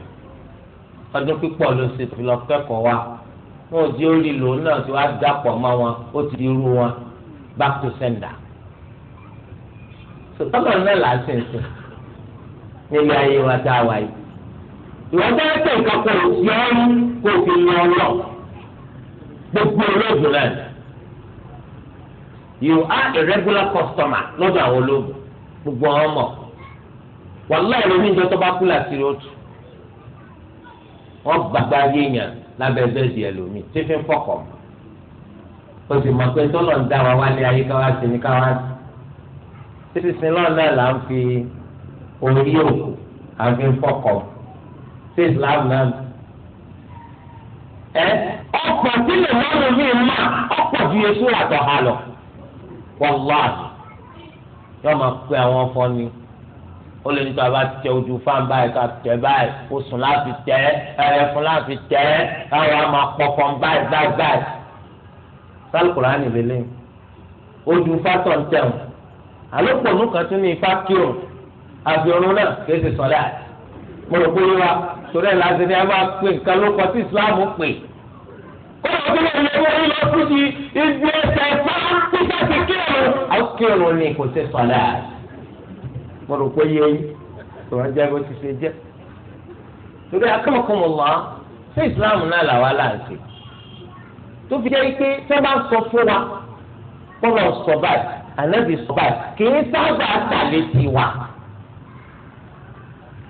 ọdún pípọ̀ ló ṣe fi lọ kẹ́kọ̀ọ́ wa wọn ò di orí lò náà tí wàá dàpọ̀ mọ́ wọn ó ti di irú wọn back to sender sọtọ́lọ̀ náà là á sìn sìn nílé ayé wa tá a wà yìí ìwọ́n bá tẹ̀ nǹkan kò sí ọ́n kò fi yan lọ gbogbo olóògùn náà you are a regular customer lọ́dọ̀ àwọn olóògùn gbogbo àwọn ọmọ wàhálà ìròyìn ìjọ tó bá kú láti rí òtù wọn gbàgbá yéèyàn lábẹ́ bẹ́ẹ̀dì ẹlòmíì tí fi ń fọkọ̀ mọ́ o sì mọ̀ pé tọ́lọ̀ ń dá wa wálé ayé káwá sí ni káwá sí títí sin lọ́ọ̀ náà là ń fi orí òkú à ń fi ń fọkọ̀ sí Islam náà ẹ ọ̀pọ̀ sílẹ̀ lọ́rùn mi mà ọ̀pọ̀ ju yẹn sí wàtọ̀ ha lọ wàláhì yóò máa pé àwọn ọfọ ni ó lè nípa bá tẹ ojú fáwọn báyìí ká tẹ báyìí ó sùn láti tẹ ẹfun láti tẹ àwọn àmà pọpọn báyìí báyìí báyìí sálùkùrá nìlélẹ́yìn ojú fátọ̀ ń tẹ̀ wọ́n àlòpọ̀ ònú kan tún ní ifá kírun àbíọ̀rún náà kìí ṣe sọ̀rọ̀ àti mo rò pé yíwa sọ̀rọ̀ ẹ̀ láti ní a máa pè nǹkan ló kọ sí Islam pè. ó lọ sí ilé ìwé orí lọ sí ti ibi ẹsẹ̀ fún kírun àwọn kírun ni kò sí sọlá mo rò pé yé kò wọ́n jẹ́ bó ti ṣe jẹ́ torí akọ́mọkọ́mọ lọ sí ìsìláàmù náà làwa láǹṣe tó fi jẹ́ pé tẹ́ bá ń sọ fún wa kọ́nà sọ báyìí ànábì sọ báyìí kì í sábà tàlé tiwa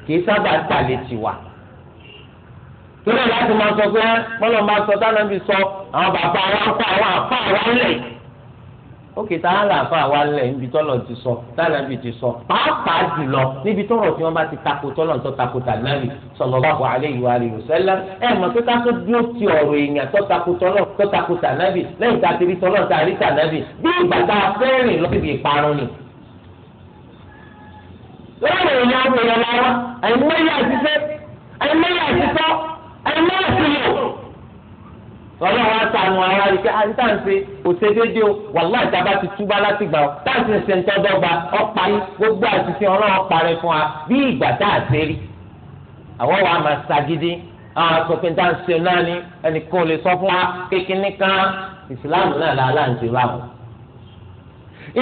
kì í sábà tàlé tiwa torí ẹ̀ láti máa sọ pé kọ́nà máa sọ tánàbì sọ àwọn bàbá wa kọ́ àwọn àfa wa lẹ̀ òkè tá a là fà wá lẹ̀ níbi tọ́lọ̀ ti sọ tálà níbi ti sọ pàápàá jùlọ níbi tọ́rọ̀ tí wọ́n bá ti tako tọ́lọ̀ tó tako tànàbì sallallahu alaihi wa alihi wasallam ẹ̀ mọ̀ pé káko dúró ti ọ̀rọ̀ èèyàn tó tako tọ́lọ̀ tó tako tànàbì lẹ́yìn tá a ti rí tọ́lọ̀ tá a rí tànàbì bí ìgbà tá a fẹ́ rìn lọ síbi ìparun ni. lọ́wọ́ èèyàn àgbèrè lára àìmọye àtisẹ́ àìmọye àtisọ́ àìmọye àtiyọ̀ ọlọ́run àtànù àwọn àríkẹ́ àǹtàǹsì òṣèdédé o wàhálà ìjàmbá ti túbá láti gbà ọ́ táǹsì ń sèǹtọ́ dọ́gba ọ̀pá yìí gbogbo àṣìṣe ọlọ́run parẹ́ fún wa bí ìgbà tá a ṣe rí. àwọn wa máa ṣàgídí àwọn asòfin tá à ń ṣe náà ni ẹnìkan ò lè sọ fún wa kékeré kan ìsìláàmù náà là á là ń ṣe báwọn.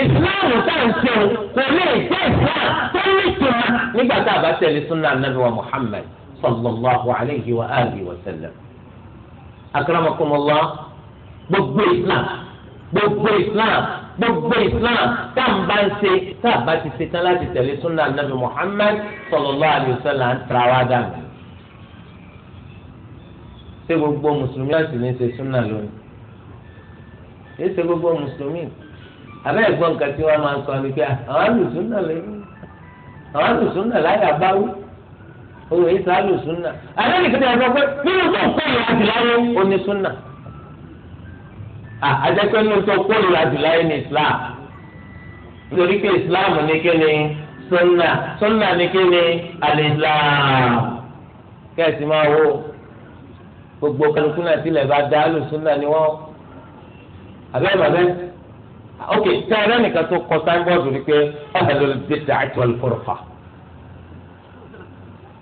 ìsìláàmù tá à ń ṣe kò lè jẹ́ ìsìláàmù tó ní ìtumọ̀ nígbà tá a bá tẹ̀lé sunnah nabi wa Muhammad sallallahu alayhi wa alihi wa sallam akramakumullah gbogbo islam gbogbo islam gbogbo islam tá n bá ń ṣe tá a bá ti ṣe tán láti tẹ̀lé sunnah nabi muhammad sallallahu alayhi wa sallam ń tara wá dànù. ṣé gbogbo mùsùlùmí láti ní ṣe sunnah lónìí? ṣé ṣe gbogbo mùsùlùmí? abẹ́ ẹ̀gbọ́n nǹkan tí máa sọ ni pé àwọn àlùsùn náà lẹ́yìn àwọn àlùsùn náà láyà báwí òun yìí sàálù súnà àlẹ́ nìkan ní ẹ̀rọ pé nínú tó ń kó ìlà àdìláyé ó ní súnà àjẹpẹ́ nínú tó ń kó ìlà àdìláyé ní Islam nítorí pé Islam ní kí ni súnà súnà ní kí ni al-Islam kẹ́sì máa wò gbogbo kálukú náà tilẹ̀ bá dá àlùsúnà ni wọ́n abẹ́ bàbẹ́ ok tẹ́ ẹ̀rẹ́ nìkan tó kọ sáńbọ́ọ̀dù ni pé ọ̀hẹ́lẹ́lẹ́ dé dáàtọ̀ lọ́fọ̀rọ̀fà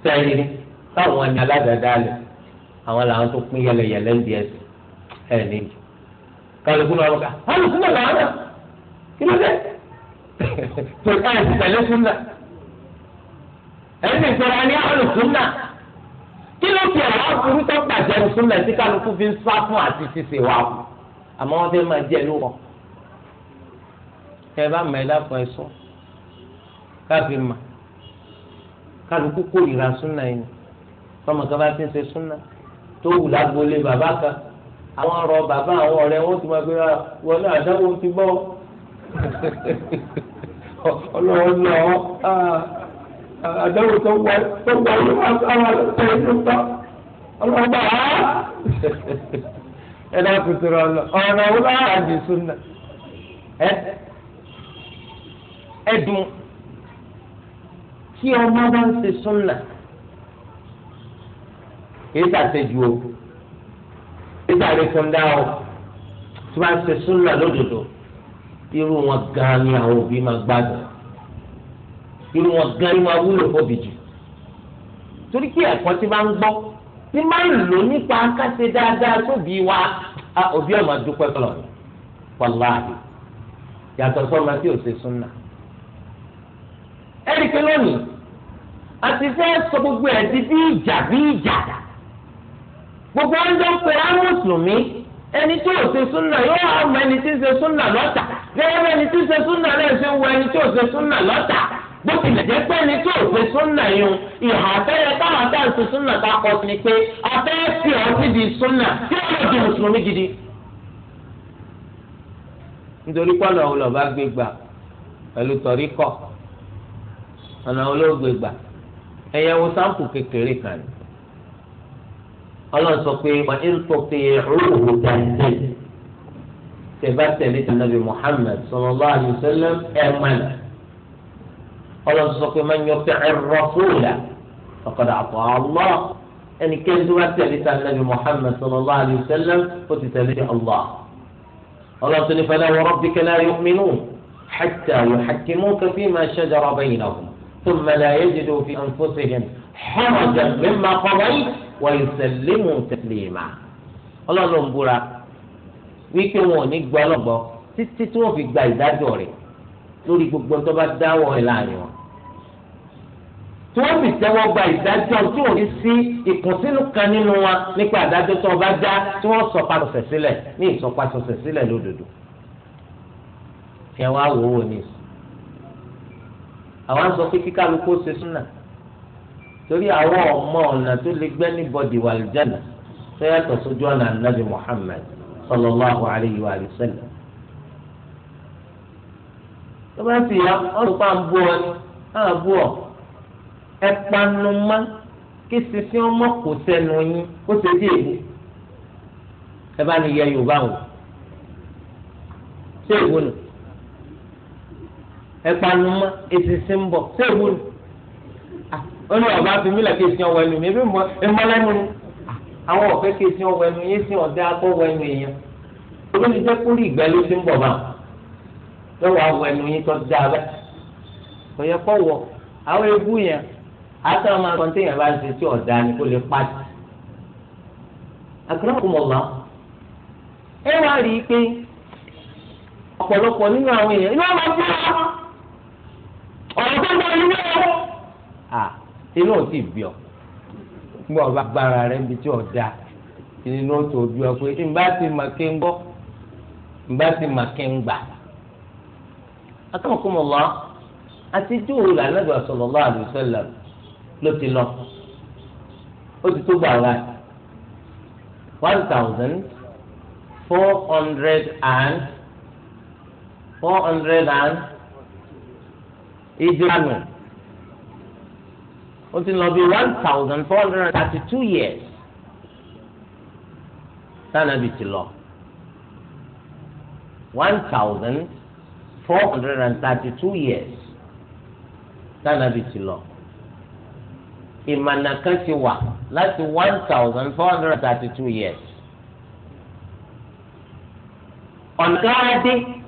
sẹ́yìn táwọn ẹni aládàádáalẹ̀ àwọn làwọn tó pín yẹlẹyẹlẹ ń di ẹsẹ̀ ẹ̀ ní. kálukú náà lọ́ka kálukú náà làwọn náà kí ló dé tó ká ẹ̀sìn tẹ̀lé súnà ẹ̀sìn ìṣọ̀rọ̀ ni àwọn súnà kí ló fi àwọn aburú tó gbàjẹ́ súnà tí kálukú fi ń sá fún àti ṣiṣẹ́ wa àmọ́ wọ́n fẹ́ máa jẹ́ ló wọ̀ ẹ bá mọ̀ ẹ dákun ẹ sọ káfí máa kálukú kórìíra súnà yìí tọmọ kan bá ti ń ṣe súnà tó wù lágbolé bàbá kan àwọn ọ̀rọ̀ bàbá àwọn ọ̀rẹ́ wọn ti máa gbéra wọlé àdáwò ti bọ ọlọ́wọ́ lọ àdáwò tó wọ tó wọ yìí wọn àwọn àtẹ ìlú tán ọlọ́wọ́ bá wà ẹ náà tuntun ọlọ ọ̀nà wọn lára àdìsúnà ẹ ẹdùn tí ọmọ bá ń ṣe súnà kìí ṣàṣejù o kìí ṣàlékúndá o tí wọ́n ṣe súnà lódodo irú wọn gan ni àwọn òbí máa gbádùn irú wọn gan ni wọn wúlò fóbi jù torí kí ẹ̀kọ́ tí máa ń gbọ́ tí máa ń lò nípa akáṣe dáadáa tóbi wa òbí ọmọ dúpẹ́ fọlọ́ wàláhì yàtọ̀ sọ́ma tí ò ṣe súnà. erik pé lónìí àti fẹ́ sọ gbogbo ẹ̀ di bí ìjà bí ìjà gbogbo ọjọ́ pé á mùsùlùmí ẹni tí ò ṣe súnà yóò wá ọmọ ẹni tí ń ṣe súnà lọ́tà gẹ́gẹ́ bí ẹni tí ń ṣe súnà ṣe ń wọ ẹni tí ò ṣe súnà lọ́tà bó tilẹ̀ jẹ́ pé ẹni tí ò ṣe súnà yun ìhà abẹ́rẹ́ táwọn abẹ́rẹ́ ṣe súnà a ni pé abẹ́rẹ́ fi ọ̀nà olóògbé gbà ẹ̀yẹ wo sáǹpù kékeré kan ní. ọlọ́run sọ pé wà ní tọ́pẹ́ olóòwò dáńdé tẹ̀bá tẹ̀lé tànàbí Muhammad sallallahu alaihi wasallam ẹ̀ mọ́nà ọlọ́run sọ pé máa ń yọ pé ẹ̀rọ fúlà ọ̀kadà àpò àlọ́ ẹnikẹ́ni tó bá tẹ̀lé tànàbí Muhammad sallallahu alaihi wasallam ó ti tẹ̀lé Allah ọlọ́run tó ní fẹ́lẹ́ wọ́rọ́ bí kẹ́lẹ́ yóò حتى يحكموك فيما شجر بينهم ثم لا يجدوا في أنفسهم حرجا مما قضيت ويسلموا تسليما ọlọ́run ń búra wípé wọn ò ní gbọ́ ọlọ́gbọ́ títí tí wọ́n fi gba ìdájọ́ rẹ̀ lórí gbogbo tó bá dáwọ́ ẹ̀ láàrin wọn. tí wọ́n fi tẹ́wọ́ gba ìdájọ́ tí ò ní sí ìkùnsínú kan nínú wa nípa àdájọ́ tó bá dá tí wọ́n sọpasọ̀sẹ̀ sílẹ̀ ní ìsọpasọ̀sẹ̀ sílẹ̀ lódodo. ẹ wá wò ó ní ìsọ àwọn sọ pé kíkálukú ó ṣe súnà torí àwọn ọmọ ọ̀nà tó lè gbẹ́ ní bọ́dì wà lìjánà tó yàtọ̀ sójú ọ̀nà ànábì Muhammad sallallahu alayhi wa sallam. tó bá sì yá ọ̀rùn pa ń bú ọ ni náà bú ọ ẹ panu mọ́ kí sisi ọmọ kò sẹ́nu yín ó ṣe dé èbú ẹ bá ní yẹ Yorùbá wò ṣé èbú nù ẹ̀panumọ́ èsìsì ń bọ̀ séwu ni ó ní ọba fi mílẹ̀ kí èsì ọwọ́ ẹnu mi ebi mọ lẹ́nu ni àwọn ọ̀fẹ́ kí èsì ọwọ́ ẹnu yẹn sì ọ̀dẹ́ akọ́ ọwọ́ ẹnu èèyàn olórí jẹ́ kúrì ìgbẹ́ ló ti ń bọ̀ máa lọ́wọ́ awọ ẹnu yẹn tó dáa bẹ́ẹ̀ kò yẹ kọ́ wọ àwọn ebú yẹn àtàwọn máa sọ téèyàn bá ń ṣe tí ọ̀dà ni kò lè pàdé àkùrọ̀ kò mọ̀ wá ẹ wá rí i pé ọ̀pọ̀lọpọ̀ nínú àwọn èèyàn inú àwọn ọmọ ìwé ọwọ́. à inú ò tí ì bí ọ gbọ́ ọba gbára rẹ níbi tí ọ̀dà inú ò tó bí ọ pé nbá ti mà ké ń gbọ́ nbá ti mà ké ń gbà. akọ́kùnmọ̀ lọ àti dùwù lànàgbà sallallahu alaihi wasallam ló ti lọ ó ti tó gbàgbà one thousand four hundred and four hundred and ìdílànà ó ti lọ bí one thousand four hundred and thirty two years sanabi ti lọ one thousand four hundred and thirty two years sanabi ti lọ ìmọ̀nà kan ti wà láti one thousand four hundred and thirty two years ọ̀nà kan á dé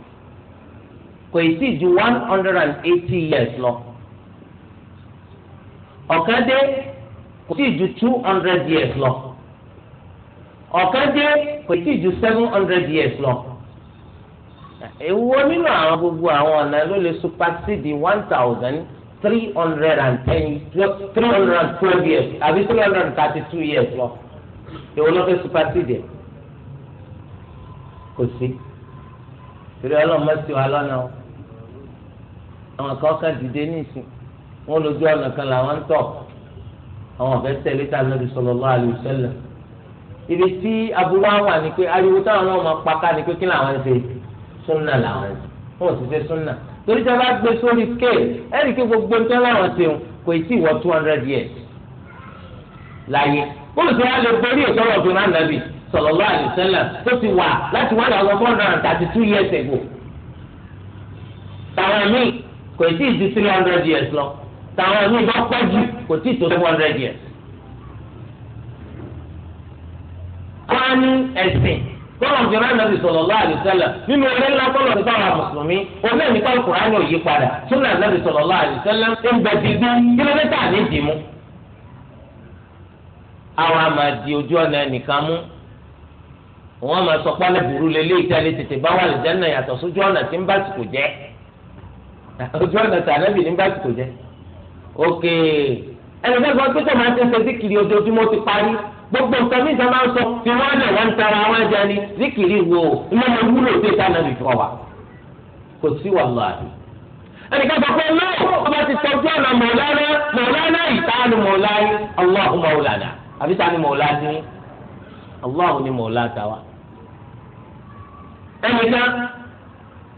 kò ì tí ju one hundred and eighty years lọ ọ̀kan dé kò tí ju two hundred years lọ ọ̀kan dé kò tí ju seven hundred years lọ èwo nínú àwọn gbogbo àwọn ọ̀nà ló lè supersede one thousand three hundred and ten three hundred and twelve years àbí three hundred and thirty two years lọ èwo ló fẹ́ supersede kò sí torí ọlọ́mọ sí wa lọ́nà o àwọn kan kan dìde ní ìsìn wọn lójú ọ̀nà kan làwọn ń tọ̀ àwọn ọ̀fẹ́ tẹ̀lé tá a lọ́ọ́ di sallallahu alaihi wasallam ibi tí aburú àwọn ni pé ariwo táwọn náà máa paká ni pé kí làwọn ń ṣe súnà làwọn ń ṣe wọn ò sì ṣe súnà torí tí a bá gbé sórí scale ẹnì kí gbogbo nǹkan làwọn ṣe kò tí ì wọ two hundred years láyé bóòlù tí wọn lè borí ètò ọ̀dùn náà nàbì sallallahu alaihi wasallam tó ti wà láti one thousand four hundred and thirty two years ago. tàwọn míì kò tí ì di three hundred years lọ táwọn míì bá pẹ́ jù kò tí ì tó two hundred years. wọ́n ní ẹ̀sìn kọ́lọ̀ jọ̀rọ̀ ànábì sallallahu alaihi wasallam nínú ilé ńlá kọ́lọ̀ ní báwa mùsùlùmí òun náà nípa Kùránì òye padà súnà ànábì sallallahu alaihi wasallam ń bẹ ti dún kílómítà ní ìdìmú. àwọn àmàdì ojú ọ̀nà ẹnìkan mú wọn máa sọ pálẹ̀ burú lélẹ́yìí tẹ́lẹ̀ tètè báwa lè jẹ́ náà yàtọ̀ sójú ọ̀nà tí ń bá sìkò jẹ́ ojú ọ̀nà tànàbì ní bá tìkò jẹ́ òkè ẹnìkan sọ pé tó máa ń tẹ́sẹ̀ síkìrì ojoojúmọ́ ti parí gbogbo nǹkan mi ìta máa ń sọ fi wọ́n lẹ̀ wọ́n ń tara wọn jẹ ni síkìrì wo iná máa wúlò tó tànàbì fún ọ wa kò sí wàláhì ẹnìkan sọ pé lóò wọ́n bá ti tọ́jú ọ̀nà mọ̀lánà mọ̀lánà ìtaàní mọ̀láyé Allahu mọ̀lánà àbí taàní mọ̀lánà Allahu ni mọ̀lánà tàwa ẹnìkan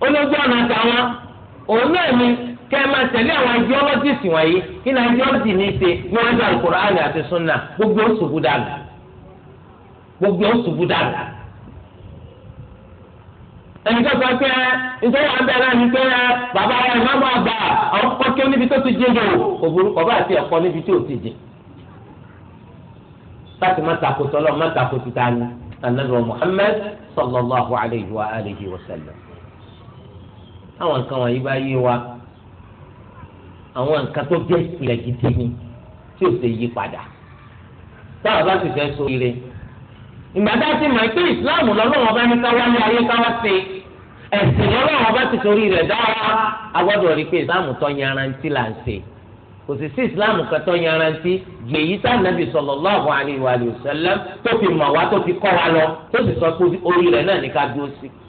olójú ọ̀nà tàwa. òun náà ni kẹ́ ẹ máa tẹ̀lé àwọn ideologist wọ̀nyí kí ni ideology ní í ṣe ní wọ́n dá Al-Qur'ani àti sunna gbogbo ó ṣubú dànù gbogbo ó ṣubú dànù. ẹnì kan sọ pé ní pé bàbá kí ó níbi tó ti kò bá níbi tí ò ti láti má takò má takò títà ní wa wa àwọn nǹkan wọ̀nyí bá yé wa àwọn nǹkan tó jẹ́ ìpìlẹ̀ gidi ni tí ò ṣe yí padà táwọn bá sì fẹ́ so ire ìgbàdá ti mọ̀ pé ìsìláàmù lọ́lọ́wọ́ bá ní káwá ní ayé káwá ṣe ẹ̀sìn lọ́lọ́wọ́ bá ti torí rẹ̀ dára a gbọ́dọ̀ rí i pé ìsìláàmù tó yanrantí là ń ṣe kò sì sí ìsìláàmù kan tó yanrantí ju èyí tá nàbì sallallahu alaihi wa sallam tó fi mọ̀ wá tó fi kọ́ wa lọ tó sì sọ pé orí rẹ̀ náà ní ká dúró sí i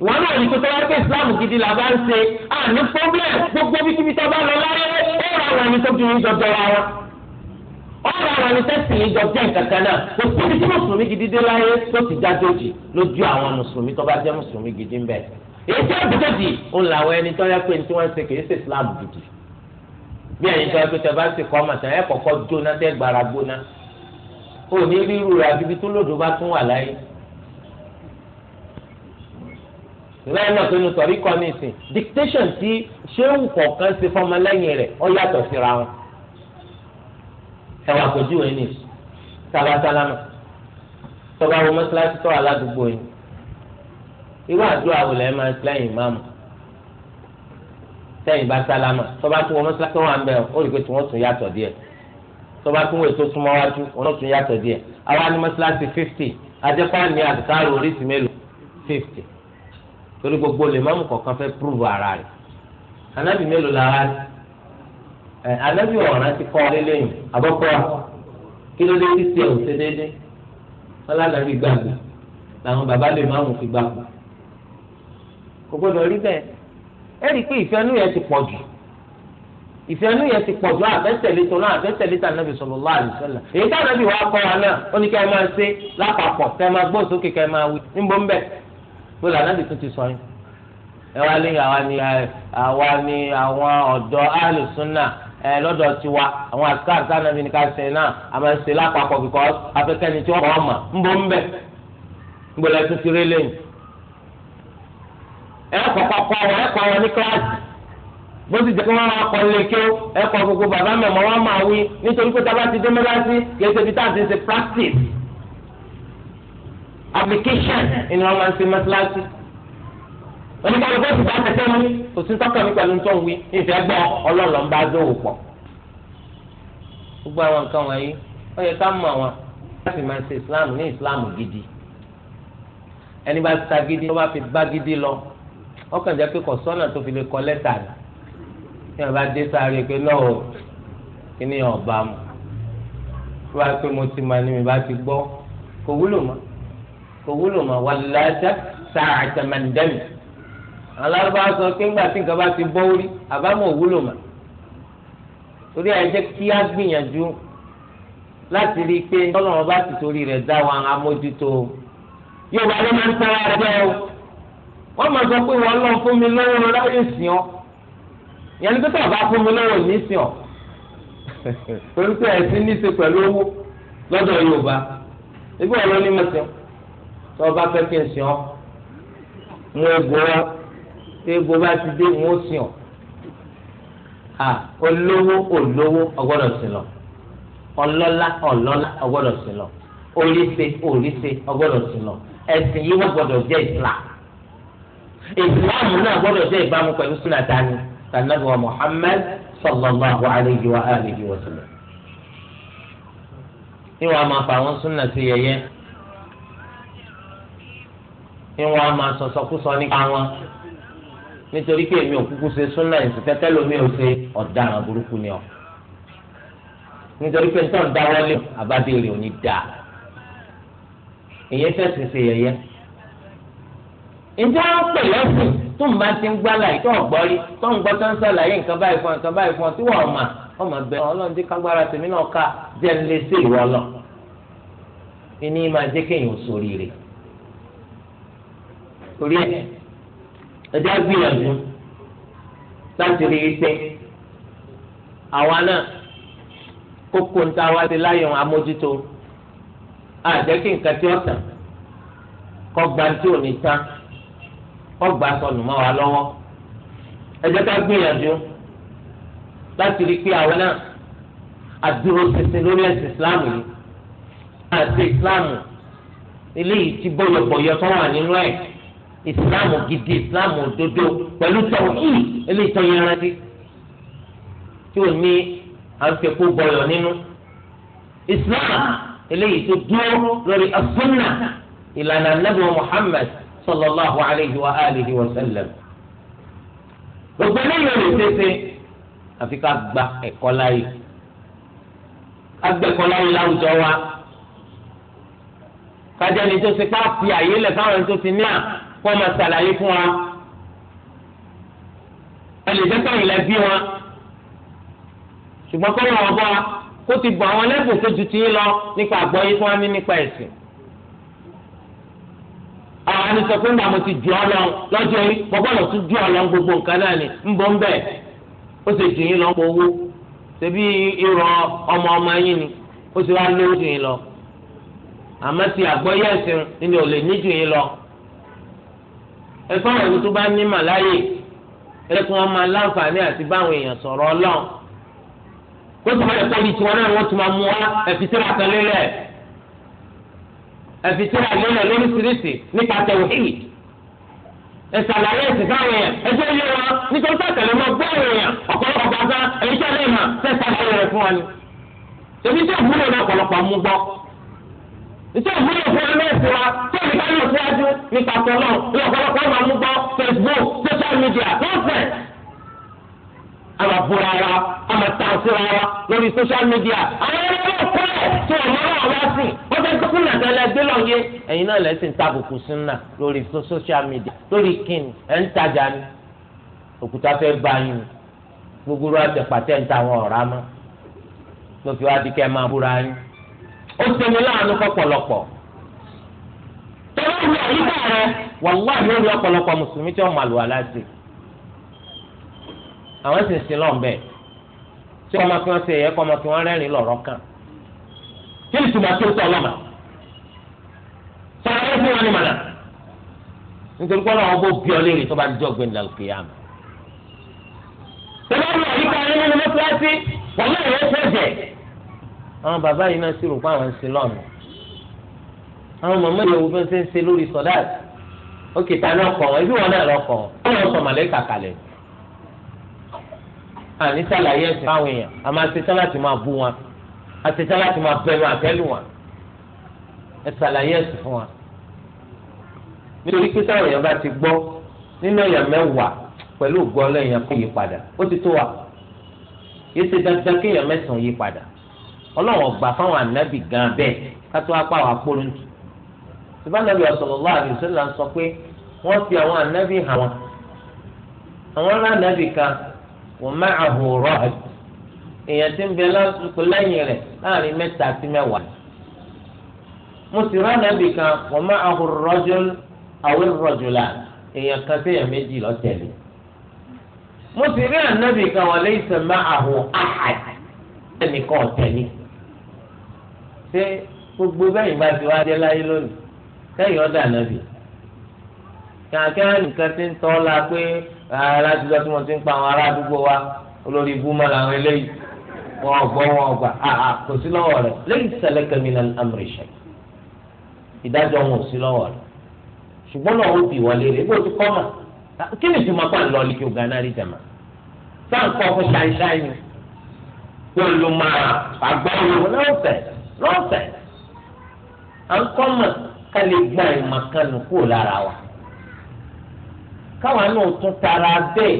wọn náà ní kótó wáyé pé islam gidi la bá ń ṣe à ní problem gbogbo bí kíbi tó bá lọ láyé ó ra àwọn ẹni tó ju yín jọjọ ra wọn ó ra àwọn ẹni tẹ́sí yín jọ jẹ́ nǹkankan náà kò síbi tí mùsùlùmí gidi dé láyé tó ti jájòjì lójú àwọn mùsùlùmí tó bá jẹ́ mùsùlùmí gidi ń bẹ èyí tó àbújọ́jì ó là àwọn ẹni tó yẹ pé tí wọ́n ń ṣe kì í ṣe islam gidi bí ẹni tó yẹ pé tẹ́lá ti kọ́ màtàn ẹ̀ kọ́kọ́ jóná ìbáyìí náà tó nu sọ̀rí kọ́ ní ìsìn dictation tí ṣéwù kọ̀ọ̀kan ṣe fọmọlẹ́yìn rẹ̀ ó yàtọ̀ síra wọn. ẹ̀wà kò júwèé ní sábàtálámà tọ́ba wo mọ́ṣáláṣí tọ́ aládùúgbò yìí irú àdúrà wò lẹ́yìn máa ń lẹ́yìn ìmáàmù sẹ́yìn bá sálámà tọ́ba tí wọ́n mọ́ṣáláṣí wọn bẹ̀ ó rí i pé tí wọ́n tún yàtọ̀ díẹ̀ tọ́ba tí wọ́n ètò súnmọ́ wájú wọ́n tún yàtọ̀ díẹ̀ àwa mọ́ṣáláṣí fifty àjẹpá ní àdìkárò oríṣi mélòó fifty torí gbogbo lè máàmù kọ̀ọ̀kan fẹ́ púrúvù ara rẹ̀ anábì mélòó lára rẹ̀ ẹ anábì ọ̀ràn ti kọ́ ọ lẹ́yìn àbọ̀kọ́ kí ló dé títí ẹ̀ ò ṣe déédéé wọn lánàbì gbàgbé làwọn bàbá lè máàmù fi gbàgbé kò gbọdọ̀ rí bẹ́ẹ̀ ẹ rí i pé ìfẹ́nú yẹn ti pọ̀ jù ìfẹ́nú yẹn ti pọ̀ jù àfẹ́tẹ̀lé tó náà àfẹ́tẹ̀lé tà nàbì sallallahu alaihi wasallam èyí tá nàbì wàá kọ́ wa náà ó ní kẹ́ ẹ máa ṣe lápapọ̀ kẹ́ ẹ máa gbóòsókè kẹ́ ẹ máa wí níbo pé lànàbì tún ti sọ yín ẹ wá lé àwa ni àwa ni àwọn ọ̀dọ́ àlùsùnà ẹ lọ́dọ̀ tiwa àwọn àsìkáàrì sànàbì ní ká ṣe náà a máa ń ṣe lápapọ̀ bìkọ́ afẹ́kẹ́ni tí wọ́n kọ́ ọ̀mà ń bọ́ ń bẹ̀ ń bọ̀ lẹ́tún ti rí lẹ́yìn. ẹ kọ́kọ́ kọ́ wọn ẹ kọ́ wọn ní kíláàsì bó ti jẹ́ kí wọ́n máa kọ́ lé kí ó ẹ kọ́ gbogbo bàbá mẹ́mọ́ wọn máa wí nítorí pé tábà ti dé mẹ́lá sí kì í ṣe ibi tá application in Roman máa ń ṣe mọ́ṣáláṣí oníkàlùkọ́ ti bá tẹ̀tẹ̀ mú kò sí tọ́kàn mi pẹ̀lú tó ń wí ìfẹ́ gbọ́ ọlọ́ọ̀lọ́ ń bá dóòwò pọ̀ gbogbo àwọn nǹkan wọ̀nyí ó yẹ ká mọ̀ wọn láti máa ṣe islam ní islam gidi ẹni bá ta gidi tó bá fi bá gidi lọ ọkàn jẹ́ pé kò sọ́nà tó fi lè kọ lẹ́tà rẹ̀ ní ọba dé sáré pé náà o kí ni ọba mu tó bá pé mo ti máa ní mi bá ti gbọ́ kò wúlò mọ́ kò wúlò mọ́ wàlúùláṣà sàáṣà mẹ́ndẹ́mì alárúbá sọ pé ńgbà tí nǹkan bá ti bọ́ orí àbámọ̀ wúlò mọ́ torí ẹ jẹ́ kí á gbìyànjú láti rí i pé tọ́lọ́run bá ti torí rẹ̀ dá wa amójútó yóò bá ló máa ń tẹ́ra rẹ̀ o wọ́n máa sọ pé wọ́n lọ fún mi lọ́wọ́ láyé sìn ọ́ ìyẹn ní pípẹ́ bá fún mi lọ́wọ́ ní sìn ọ́ torí pé ẹ̀sìn ní í ṣe pẹ̀lú owó lọ́dọ̀ Yorùbá ibi ọ̀lọ́ ní mẹ́sàn-án tó o bá fẹ́ kí n sìn ọ́ mú egbò wá tí egbò bá ti dé mú sìn ọ́ à olówó olówó ọgbọ́dọ̀ sìn lọ ọlọ́lá ọlọ́lá ọgbọ́dọ̀ sìn lọ oríṣi oríṣi ọgbọ́dọ̀ sìn lọ ẹ̀sìn yìí wọ́n gbọ́dọ̀ jẹ́ Islam Islam náà gbọ́dọ̀ jẹ́ ìbámu pẹ̀lú sunna dání tànàbí wa Muhammad sallallahu alayhi wa alihi wa sallam. ní a máa fa àwọn sunna sí yẹ̀yẹ́. ni wọ́n á máa sọ̀sọ̀kúsọ nípa wọn nítorí pé èmi ò kúkú ṣe súnà ẹ̀sìn tẹ́tẹ́ lómi ò ṣe ọ̀daràn burúkú ni ọ nítorí pé nítorí dáwọ́lé àbádéèrè ò ní dáa èyí fẹ́ sèse yẹyẹ pè lẹ́sìn tó ń ti ń gbá láì tó ń gbọ́ rí tó ń gbọ́ tó ń nǹkan báyìí fún nǹkan báyìí fún náà ká jẹ́ ń lé sí lọ. torí ẹ ẹdí agbìyànjú láti rí i pé àwa náà kókó ń ta wá sí láyọ̀ amójútó àjẹ́ kí nǹkan tí ó tàn kọ́ gba tí ò ní tán kọ́ gba sọnù mọ́ wa lọ́wọ́ ẹjẹ́ ká gbìyànjú láti rí i pé àwa náà àdúró ṣinṣin lórí ẹ̀sìn Islam yìí àti Islam eléyìí ti bọ̀yọ̀bọ̀yọ̀ tó wà nínú ẹ̀ ìsìláàmù gidi ìsìláàmù òdodo pẹ̀lú tọ̀wọ́kì eléyìí tó yẹn rántí tí ò ní àǹfẹ̀kú gbọ̀yọ̀ nínú ìsìláàmù eléyìí tó dúró lórí asúnà ìlànà nàbì Muhammad sallallahu alayhi wa alihi wa sallam gbogbo eléyìí ò lè tẹ́tẹ́ àfi ká gba ẹ̀kọ́ láyé ká gbẹ̀kọ́ láyé láwùjọ wa kájẹ́ni tó ṣe ká fi àyè lẹ̀ fáwọn tó ti ní à kọ́ máa ṣàlàyé fún wa ẹ lè jẹ́ sọ̀rọ̀ ilẹ̀ bí wọn ṣùgbọ́n kọ́ lọ́wọ́ bọ́ wa kó ti bọ̀ àwọn lẹ́bùn tó ju ti yín lọ nípa àgbọ́yé fún wa ní nípa ẹ̀sìn àwọn àni sọ pé màmú ti ju ọ lọ lọ́jọ́ yìí bọ́bọ́lọ̀ tún ju ọ lọ gbogbo nǹkan náà ni ń bọ́ ń bẹ̀ ó sì ju yín lọ pọ̀ owó ṣebí irọ́ ọmọ ọmọ yín ni ó sì wá lójú yín lọ àmọ́ ti àgbọ́yé ẹ̀sìn ni ò lè ẹ̀fọ́ àwọn ẹ̀wù tó bá ní màláyè ẹ̀kún wọn máa láǹfààní àti báwọn èèyàn sọ̀rọ̀ ọlọ́run ó ti máa ẹ̀kọ́ ìtìwọ́n náà wọ́n ti máa mú wá ẹ̀fìtìrà kan lélẹ̀ ẹ̀fìtìrà lélẹ̀ lóríṣiríṣi nípa tẹ̀wéhì ẹ̀sàlàyé ẹ̀sìn káwọn èèyàn ẹ̀sẹ̀ yé wọn nítorí sàtẹ̀lẹ́ mọ́ gbọ́ àwọn èèyàn ọ̀pọ̀lọpọ̀ gbàgbá ẹ̀yìn tẹ́lẹ̀ mà tẹ́sàlàyé rẹ̀ fún wọn ni. iṣẹ́ ìwúlò fún ẹlẹ́sìn wa tí èmi ká lọ síwájú nípa tọ́lọ̀ lọ́pọ̀lọpọ̀ máa gbọ́ Facebook social media lọ́sẹ̀. àmàbúra wa wa lórí social media àwọn ẹlẹ́wọ̀n kọ́ ẹ̀ tí wọ́n máa wà wá wọ́n fẹ́ gbé kúnlẹ̀ tẹ́lẹ̀ gbé ẹ̀yin náà lẹ́sìn tábùkù lórí social media lórí kíni ẹ̀ ń tajà ni òkúta fẹ́ bá yín gbogbo rẹ̀ àtẹ̀pàtẹ̀ àwọn ọ̀rá mọ́ di ó ṣeni láàánú pọ̀pọ̀lọpọ̀ tọ́lá ní àyíká rẹ wàláhì ó rí ọ̀pọ̀lọpọ̀ mùsùlùmí tí wọ́n máa lù aláṣẹ àwọn sì ń sin lọ́n bẹ́ẹ̀ tí wọ́n máa fi wọ́n ṣe ẹ̀yẹ kọ́ máa fi wọ́n rẹ́rìn lọ́rọ́ kan kí ni tùmọ̀ tó tọ́ lọ́mà sọ̀rọ̀ ẹ̀ wọn ni màlà nítorí pé ọlọ́run bó bí ọ léèrè tó bá jọ gbé nílẹ̀ òkè yá mi. tọ́lá ní àyíká rẹ nínú mọ́tíláṣí wàláhì ó fẹ́ àwọn bàbá yìí náà sì rò pé àwọn ń ṣe lọ́nà àwọn màmá yìí wo bí wọ́n ṣe ń ṣe lórí sọ́dáàt ókè tá ní ọkọ̀ wọn ibi wọn náà lọ́kọ̀ wọn wọ́n sọ màlẹ́kà kalẹ̀ àní sàlàyé ẹ̀sìn fáwọn èèyàn a máa ṣe tán láti máa bú wọn a ṣe tán láti máa bẹnu àtẹ́lù wọn ẹ sàlàyé ẹ̀sìn fún wọn nítorí pé táwọn èèyàn bá ti gbọ́ nínú èèyàn mẹ́wàá pẹ̀lú ògbọ́ ọlọ́ọ̀yàn kò yí padà ó ti tó wa yìí ṣe dandan kéèyàn mẹ́sàn-án yí padà ọlọ́run ọgbà fáwọn ànábì gan bẹ́ẹ̀ kátó apá àwọn akpolontu sibanabi sallallahu alaihi wasallam sọ pé wọ́n fi àwọn ànábì hàn wọn àwọn ará ànábì kan wọ́n má àhòrò ẹ̀ èèyàn ti ń bẹ lásìkò lẹ́yìn rẹ̀ láàrin mẹ́ta sí mẹ́wàá mo sì rán ànábì kan wọ́n má àhòrò rajul aw rajulan èèyàn kan séèyàn méjì lọ́tẹ̀lẹ̀ mo sì rí ànábì kan wa laysa ma'ahu ahad ẹnìkan ọ̀tẹ̀lẹ̀ ṣé gbogbo bẹ́yìn bá ti wá dé láyé lónìí kẹ́yìn ọ̀dà nàbì kàkẹ́ nìkan ti ń tọ́ la pé aládùúgbò tí wọ́n ti ń pa àwọn ará àdúgbò wa olórí búmọ làwọn eléyìí wọn gbọ́ wọn gbà àhà kò sí lọ́wọ́ rẹ̀ lẹ́yìn sẹlẹ̀ kẹ́mínà amúrẹ̀ṣẹ̀ ìdájọ́ wọn ò sí lọ́wọ́ rẹ̀ ṣùgbọ́n náà ó bì wọlé rẹ̀ ebó ti kọ́ mà kí ni ìtumọ̀ pa lọ́ọ̀lì kí o gan náà rí jẹ̀mà sáà ń kọ́ fún ṣáìṣáì ni kó lu máa àgbáwo lọ́fẹ̀ẹ́ nọ́ọ̀sẹ̀ à ń kọ́ mọ̀ ká lè gba ìmọ̀ kan nù kúrò lára wa káwọn náà tún tara bẹ́ẹ̀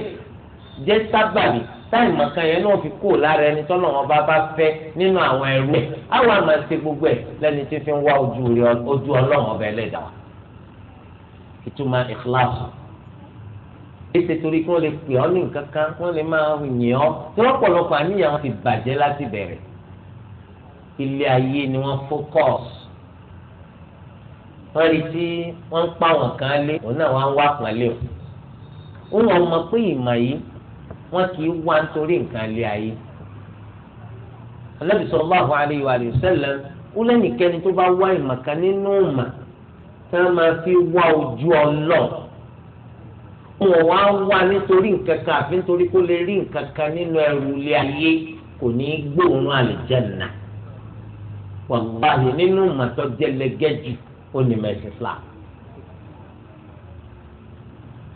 jẹ́ sábàbí táì mọ̀kan yẹn náà fi kúrò lára ẹni tọ́lọ̀ wọn bá bá fẹ́ nínú àwọn ẹrú ẹ̀ àwọn àmà ṣe gbogbo ẹ̀ lẹ́ni tí fi ń wá ojú ọlọ́run ọbẹ̀ lẹ́dà wa ìtumọ̀ ìkíláàsì èsì torí kí wọ́n lè pè ọ́ ní nǹkan kan wọ́n lè máa yìn ọ́ tí wọ́n pọ̀lọpọ̀ àníyàn wọn ti bàjẹ́ láti bẹ̀rẹ̀ ilé ayé ni wọ́n fókọ̀s wọ́n rí tí wọ́n ń pa àwọn kan lé òun náà wọ́n á wá pọ̀n lé o òun ọmọ pé ìmọ̀ yìí wọ́n kì í wá nítorí nǹkan lé ayé Ànábì sallallahu alayhi wa sallam ó lẹ́nìkẹ́ni tó bá wá ìmọ̀ kan nínú ìmọ̀ tí wọ́n máa fi wá ojú ọlọ́ọ̀ wọn wá wá nítorí nǹkan kan àfi nítorí kó lè rí nǹkan kan nínú ẹrù ilé ayé kò ní í gbóòórùn àlùjánnà náà wàláhì nínú màtọ́ jẹlẹgẹ́ jù ó ní mẹ́sì Islam.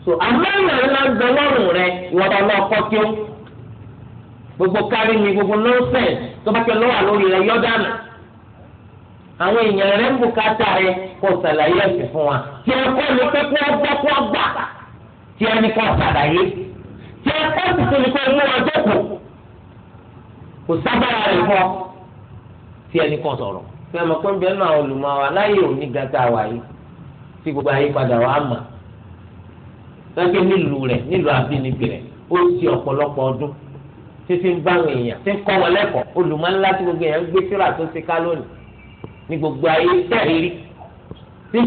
so àmọ́nà ńlá gbẹ lọ́rùn rẹ ìwọ́n ọ̀nà ọkọ tí ó gbogbo kárí ni gbogbo nọ́ọ̀sẹ̀s tó bá tẹ lọ́wọ́ lórí rẹ yọ dànù àwọn èèyàn rẹ ń bùkátà rẹ kó sàlàyé ẹ̀sìn fún wa tí ẹ kọ́ ni pé kó gbọ́ kó gbà tí ẹ ní kó sàlàyé tí ẹ kọ́ sì tó ní kó mú ọjọ́ kù kò sábàá rẹ fún ọ tí ẹnì kan sọ̀rọ̀ tí ẹ mọ̀ pé bẹ́ẹ̀ náà olùmọ̀ wa láyé òní gata wà yìí tí gbogbo àyípadà wa mà lọ́jọ́ nílùú rẹ̀ nílùú àbínibí rẹ̀ ó ti ọ̀pọ̀lọpọ̀ ọdún títí ń bá àwọn èèyàn tí ń kọ́ wọn lẹ́kọ̀ọ́ olùmọ̀ ńlá tí gbogbo èèyàn ń gbé síra tó ti ká lónìí ní gbogbo ayé tẹ̀rí rí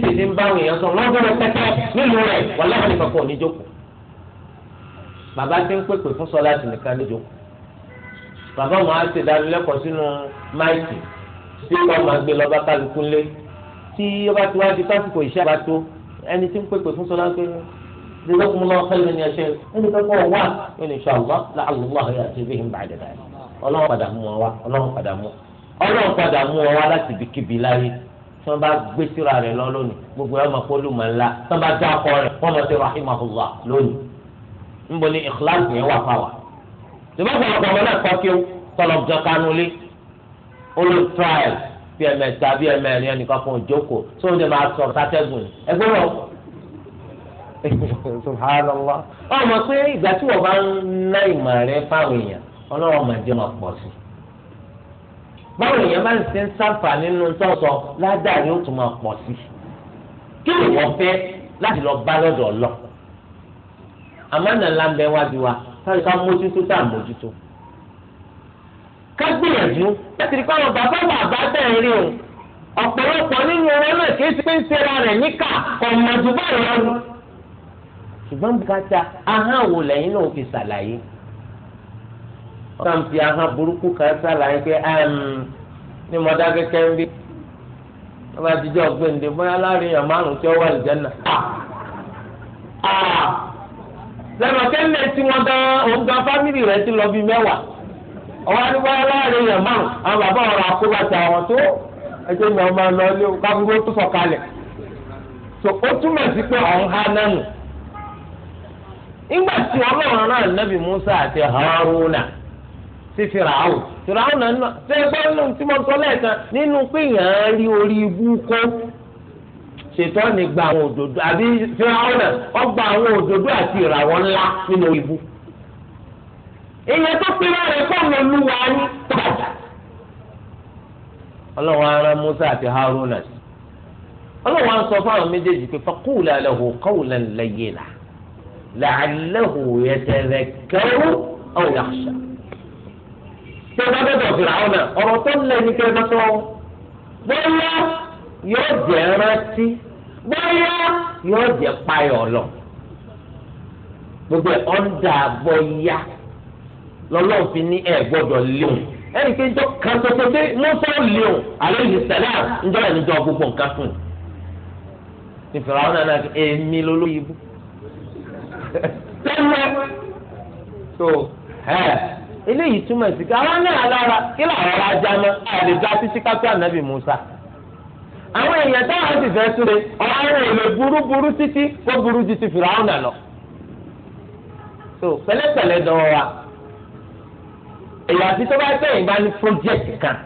títí ti ń bá àwọn èèyàn sọ lọ́gbọ́n pẹ́pẹ́ bàbá wọn á ṣèdánilẹ́kọ̀ọ́ sínú máìkì tí wọn máa gbé lọ bá kálukú lé tí ọba tí wàá di pásítọ̀ ìṣe àbá tó ẹni tí ń pèpè fún sọlá pé jazakumullahu khairan ya sheikh ẹni tó kọ́ wá ẹni inshallah la'allahu ya'ti bihim ba'da dhalik ọlọ́run padà mú ọ wá ọlọ́run padà mú ọlọ́run padà mú ọ wá láti ibikíbi láyé tí wọ́n bá gbé síra rẹ̀ lọ lónìí gbogbo ẹ̀ máa kólú mọ̀ ńlá tí wọ́n bá dá ọkọ rẹ̀ wọ́n lọ sí rahimahullah lónìí níbo ni ikhlas yẹn wà fáwọn ṣùgbọ́n ọ̀pọ̀lọpọ̀ ọmọ náà kọ́ kí ó tọ́lọ̀ jọ kánú lé olo trial bí ẹ̀mẹ̀ta bí ẹ̀mẹ̀rin ẹnìkan fún òjókòó tó ń jẹ máa sọ sátẹ́gùn ẹgbẹ́ wọn. subhanallah ọmọ pé ìgbà tí wọ́n bá ń ná ìmọ̀ rẹ fáwọn èèyàn ọlọ́wọ́ máa jẹ́ máa pọ̀ sí i báwo èèyàn máa ń ṣe ń sáfà nínú sọ́sọ ládàrí ó tún máa pọ̀ sí i kí ni wọ́n fẹ́ láti lọ bá lọ́dọ̀ ọlọ́ àmọ́ nà ńlá ń bẹ wa táyì ká mójútó tá à mójútó. ká gbìyànjú láti rí káwọn bàbá bàbá tẹ̀ ń rí o ọ̀pọ̀lọpọ̀ nínú wọn náà kì í ti pín sera rẹ̀ níkà ọ̀mọ̀dù báyìí lọ́nu. ṣùgbọ́n bùkátà ahọ́n wo lẹ́yìn náà fi ṣàlàyé. wọ́n kàn fi ahọ́n burúkú kan ṣàlàyé pé ní mọ̀dá kẹ́kẹ́ ń bí. wọ́n bá ti jẹ́ ọ̀gbẹ́ǹde bóyá láàrin èèyàn márùn-ún tí ó wà lìjẹ́ náà. Ah! Ah! lẹ́nu kẹ́lẹ́ tí wọ́n dán òun gan fámìlì rẹ̀ ti lọ bí mẹ́wàá ọwọ́ adigun aláàárín yẹn márùn àwọn bàbá ọ̀rọ̀ àkóbàtà àwọn tó ẹjẹ́ ni ọmọ lọ ilé káfíńgó tó sọ̀kalẹ̀ tó ó túmọ̀ sí pé ọ̀hún ha nánu ìgbà tí ọlọ́run náà Musa àti Haruna sí firaahùn firaahùn náà tẹ́gbẹ́ tí mo sọ lẹ́ẹ̀kan nínú pé rí orí ṣètọ́ni gba àwọn òdòdó àbí fíráwọ́nà ọgbà àwọn òdòdó àti ìràwọ̀ ńlá nínú ibú. èèyàn tó pinnu rẹ̀ fọ́ọ̀mù olúwa ní tọ́jà. ọlọ́run ara Musa àti Haruna sí. ọlọ́run á sọ fáwọn méjèèjì pé faqula lahu qawlan layyina la'allahu yatadhakkaru aw yakhsha. tẹ́lá bẹ́ẹ̀ bọ̀ fíráwọ́nà ọ̀rọ̀ tó ń lẹ́ni kẹ́ yóò jẹ́ rántí bóyá yóò jẹ́ payọ̀ lọ gbogbo ẹ̀ ọ̀ndà lọ́lọ́run fi ní ẹ̀ gbọ́dọ̀ léwu ẹnì kí njọ́ kan tó alo dé mọ́tò léwu àlẹ́ yìí sẹ́lá njọ́ ẹ̀ níjọ́ gbogbo nǹkan fún un ìfẹ̀rẹ̀ àwọn nàná èmi lólóyìnbó lẹ́nu tó ẹ̀ eléyìí túmọ̀ sí ká náà lára kí Musa. àwọn èèyàn táwọn sì fẹ́ súre ọ̀rọ̀ èlò burúburú títí kó burú ju ti fìràwọn nà lọ. so pẹ̀lẹ́pẹ̀lẹ́ dọwọ wa èyàn àti tó bá tẹ̀yìn bá ní project kan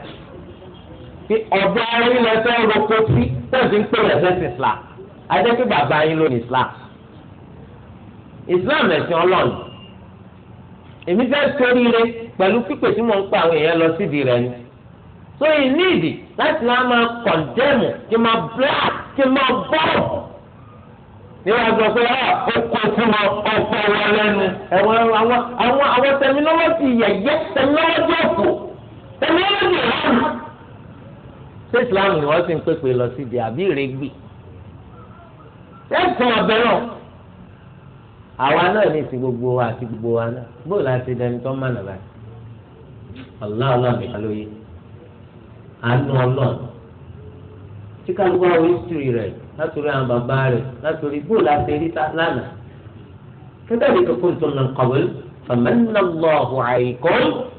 tí ọ̀dọ́ ayé lọ fẹ́ roko sí tẹ̀sí ń pè lẹ́sẹ̀ sí islam ajẹ́ pé bàbá yín ló ní islam islam ẹ̀sìn ọlọ́run èmi fẹ́ sóríire pẹ̀lú pípè tí mo ń pa àwọn èèyàn lọ sídìí rẹ̀ ni. so you need it láti wá máa kí black kí máa bọ́ọ̀ níwájú sọ pé ah, ó kó fún ọ ọ̀pọ̀ wa lẹ́nu ẹ̀wọ̀n àwọn àwọn àwọn tẹminọ́lọ́jì yẹ̀yẹ́ tẹminọ́lọ́jì ṣé islam ni wọ́n sì ń pèpè lọ sí ibi àbí àwa náà ní gbogbo wa àti gbogbo wa náà bóòlù àti ìdẹni tó ń mànà báyìí ọ̀làọ̀là mi kà àánú ọlọ́run tí kálukú àwọn history rẹ̀ látòrí àwọn bàbá rẹ̀ látòrí bó la ṣe rí lánàá kẹ́tàlí kankan tó nà kọ̀wé fàmẹ́nà lọ́ọ̀hù àìkọ́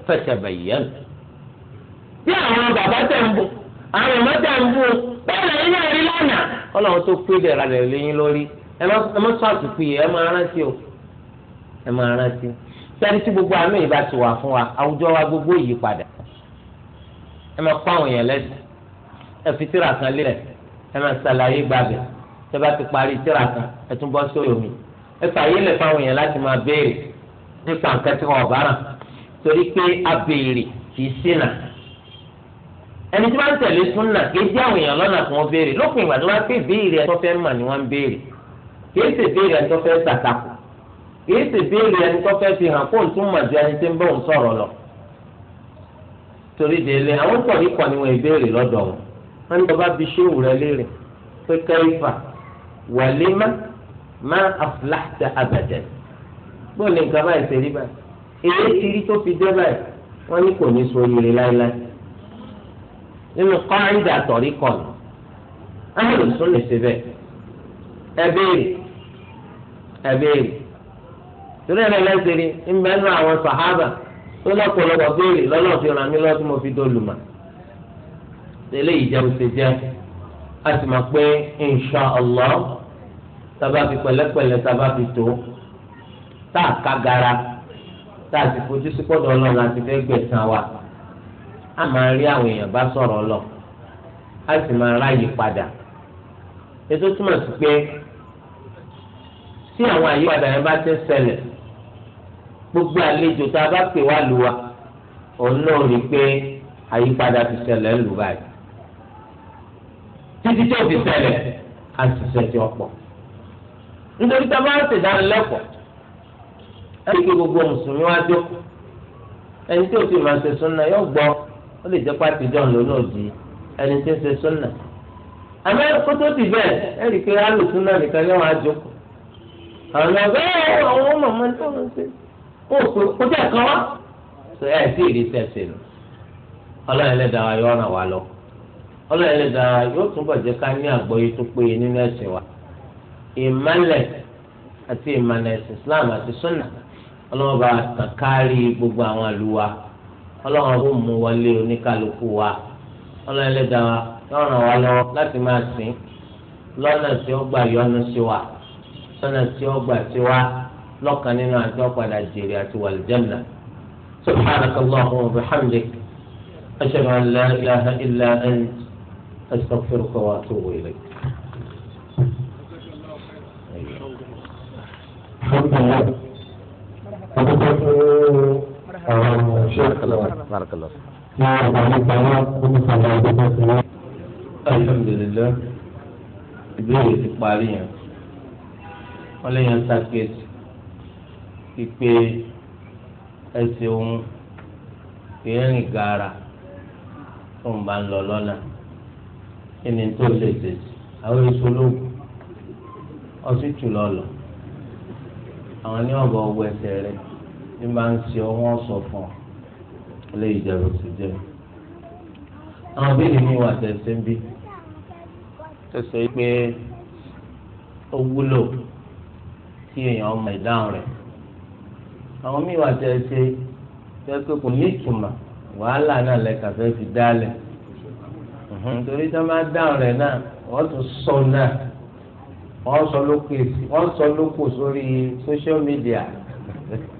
fẹsẹ̀bẹ̀yẹn. bí àwọn bàbá tẹ̀ ń bù àwọn ọmọ tẹ̀ ń bù bẹ́ẹ̀ lẹ́yìn náà rí lánàá. ọlọ́run tó pé dẹ̀ra rẹ̀ lẹ́yìn lórí ẹ má sọ àtùkù yìí ẹ má rántí o ẹ má rántí. sẹ́ni tí gbogbo àánú yìí ti wà fún wa àwùjọ wa gbogbo yìí padà ẹ máa kọ́ àwọn èèyàn lẹ́sìn ẹ fi tíra kan lélẹ̀ ẹ máa ṣàlàyé gbàgbẹ́ tẹ bá ti parí tíra kan ẹ tún bọ́ sórí omi ẹ fààyè lẹ̀ fáwọn èèyàn láti máa béèrè nípa nǹkan tí wọn ò bá rà torí pé a béèrè kì í ṣìnà ẹni tí wọ́n tẹ̀lé súnà kì í jẹ́ àwọn èèyàn lọ́nà kí wọ́n béèrè lópin ìgbà tí wọ́n pè béèrè ẹ̀ tó fẹ́ mà ni wọ́n béèrè kì í sì béèrè ẹ̀ tó fẹ́ ṣàtàkù kì í sì béèrè ẹ̀ tó fẹ́ fi hàn kó òtún torí délé àwọn pọ̀ nípa ni wọ́n ìbéèrè lọ́dọ̀ wọn wọ́n ní bàbá bíi ṣéwù rẹ léèrè pé kẹ́rífà wàlímà má àfúláṣà àbàjẹ́ bóun ní nǹkan báyìí ṣe báyìí èyí ti rí tó fi dé báyìí wọ́n ní kò ní so yèrè láéláé nínú kọ́ńdà àtọ̀rí kọ̀nà ámìlì sún lè ṣe bẹ́ẹ̀ ẹ béèrè ẹ béèrè torí ń bẹ́ẹ̀ àwọn sàhábà. tó lọ́pọ̀lọpọ̀ béèrè lọ́nà fi ràn mí lọ́wọ́ tí mo fi mà tẹ́lẹ̀ jẹ́ a sì máa pé insha allah tábà fi pẹ̀lẹ́pẹ̀lẹ́ fi tó tá a ká gara tá a sì láti fẹ́ gbẹ̀sán wa a máa rí àwọn èèyàn bá sọ̀rọ̀ lọ a sì máa padà ètò túmọ̀ sí pé tí àwọn àyípadà yẹn bá ti ń gbogbo àlejò tá a bá pè wá lù wá òun náà rí i pé àyípadà ti ṣẹlẹ̀ lù báyìí títí tó fi ṣẹlẹ̀ a sì ṣẹ̀ṣẹ̀ ti ọ̀pọ̀ nítorí tá a bá ń ṣèdánilẹ́kọ̀ọ́ ẹ gbogbo mùsùlùmí wá ẹni tí o máa ṣe súnà yóò gbọ́ ó lè jẹ́ pàtí ẹni tí ń ṣe súnà àmọ́ kó tó ti bẹ́ẹ̀ ẹ rí i pé kó tẹ̀ kàn wá ẹ̀ sí ìdí tẹ̀sí nù ọlọ́run ẹlẹ́dàá yóò ràn wá lọ ọlọ́run ẹlẹ́dàá yóò túbọ̀ jẹ́ ká ní àgbọ́yé tó péye nínú ẹ̀sìn wa ìmọ̀lẹ̀ àti ìmọ̀lẹ̀ Islam àti sunna ọlọ́run bá gbogbo àwọn àlùwà ọlọ́run ó mú wọlé oníkálukú wa ọlọ́run ẹlẹ́dàá yóò ràn wá lọ láti lọ́kàn nínú àti ọ̀padà jèrè àti wàlìjẹ́nà subhanakallahu wa bihamdik ashhadu an la ilaha illa ant astaghfiruka wa atubu ilayk. بارك الله الحمد لله ìbéèrè ti parí yẹn wọn lè yan sákèsì pípé ẹsẹ̀ òun kì í rìn gaara tó ń bá ń lọ lọ́nà kí ni tó lè ṣe àwọn èso lóògùn ọtún tù lọ́lọ́ àwọn ní ọ̀bọ̀ ọwọ́ ẹsẹ̀ rẹ ní máa ń ṣe ọwọ́ sọ fún ọ lè ìjẹ̀rù sí jẹ́ àwọn béèrè mi wà tẹ̀sẹ̀ ń bí tẹ̀sẹ̀ pé ó wúlò kí èèyàn ọmọ ìdáhùn rẹ̀ àwọn míì wà tẹ̀ ṣe tẹ́ pé kò ní ìtumọ̀ wàhálà náà lẹ́ka fẹ́ fi dálẹ̀ nítorí tí wọ́n bá dáhùn rẹ̀ náà wọ́n tún sọ náà wọ́n sọ lóko sórí social media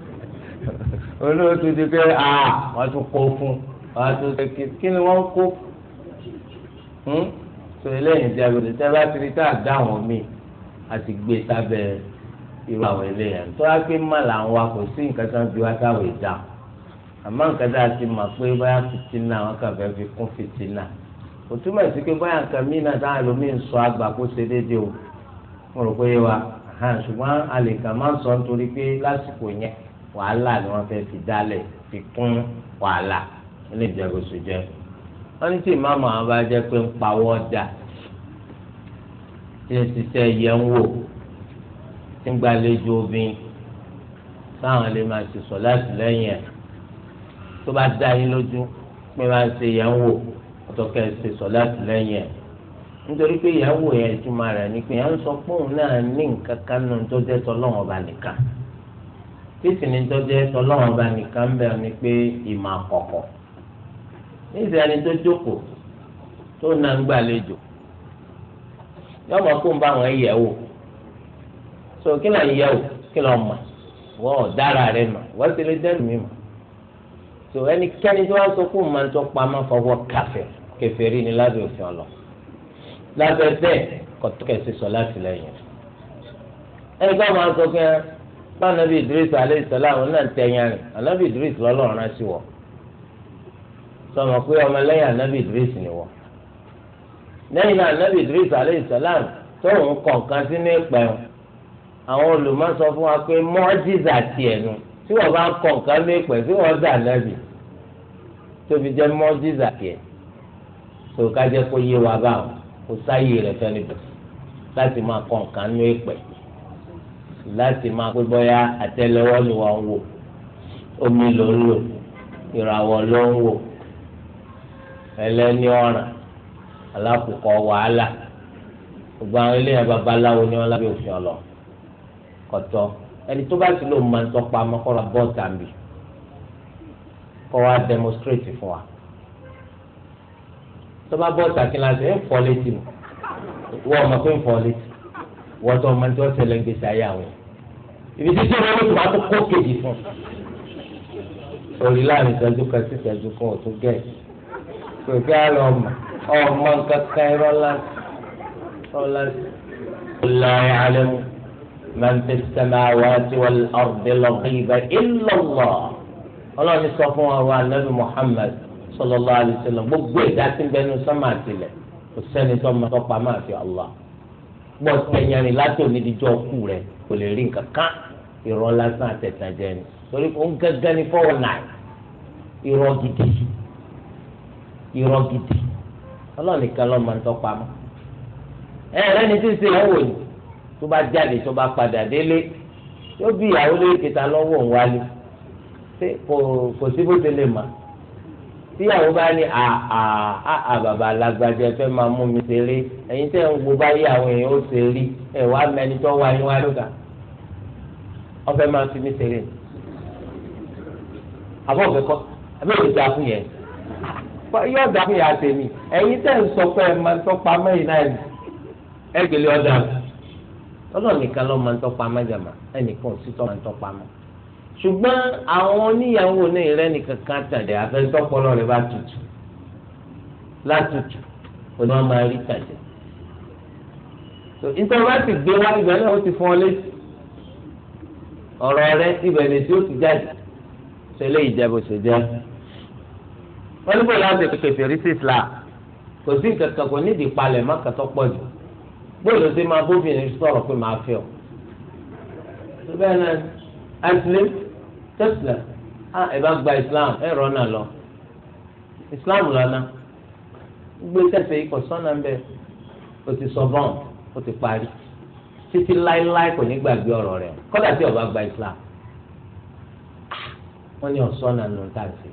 olóòtú ti pé à wọ́n tún kó fún wọ́n tún kí ni wọ́n kó hmm? so eléyìí ti àgbẹ̀dẹ̀ tẹ́ bá ti rí tá a dáhùn mi àti gbé e sábẹ́ rẹ̀ irú àwọn eléyàn tó wá pé má là ń wa kò sí nǹkan tó ń bi wá táwọn ìdá àmọ́ nǹkan tá a ti mọ̀ pé báyà fìtínà wọn kàn fẹ́ fi kún fìtínà kò túmọ̀ sí pé báyà nǹkan míì náà táwọn ẹlòmíín sọ àgbà kó ṣe déédéé o mo rò pé wa ṣùgbọ́n a lè kàn máa ń sọ nítorí pé lásìkò yẹn wàhálà ni wọ́n fẹ́ fi dálẹ̀ fi kún wàhálà ilé ìjẹ́gosò jẹ́ wọ́n ní tí ìmáàmù àwọn bá jẹ́ pé ń pawọ́ dà tí ẹ ti yẹn ń wò tí ń gbàlejò obìnrin táwọn lè máa ti sọ láti lẹ́yìn ẹ̀ tó bá dá yín lójú pé máa ṣe ìyàwó ọ̀tọ̀kẹ́ ṣe sọ láti lẹ́yìn ẹ̀ nítorí pé ìyàwó yẹn ìtumọ̀ rẹ̀ ni pé à ń sọ pé òun náà ní nǹkan kan nù tó jẹ́ tọ́lọ́wọ́n ọba nìkan títí ní tó jẹ́ tọ́lọ́wọ́n ọba nìkan ń bẹ̀rù ni pé ìmọ̀ àkọ́kọ́ níbi ẹni tó jókòó tó náà ń gbàlejò yọmọ so kí lọ yẹ o kí lọ mọ wọ́n ọ̀dára rẹ mọ wọ́n ti lè dẹ́nu mi mọ so ẹnikẹ́ni tí wọ́n sọ fún mi máa ń tọ́ pamọ́ fọwọ́ kàfẹ́ kẹfẹ́rí ni lábẹ́ òfin ọlọ lábẹ́ bẹ́ẹ̀ kọ́tọ́kẹ́sì sọ láti lẹ́yìn ẹni tó máa sọ fún ẹ báwọn nàbí Idris alayhi salam náà tẹ̀yìn rìn ànábì Idris lọ́lọ́run rán sí wọ sọmọ pé ọmọ lẹ́yìn ànábì Idris ni wọ lẹ́yìn náà ànábì Idris alayhi salam tó ń kọ̀ọ̀kan sínú ìpẹ́rùn àwọn olùmọ̀ sọ fún wa pé mọ́jísà tiẹ̀ nù tí wọ́n bá ń kọ nǹkan lépè tí wọ́n dà lẹ́bi tóbi jẹ́ mọ́jísà tiẹ̀ tó ká jẹ́ kó yé wa báwọn kó sáyé rẹ̀ fẹ́ni bọ̀ láti máa kọ nǹkan nú èpè láti máa pé bọ́yá àtẹ́lẹwọ́ ni wọ́n ń wò omi ló ń lò ìràwọ̀ ló ń wò ẹlẹ́ni ọ̀ràn alákòókò wàhálà gbogbo àwọn eléyàn babaláwo ni wọ́n lábẹ́ òfin ọlọ́run kọtọ ẹni tó bá sì lò máa ń tọpa ọmọkọrọ bọ́ọ̀ tàbí kọ́ wa demonstrate fún wa tó bá bọ́ọ̀ tàbí láti ẹ̀ fọ́ létí mu wọ́n ọmọ pé ń fọ́ létí wọ́n tó ọmọ tí wọ́n ṣẹlẹ̀ ń gbèsè ayé àwọn ibi títí ọmọ ló bá tó kó kejì fún orí láàrin ìtọ́jú kan sí ìtọ́jú kan ò tó kò kí á lọ mọ̀ ọmọ nǹkan kan irọ́ láti alẹ́ mu. من في السماوات والأرض ardi إلا الله. الله sọ fún wa wa anabi muhammad sallallahu alayhi wa sallam gbogbo ẹ̀dá tí ń bẹ nu sọ́mà tilẹ̀ kò sẹ́ni tó ma tọ́pa máa fi allah gbọ́ tẹ̀yẹrin látò nídìjọ́ kú rẹ̀ kò lè rí nǹkan kan irọ́ lásán àtẹ̀tàjẹ́ ni torí kò ń gángan ní fọ́wọ́ náà irọ́ gidi irọ́ gidi ọlọ́ọ̀ni kan lọ́ọ́ ma tọ́pa mọ́ ẹ̀rẹ́ni tí ń ṣe ìyàwó yìí tó bá jáde tó bá padà délé yóò bí ìyàwó lórí kẹta lọ́wọ́ òun wálé kò sí bó ṣe lè mà tíyàwó bá ní a bàbá alágbájá ẹ fẹ́ máa mú mi ṣeré ẹ̀yin tẹ́ ń wo báyìí àwọn èèyàn ó ṣe rí ẹ̀ wá mẹ́ni tó wá ní wá lóga wọ́n fẹ́ máa fi mi ṣeré àbọ̀ ọ̀fẹ́ kọ́ àbí òkè tí a fún yẹn yóò dàbí àtẹ̀mí ẹ̀yin tẹ́ ń sọ pé ẹ̀ máa tọ́pa mẹ́yìn náà ẹ̀ gbélé ọ̀dà mi tọ́lọ̀ nìkan ló máa ń tọ́pa amájàmá ẹnìkan ò sí tọ́ máa ń tọ́pa amá ṣùgbọ́n àwọn oníyàwó ní ìrẹ́ nìkan kan tàdé àfẹnusọ́pọ̀lọ́ rẹ̀ bá tutù látutù òní wọn máa rí tàdé tó nítorí wọn ti gbé wá ibẹ̀ náà ó ti fún ọ létí ọ̀rọ̀ rẹ ibẹ̀ ni tí ó ti jáde ṣẹlẹ̀ ìjẹ́bù ṣe jẹ́ wọ́n ní bọ́ọ̀lù àti kẹfẹ́ rí sí Islam kò sí nǹkan kan kò nídìí palẹ̀ bóòlù ṣe máa bóbìnrin sọ̀rọ̀ pé máa fẹ́ ọ. bẹ́ẹ̀ náà aslim Tesla á ah, ẹ bá gba islam ẹ rọ náà lọ islam lọ́nà gbé tẹ̀sẹ̀ ikọ̀ sọ́nà ń bẹ̀ o ti sọ bọ́ọ̀n o ti parí títí láéláé kò ní gbàgbé ọ̀rọ̀ rẹ̀ kọ́dà tí ọba gba islam wọ́n ní ọ̀sán náà nù tá à ń ṣe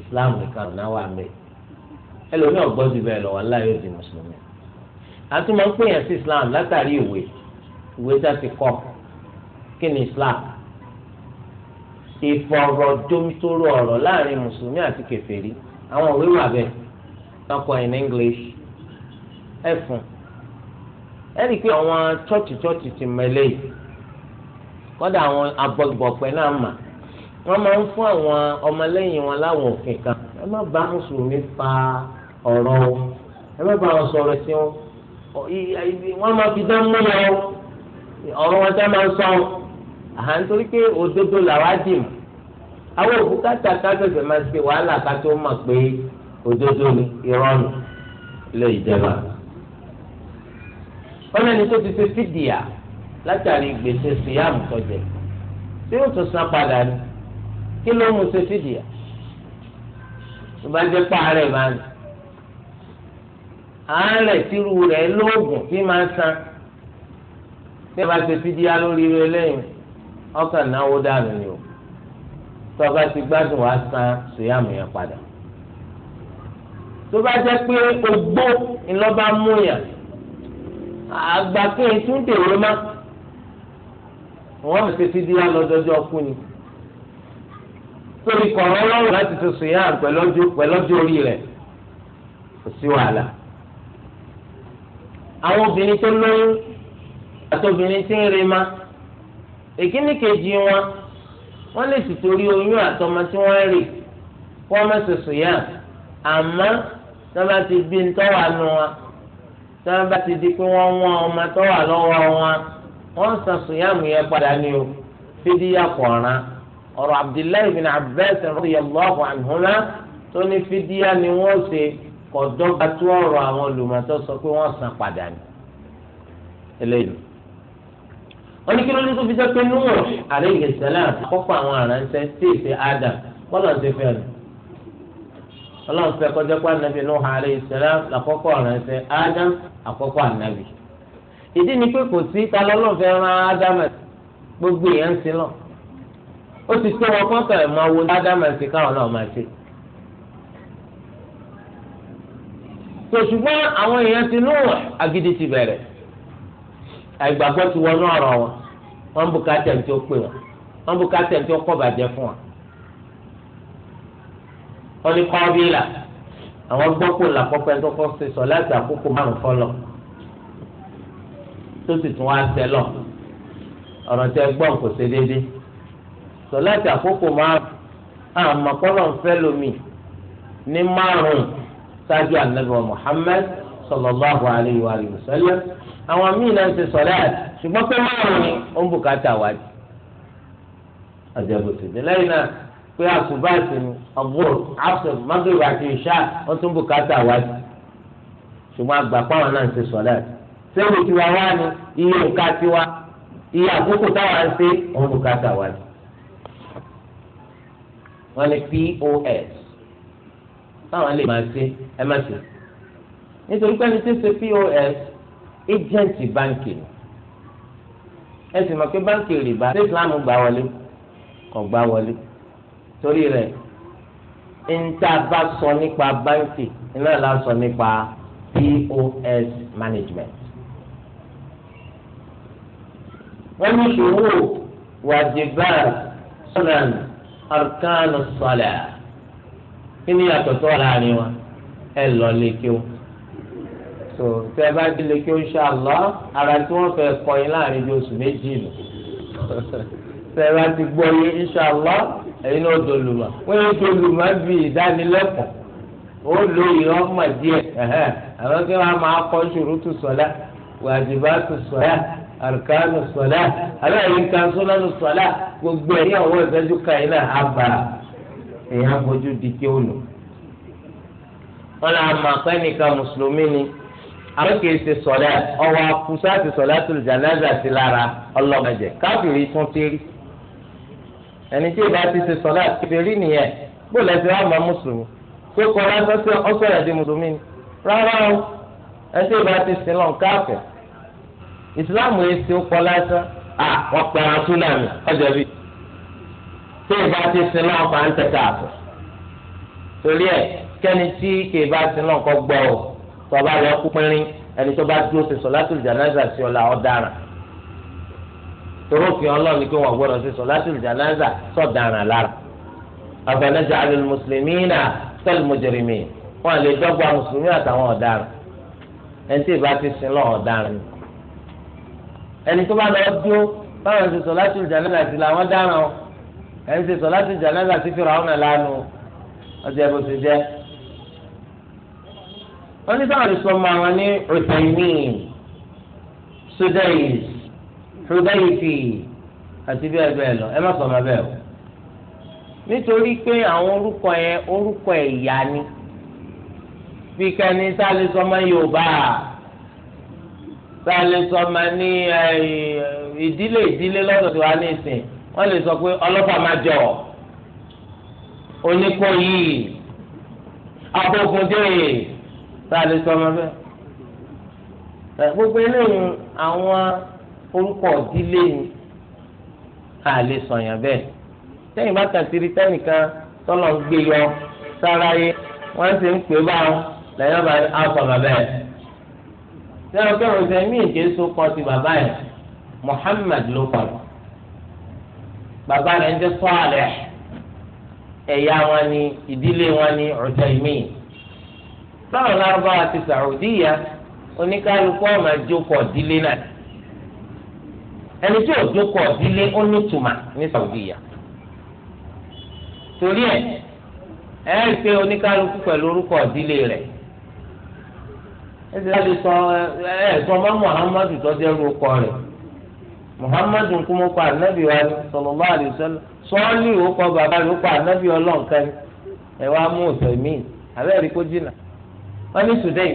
islam nìkan náà wà mẹ́ ẹlòmíì ọ̀gbọ́n ti bẹ̀rẹ̀ lọ́wọ́ aláyọ̀ di mùsùlùmí a tún máa ń pè yàn sí islam látàrí ìwé ìwé tá a ti kọ kí ni islam ìfọ̀rọ̀jomitoro ọ̀rọ̀ láàrin mùsùlùmí àti kèfèrí àwọn òwe wà bẹ́ẹ̀ tọkọ in english ẹ̀fún ẹ̀rí pé àwọn chọ́ọ̀chì chọ́ọ̀chì ti mẹ́lẹ̀ yìí kọ́dà àwọn abọ́gbọ̀pẹ́ náà mà wọ́n máa ń fún àwọn ọmọlẹ́yìn wọn láwọn òfin kan ẹ má bá mùsùlùmí fa ọ̀rọ̀ ẹ má bá wọn sọ̀rọ̀ sí wọn wọ́n máa fi dán mú lọ ọ̀rọ̀ wọn sá máa ń sọ àhà nítorí pé òdodo làwa dì mọ́ àwọn òbúkátà káfẹ́fẹ́ máa ṣe wàhálà ká tó mọ̀ pé òdodo ni irọ́ nù lè jẹba. wọ́n lẹ́ni tó ti ṣe fídíà látàrí gbèsè síyàmù tọ́jẹ̀ tí yóò tún san padà ni kí ló mú ṣe fídíà tó bá máa ń àárẹ̀ tírú rẹ̀ lóògùn tí máa ń san tí a bá ṣe fídíà lórí rẹ̀ lẹ́yìn ọkàn náwó dànù ni o tó bá ti gbádùn wá san sùyàmù yẹn padà tó bá jẹ́ pé ogbó ńlọ́ba múyàn àgbà pé tún dèrò má wọ́n ṣe fídíà lọ́dọ́jọ́ kú ni torí kọ̀ọ̀rọ̀ lọ́rùn láti ṣe sùyàmù pẹ̀lọ́jọ́ orí rẹ̀ kò sí wàhálà àwọn obìnrin tó lóyún àti obìnrin tí ń rema èkíní kejì wọn wọ́n lè sì torí oyún àtọmọ tí wọ́n rè kó wọ́n má ṣe sùn yá àmọ́ tí wọ́n bá ti bí ntọ́wà nù wọn tí wọ́n bá ti di pé wọ́n wọ́n ọmọ tọ́wà lọ́wọ́ wọn wọ́n san sùn yá mu yẹn padà ní o fídíyà kọ̀ọ̀ràn ọ̀rọ̀ Abdullahi bin Abbas radiyallahu anhuma tó ní fídíyà ni wọ́n ṣe. kọ̀dọ́gba tó ọ̀rọ̀ àwọn olùmọ̀tọ́ sọ pé wọ́n san padà ní eléyìí. wọ́n ní kí ló ní tó fi jẹ́ pé Nuhu alayhi salam àkọ́kọ́ àwọn aránṣẹ́ tí Adam bọ́lá ń ṣe fẹ́ ni. ọlọ́run kọjá pé anabi Nuhu alayhi salam àkọ́kọ́ Adam ìdí ni pé kò sí ta lọ́lọ́run fẹ́ rán Adam gbogbo èèyàn sí lọ. ó ti tó wọn kọ́kọ́ ẹ̀ máa wo kò ṣùgbọ́n àwọn èèyàn ti nú agídí ti bẹ̀rẹ̀ àìgbàgbọ́ ti wọnú ọ̀rọ̀ wọn wọn bu kátẹ̀ tí ó pè wọn wọn bu kátẹ̀ tí ó kọ́ bàjẹ́ fún wọn. wọn ní kọ́ bí là àwọn gbọ́ pò làkọ́kọ́ ẹni tó kọ́ ṣe sọ láti àkókò márùn fọlọ́ tó sì tún wá tẹ lọ ọ̀rọ̀ tẹ gbọ́n kò ṣe déédéé sọ láti àkókò márùn àmọ́ kọ́lọ̀ ń fẹ́ lomi ní márùn-ún ṣáájú anabi wa muhammed sallallahu alayhi wa sallam àwọn míì náà ń ṣe sọláàt ṣùgbọ́n pé márùn ni ó ń bùkátà wájú àjẹbùtì ní lẹ́yìn náà pé àṣùbà ìsinmi ọ̀gbọ́n absent magreth àti ìṣá wọ́n tún bùkátà wájú ṣùgbọ́n àgbà pàwọn náà ń ṣe sọláàt sẹ́yìn tiwa wá ni iye nǹkan tiwa iye àkókò táwa ń ṣe òun bùkátà wájú. wọ́n ní pos táwọn lè máa ṣe ẹ má ṣe nítorí pé ẹni tí ń ṣe pos ẹjẹǹtì báǹkì ni ẹ sì mọ̀ pé báǹkì rìbá ṣé islam gbà wọlé kò gbà wọlé torí rẹ̀ ń tá a bá sọ nípa báǹkì iná là sọ nípa pos management wọ́n ní ṣòro wàjibá sọ̀rọ̀ arkanu sọ̀lá kí ni yàtọ̀ tó wà láàrin wa ẹ lọ lè kí o so tẹ bá délé kí o ṣàlọ ara tí wọ́n fẹ́ kọ́ yín láàrin bí oṣù méjì nù tẹ bá ti gbọ́ yín ṣàlọ ẹ̀yin náà dolùmọ̀ wọ́n yóò dolùmọ̀ bí ìdánilẹ́kọ̀ọ́ ó lo ìrọ́mọ̀ díẹ̀ àwọn kí wọ́n máa kọ́ ṣùrùtù sọ̀lá wàjibátù sọ̀lá àrùkánù sọ̀lá àbẹ́rẹ́ yín kan sọ́lá nù sọ̀lá gbogbo ẹ̀yìn àwọn ìfẹ́jú kan yín náà á bàrà èèyàn fojú di kí ó lò wọn là máa pẹ́ nìkan mùsùlùmí ni àwọn kìí ṣe sọ̀lá ọwọ́ akúṣà àti sọ̀látul jánásà sí lára ọlọ́mọdé káfíìrì tún ti rí ẹni tí ìbá ti ṣe sọ̀lá kèfèrí nìyẹn gbọ́dọ̀ ẹ̀sìn wọn máa mùsùlùmí pé kọ́lá sọ́sẹ́ ọ̀sọ̀rọ̀ ẹ̀dín mùsùlùmí ni rárá o ẹni tí ìbá ti sin lọ káfẹ̀ ìsìláàmù yìí ṣe ó lásán à wọ́n pẹ̀ràn súnámì ọjọ́ bíi tí ìbá ti sin náà fà ń tẹ̀ka àbọ̀ torí ẹ̀ kẹ́ni tí kì í bá sin náà kọ́ gbọ́ ọ tó bá lọ kú pínrín ẹni tó bá dúró ṣe sọ̀látùl jánásà sí ọ̀la ọ̀daràn torí òfin ọlọ́run ni pé wọ́n gbọ́dọ̀ ṣe sọ̀látùl jánásà sọ̀daràn lára àfẹnẹ́jà alẹ́ mùsùlùmíìnà tẹ́lẹ̀ mọ̀jẹ̀rìmì wọn lè dọ́gba mùsùlùmí àtàwọn ọ̀daràn ẹni tí ìbá ti sin náà ọ̀daràn ẹni tó bá lọ dúró báwọn ṣe sọ̀látùl jánásà sí làwọn dáràn wọn ẹ̀ ń ṣe sọ̀láàtù jánásà sí Fíráúnà lánu ọjọ́ ẹ̀bùn ti jẹ́. wọ́n ní sáwọn àdìsọ́ ọmọ àwọn ní Uthaymin Sudais Hudayfi àti bẹ́ẹ̀ bẹ́ẹ̀ lọ ẹ má sọ ọmọ bẹ́ẹ̀ o nítorí pé àwọn orúkọ yẹn orúkọ ẹ̀yà ni bí kẹ́ni sáà lè sọ ọmọ Yorùbá sáà lè sọ ọmọ ní ìdílé ìdílé lọ́dọ̀ tó wà ní ìsìn wọ́n lè sọ pé ọlọ́pàá máa jọ oníkó yìí abókundé tá a lè sọ ọmọ bẹ́ẹ̀. gbogbo eléyìí àwọn orúkọ ìdílé ni a lè sọyàn bẹ́ẹ̀ sẹ́yìn bá kàtìrì tẹ́nìkan tọ́lọ̀ ń gbé yọ sára yé wọ́n sì ń pè báwọn lẹ́yìn bá a sọ bàbá yẹn. sẹ́yìn kẹrìndínlẹ́mí ìjẹ́sọ́ kọ́ ti bàbá yẹn Muhammad ló kọ́ ọ bàbá rẹ̀ ń jẹ́ Salih ẹ̀yà wọn ni ìdílé wọn ni Uthaymin báwo lárúbáwá ti Saudiya oníkálukú ọmọ àjòkọ̀ ìdílé náà ẹni tí òjòkọ̀ ìdílé ó ní tùmà ní Saudiya torí ẹ̀ ẹ̀ ẹ́ pé oníkálukú pẹ̀lú orúkọ ìdílé rẹ̀ ẹ̀ sì sọ ẹ̀ ẹ̀ sọ ọmọ Muhammadu tó jẹ́ orúkọ rẹ̀ muhammadu nkúmọ kọ anabi wa ni sallallahu alaihi wasallam sọọni ìwò kọ bàbá rẹ̀ kọ anabi ọlọ́nkàn ẹ wá mú ọ̀sẹ̀ míì abẹ́rẹ́ kó jìnnà wọ́n ní sudan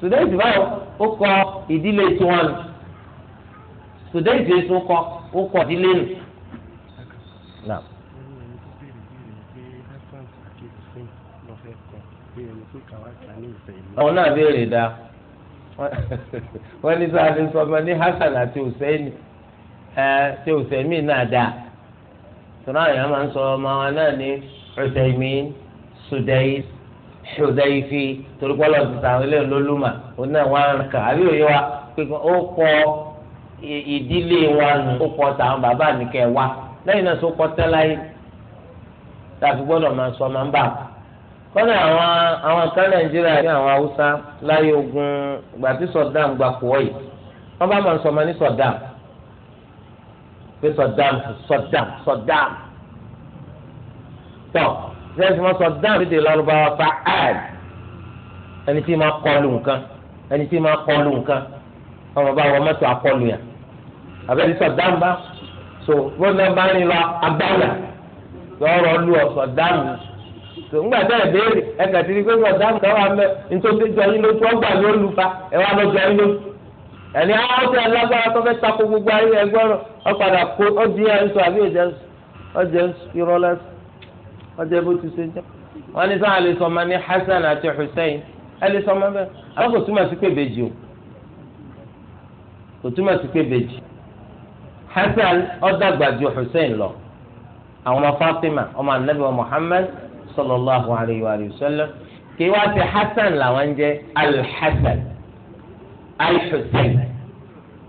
sudan ti báwo ó kọ ìdílé tiwọn nù sudan tún kọ ó kọ ìdílé nù. àwọn náà béèrè dáa. wọ́n ní sọ ní sọ́mọ ní Hasan àti Hussein ẹ ṣe náà dà tọ́lá máa sọ ọmọ wa náà ní Hussein Sudais Hudaifi torí pọ́lọ́ ti sàn ilé olólùmọ̀ òun náà wà ń kà àbí òye wa pé ó ìdílé wa nù ó kọ́nà àwọn àwọn kan nàìjíríà ní àwọn haúsá láyé ogun ìgbà tí sọ̀dáàmù gba kuwait wọ́n bá máa ń sọmọ ní sọ̀dáàmù pé sọ̀dáàmù sọ̀dáàmù sọ̀dáàmù tọ́ sẹ́yìn mọ́ sọ̀dáàmù lédè lárúbáwá fa ad ẹni tí máa kọlu nǹkan ẹni tí máa kọlu nǹkan ọmọ bá wọ mọ́tò akọlu yà àbẹ́rẹ́ sọ̀dáàmù bá so bọ́ọ̀nà bá ń lọ abáyà lọ́rọ̀ lu ọ̀sọ̀dáàmù ńgbà tẹ́ ẹ̀ béèrè ẹ kàtí ni pé ame ńkọ́ wa mẹ́ nítorí jọ yín lójú ọgbà ló lu fa ẹ wá lọ jọ lójú. ẹ̀ní àwọn ọ̀sẹ̀ alágbára tó takò gbogbo ayé kó ń sọ àbí bó ti ṣe ní sọ ní Hasan àti Hussein ma o kò túmọ̀ sí pé bèjì Hasan lọ àwọn Fatima ọmọ anabi wa Muhammad sallallahu alayhi wa sallam kí wá sí hasan làwọn ń jẹ́ alhassan alhussein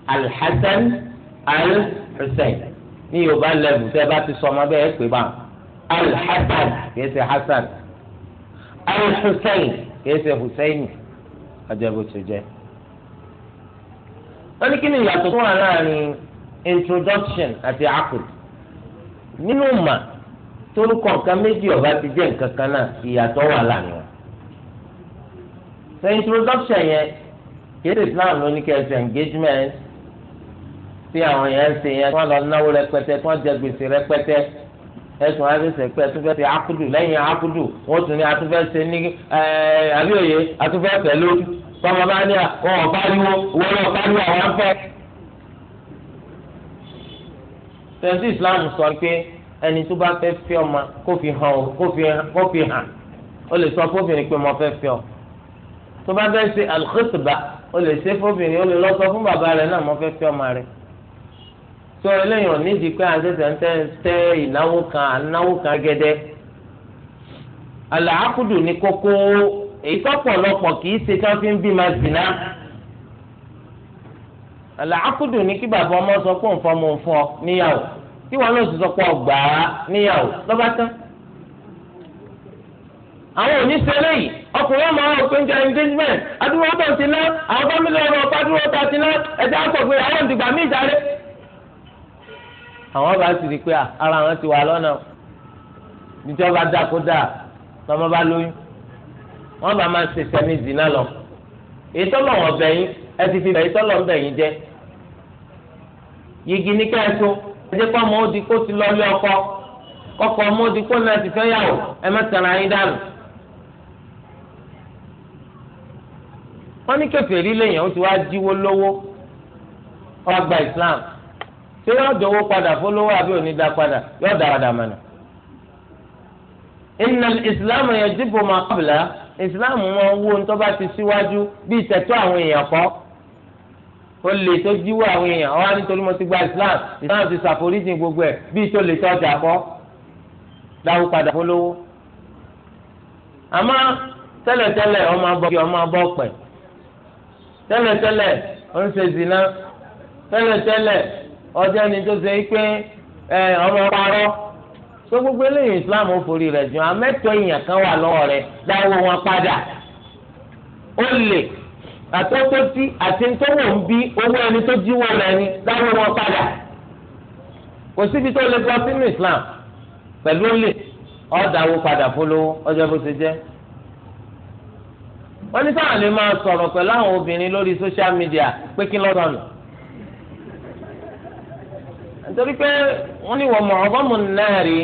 alhassan alhussein ní yorùbá lẹ́bù tẹ́ bá ti sọ ọmọ bẹ́ẹ̀ pé bá alhassan kìí ṣe hasan alhussein kìí ṣe hussein ọjọ́ bó wọ́n ní kí ni ìyàtọ̀ tó wà láàrin introduction àti akul nínú mà torúkọ nǹkan méjì ọba ti jẹ́ nǹkan kan náà ìyàtọ̀ wà lánàá so introduction yẹn kéde Islam ló ní kẹsì engagement tí àwọn yẹn ń ṣe yẹn kí wọ́n lọ náwó rẹpẹtẹ kí wọ́n jẹ gbèsè rẹpẹtẹ ẹsùn abẹsẹ pé ẹtúfẹ ṣe akudu lẹ́yìn akudu wọn tún ní atúfẹ ṣe ní ẹ àbíòye atúfẹ pẹ̀lú tọmọ bá ní àwọn ọpariwo wọn náà pariwo àwọn afẹ. tẹ̀sí Islam sọ pé ẹni tó bá fẹ́ fẹ́ ọmọ kó fi hàn ó kó fi hàn ó lè sọ fóbìnrin pé mo fẹ́ fẹ́ ọ tó bá fẹ́ ṣe alùpùpù ó lè ṣe fóbìnrin ó lè lọ sọ fún bàbá rẹ náà mo fẹ́ fẹ́ ọmọ rẹ tó eléyìí ò nídìí pé àṣẹṣẹ ń tẹ tẹ ìnáwó kan ànáwó kan gẹ́dẹ́ àlàákùdù ní kókó èyí tọ́pọ̀lọpọ̀ kì í ṣe tí wọ́n fi ń bímọ zìnà àlàákùdù ní kí bàbá ọmọ sọ pé òun fọ́ mo fọ́ níyàwó. tí wọn náà sì sọ pé ọgbà níyàwó lọ́ba tán. àwọn oníṣẹ́lẹ̀ yìí ọkùnrin ọmọ àwọn òpin jẹ engagement adúlọ́ tó ti ná àwọn fámìlì ọmọ dúró ti ná ẹja sọ pé àwọn ìdìgbà mí ìjà rẹ. àwọn bá sì rí i pé ara wọn ti wà lọ́nà níjọba bá lóyún bá máa zina lọ ẹ ti fi ẹjẹ kọ́ ọmọ odi kó ti lọ lé ọkọ kọ́kọ́ ọmọ odi kó náà ti fẹ́ yàwó ẹ má tẹ̀ra yín dànù. wọ́n ní kèfèrí lèèyàn ó ti wá jíwó lówó ọba gba Islam ṣé yóò dọwọ́ padà fọlọ́wọ́ àbí òní dá padà yóò dáradà mọ́nà. inna Islam yajibu ma qabla Islam wọn wó ní tó bá ti síwájú bíi tẹ̀tọ́ àwọn èèyàn kọ́ ó lè tó jíwọ àwọn èèyàn ọwọ́ nítorí mo ti gba Islam Islam ti ṣàforíjì gbogbo ẹ̀ bíi tó lè tó ọjà kọ́ dáwó padà fólówó. àmọ́ tẹ́lẹ̀tẹ́lẹ̀ ọmọ abọ́ kí ọmọ abọ́ pẹ̀ tẹ́lẹ̀tẹ́lẹ̀ ó ń ṣe zina tẹ́lẹ̀tẹ́lẹ̀ ọjọ́ ni tó ṣe pé ọmọ parọ́ tó gbogbo eléyìí Islam ó forí rẹ̀ jù amẹ́tọ̀ èèyàn kan wà lọ́wọ́ rẹ̀ dáwó wọn padà ó lè àtọ́tọ́tí àti ntọ́wọ̀ ń bí owó ẹni tó jíwọ́ rẹ̀ ni dáwọ́ wọn padà kò síbi tó lè gbọ́ sínú Islam pẹ̀lú lè ọ̀dàwó padà fọlọ́wọ́ ọjọ́ bó ṣe jẹ́ wọ́n ní sáà lè máa sọ̀rọ̀ pẹ̀lú àwọn obìnrin lórí social media pé kí lọ́dọ̀ nù nítorí pé wọ́n ní wọ́n mọ̀ ọ́gọ́mù náà rí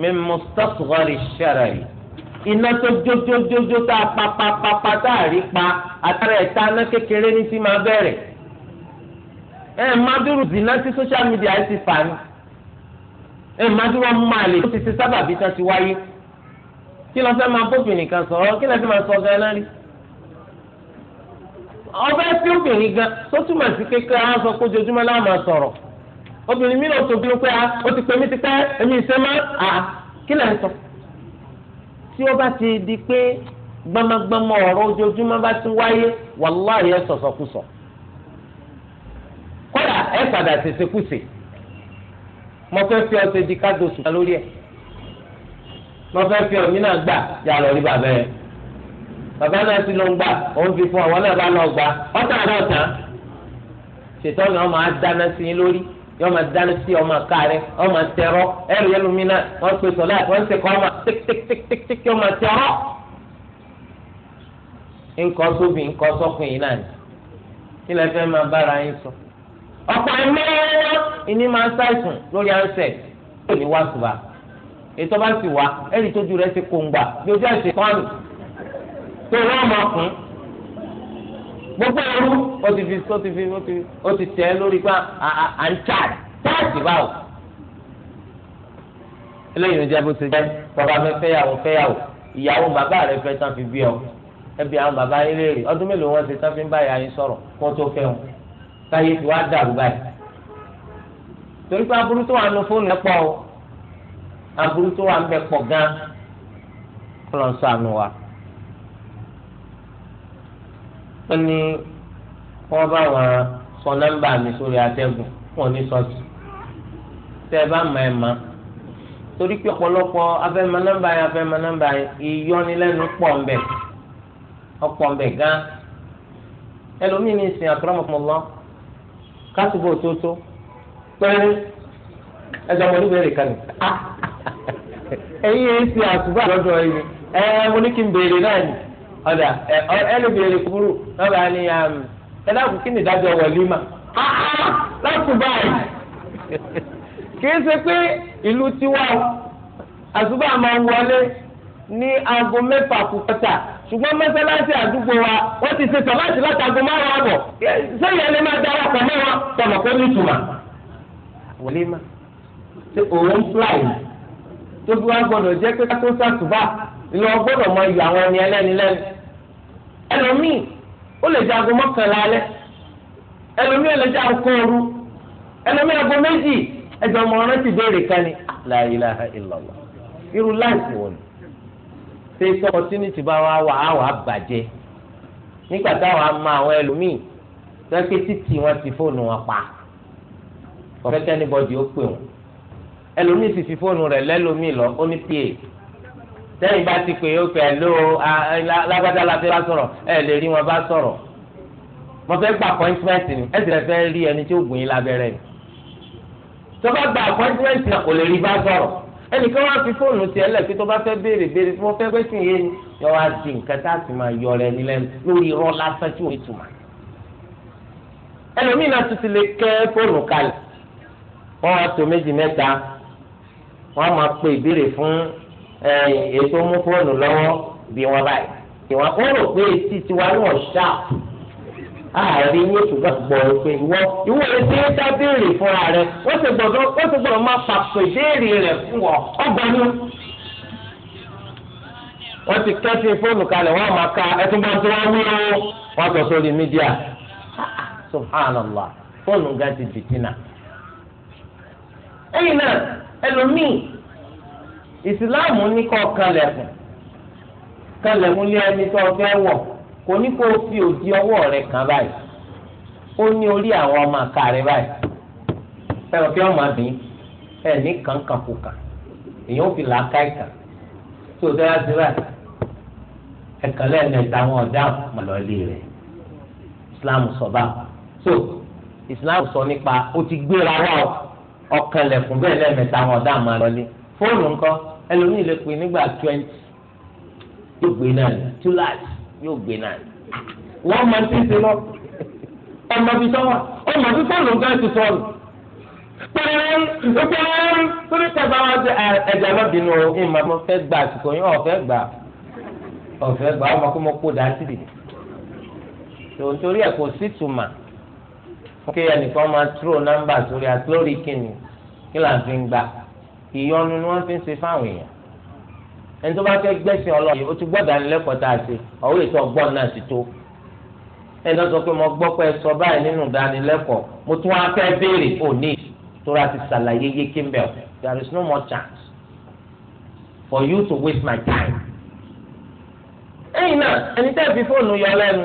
mi mustaqghari shar'i yìí iná tó jójójójó tá a pa pa pa pa tá a rí pa àtàrà ẹ̀ta iná kékeré ní sí máa bẹ̀rẹ̀ ẹ madúró zina sí social media ẹ ti fà ní ẹ madúró ọmọ àlè tó ti ṣe sábàbí tá a ti wáyé kí ló fẹ́ máa bóbìnrin kan sọ̀rọ̀ kí ló fẹ́ máa sọ gan náà rí ọbẹ̀ tí obìnrin gan tó túmọ̀ sí kékeré á sọ pé ojoojúmọ́ láwọn máa sọ̀rọ̀ obìnrin mi náà tó bínú pé a ah, ó ti pè mí ti pẹ́ èmi ìṣe máa ah, à kí lẹ́ sọ tí ó bá ti di pé gbamagbama ọ̀rọ̀ ojoojúmọ́ bá ti wáyé wàláhì ẹ sọ̀sọ̀kùsọ̀ kódà ẹ padà ṣèṣekúṣe mo fẹ́ fi ọ̀sẹ̀ di kájọ sùn lórí ẹ̀ mo fẹ́ fi ọ̀mí náà gbà yà lọ rí bàbá ẹ̀ bàbá náà sì ló gbà òun fi fún àwọn náà bá lọ gbà ọ̀tá àná ṣètọ́ ni wọ́n máa dáná sí i lórí yọ ma dáná sí ọmọ kárí ọmọ tẹrọ ẹrù yẹn lómi náà wọn pe sọlá wọn ṣe kọ ọmọ tíktíktíktík yọ ma tẹrọ. nǹkan sóbì nǹkan sọkùn yìí náà ni kí lè fẹ́ máa bára yín sọ. ọ̀pọ̀ ẹ̀mẹ́rẹ́rẹ́ ìní máa ń ṣàìsùn lórí ansẹ̀ yóò ní wá ṣùgbà ètò bá sì wá ẹ̀rí tójú rẹ̀ ti kó ń gbà bí ojú àṣekọ́ni tó wọ́n mọ̀ ọkùnrin gbogbo ẹrú ó ti fi o ti fi ó ti ó ti tẹ̀ ẹ́ lórí pé à ń tà táàtì báwò. eléyìí ló jẹ́ bó ti jẹ́ bàbá mi fẹ́yàwó fẹ́yàwó ìyàwó bàbá rẹ̀ fẹ́ tán fi bí ọ ẹbí àwọn bàbá yín léèrè ọdún mélòó wọn ṣe tán fi ń bá ìyá yín sọ̀rọ̀ kó tó fẹ́ wọn táyé ti wá dàrú báyìí. torí pé aburú tó wà nù fóònù ẹ̀ pọ̀ o aburú tó wà ń bẹ pọ̀ gan-an kó sọ àánú wa. ó ní wọ́n bá wọn sọ nọ́mbà mi sórí atẹ́gùn wọn ní sọ́ọ̀tì tẹ́ ẹ bá mọ̀ ẹ mọ̀ torí pé ọ̀pọ̀lọpọ̀ afẹ́mọ nọ́mbà yẹn afẹ́mọ nọ́mbà yẹn ìyọnilẹ́nu pọ̀ ńbẹ̀ ọ̀pọ̀ ńbẹ̀ gan ẹlòmíín ní ìsìn àkọ́rọ́mọ̀pọ̀lọ́ kásìbò tótó pẹ́ẹ́rẹ́ ẹ̀dọ̀ mo níbẹ̀rẹ̀ kan ha ha ha àtúbà lọ́dọ̀ ẹ̀yin ẹ̀ mo ní kí n béèrè náà ni. ọ̀dà ẹlòmíràn lè kúrú lọ́ba ni um, ẹ̀dáàkú kí ni ìdájọ́ wọ̀límà látùbà yìí kìí ṣe pé ìlú tiwa àṣùbà máa ń wọlé ní aago mẹ́fà kúkọ́tà ṣùgbọ́n mẹ́sálásí àdúgbò wa wọ́n ti ṣe láti aago márùn àbọ̀ sẹ́yìn ẹni máa dára pọ̀ mọ́ wọn tọ̀nà kó ní ìtumà. òun fúláì wá jẹ́ pé kátó ìlú mọ ìyàwó ẹni ẹlẹ́ni lẹ́nu ẹlòmíì ó lè jago mọ́kànlá alẹ́ ẹlòmíì ó lè jago kọ́ọ̀rù ẹlòmíì aago méjì ti béèrè kan ni la irú láìsí wọn ṣe sọ opportunity bá wa wà á wà á bàjẹ́ nígbà táwọn á àwọn ẹlòmíì sẹ́kẹ́ títì wọn ti fóònù wọn pa ọ̀fẹ́ kẹ́nìbọ̀dì ó pè wọn ẹlòmíì sì fi fóònù rẹ̀ lẹ́lòmíì lọ ó ní sẹ́yìn bá ti pè é pẹ̀lú lágbádá láti bá sọ̀rọ̀ ẹ lè rí wọn bá sọ̀rọ̀ mo fẹ́ gba appointment ni ẹ sì rẹ fẹ́ rí ẹni tí ó gùn yín lábẹ́rẹ́ ni tó bá gba appointment náà kò lè rí bá sọ̀rọ̀ ẹnìkan wá fi fóònù tiẹ̀ lẹ̀ pé tó bá fẹ́ béèrè béèrè tí wọ́n fẹ́ pé sìn yé ni yọ wá di nǹkan tá a sì máa yọ rẹ nílẹ̀ lórí irọ́ lásán tí òun ìtumọ̀ ẹlòmíì náà tún ti lè kẹ́ fóònù kalẹ̀ wọ́n wá tó méjì mẹ́ta wọ́n á máa pe ìbéèrè fún ètò mú fóònù lọ́wọ́ bí wọ́n báyìí bí kó rò pé etí tiwa náà ṣáàpù àárín yín ṣùgbọ́n gbọ́ pé ìwọ ìwọ ètò yín dá béèrè fúnra rẹ wọ́n ti gbọ́dọ̀ wọ́n ti gbọ́dọ̀ máa pàṣẹ ìbéèrè rẹ fún ọ ọgbọ́n wọ́n ti kẹ́sí fóònù kalẹ̀ ah, ga ti dìtì náà. na náà ẹlòmíì ìsìláàmù ní kọ́ kanlẹ̀kùn kanlẹ̀kùn lé ẹni tó fẹ́ wọ̀ kò ní kó fi òdi ọwọ́ rẹ kàn báyìí ó ní orí àwọn ọmọ àka rẹ báyìí ẹ̀rọ fi ọmọ àbí ẹ̀ ní kankan kò kàn èèyàn ò fi làákà ìkà tó dára sí báyìí ẹ̀kan lẹ́nu ẹ̀ta àwọn ọ̀dà mọ̀lọ́lé rẹ̀ islam sọ bá so islam sọ nípa ó ti gbéra wá ọkàn lẹ̀kùn bẹ́ẹ̀ lẹ́nu ẹ̀ta àwọn ọ̀dà mọ̀lọ́lé fóònù ńkọ́ ẹlòmíì lè pè nígbà twenty yóò gbé náà ní two large yóò gbé náà ní. wọ́n máa ń tẹ̀sí lọ ọmọ fi sọ́wọ́ ọmọ fi sọ́ọ̀lù ń gbẹ́sì sọ́ọ̀lù. pẹ̀lú pẹ̀lú torí tẹ̀sán wọn ṣe ẹ̀jẹ̀ lọ́bìnrin o ìmọ̀ mo fẹ́ gbà àsìkò yín ọ̀fẹ́ gbà ọ̀fẹ́ gbà ọmọ kó mo kó dá sí i. torí ẹ̀ kò sí tùmà kí ẹnìkan máa tró nọ́mbà sórí àtúrò kí ni kí là ń fi gbà ìyọnu ni wọ́n fi ń ṣe fáwọn èèyàn ẹni tó bá fẹ́ gbẹ̀sìn ọlọ́run o ti gbọ́dọ̀ ànilẹ́kọ̀ọ́ tá a ṣe ọ̀wé ètò ọgbọ́n náà ti tó ẹni tó sọ pé mo gbọ́ pé sọ báyìí nínú ìdánilẹ́kọ̀ọ́ mo tún wá fẹ́ béèrè kò ní tóra ti ṣàlàyé yéké ń there is no more chance for you to waste my time. ẹ̀yin náà ẹni tẹ́ fi fóònù yọ lẹ́nu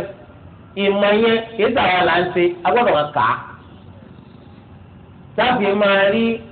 ìmọ̀ yẹn kì í sàwọn là ń ṣe agbọ́dọ̀ wọn kà á. sábì máa rí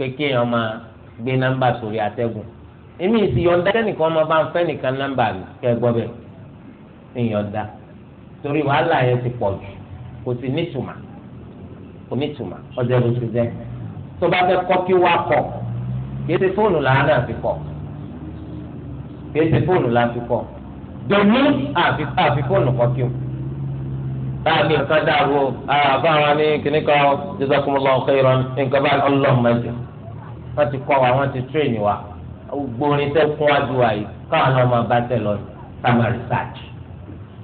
pé kéèyàn máa gbé nọ́mbà sórí atẹ́gùn èmi sì yọ̀ǹda kẹ́nìkan ọmọ bá ń fẹ́ nìkan nọ́mbà kẹgbọ́ bẹ́ẹ̀ ní yọ̀ǹda torí wàhálà yẹn ti pọ̀ jù kò sí nítumà kò nítumà ọjọ́ ìlú ti jẹ́ tó bá fẹ́ kọ́ kí wá kọ̀ kì í ṣe fóònù làánà fi kọ̀ kì í ṣe fóònù làá fi kọ̀ dòní àfi fóònù kọ́ kí o báàmì nǹkan dàrú àbáwọn ní kíníkan jazakumullahu khairan nǹkan bá ọlọ́mọdé wọ́n ti kọ́ wa wọ́n ti train wa gbórin tẹ́ fún wájú wa yìí káwọn náà máa bá tẹ̀ lọ sàmà research.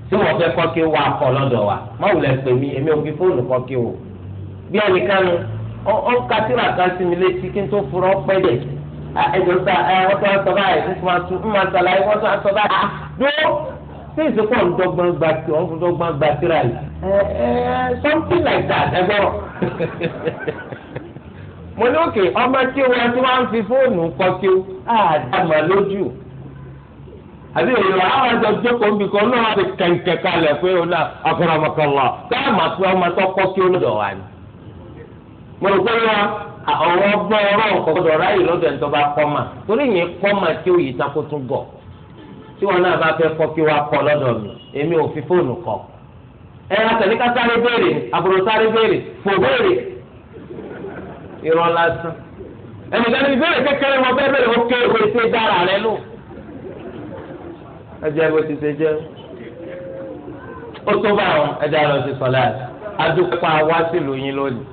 tí wọ́n fẹ́ kọ́ kí wọ́n akọ lọ́dọ̀ wa má wùlẹ̀ pè mí èmi ò fi fóònù kọ́ kí o bí ẹnìkanu ó ń ka síra kan sí mi létí kí n tó fura ọpẹ́ dẹ̀ ẹjọ́ sá ẹ ọtọ́ sọ báyìí fún ma tún fún ma sàlàyé wọ́n sọ sọ báyìí dúró tí ìsìnkú ọ̀n dọ́gbọ́n gba tí ọ̀n fún dọ́gbọ́n gba síra yìí ẹ ẹ something like that ẹ gbọ́rọ̀. mo ní òkè ọmọ tí wọn tí wọn fi fóònù kọ kí ó ah. àdàmà lójú àbí èèyàn àwọn àjọ jókòó nbí kan náà ti kẹ̀kẹ́ kalẹ̀ pé ó náà akọ̀rọ̀mọkànlá káàmà pé ọmọ tó kọ́ kí lọ́dọ̀ ni. mo rò pé wọn ọ̀rọ̀ gbọ́ ọ̀rọ̀ ọ̀kọ̀dọ̀ ráyè lọ́dọ̀ ẹ̀ńtọ́ bá kọ́ mà torí kọ́ mà yìí takó tún gọ̀ tí wọn náà bá fẹ́ kọ́ kí kọ́ lọ́dọ̀ mi irọ́ lásán ẹnìkan ní ìbéèrè kékeré mo fẹ́ bẹ̀rẹ̀ mo ké ìwé ṣe dára rẹ lò ẹ jẹ́ bó ti ṣe jẹ́ ó tó bá wọn ẹ dára ọ sí sọlá adúpá wá sílùú yín lónìí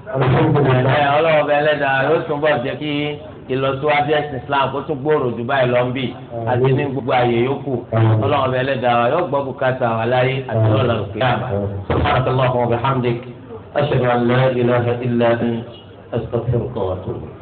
ẹ ọlọ́wọ́ bẹ ẹlẹ́dàá yóò túnbọ̀ jẹ́ kí ìlọsíwájú ẹ̀sìn islam kó tún gbòòrò dubai lọ́nbì àti ní gbogbo ààyè yòókù ọlọ́run ọbẹ̀ ẹlẹ́dàá yóò gbọ́ bùkátà wà láyé àti lọ́la òkè àbá. sọ́kàtà lọ́kùnrin bihamdik ashhadu an la ilaha illa anta. أستغفرك وأتوب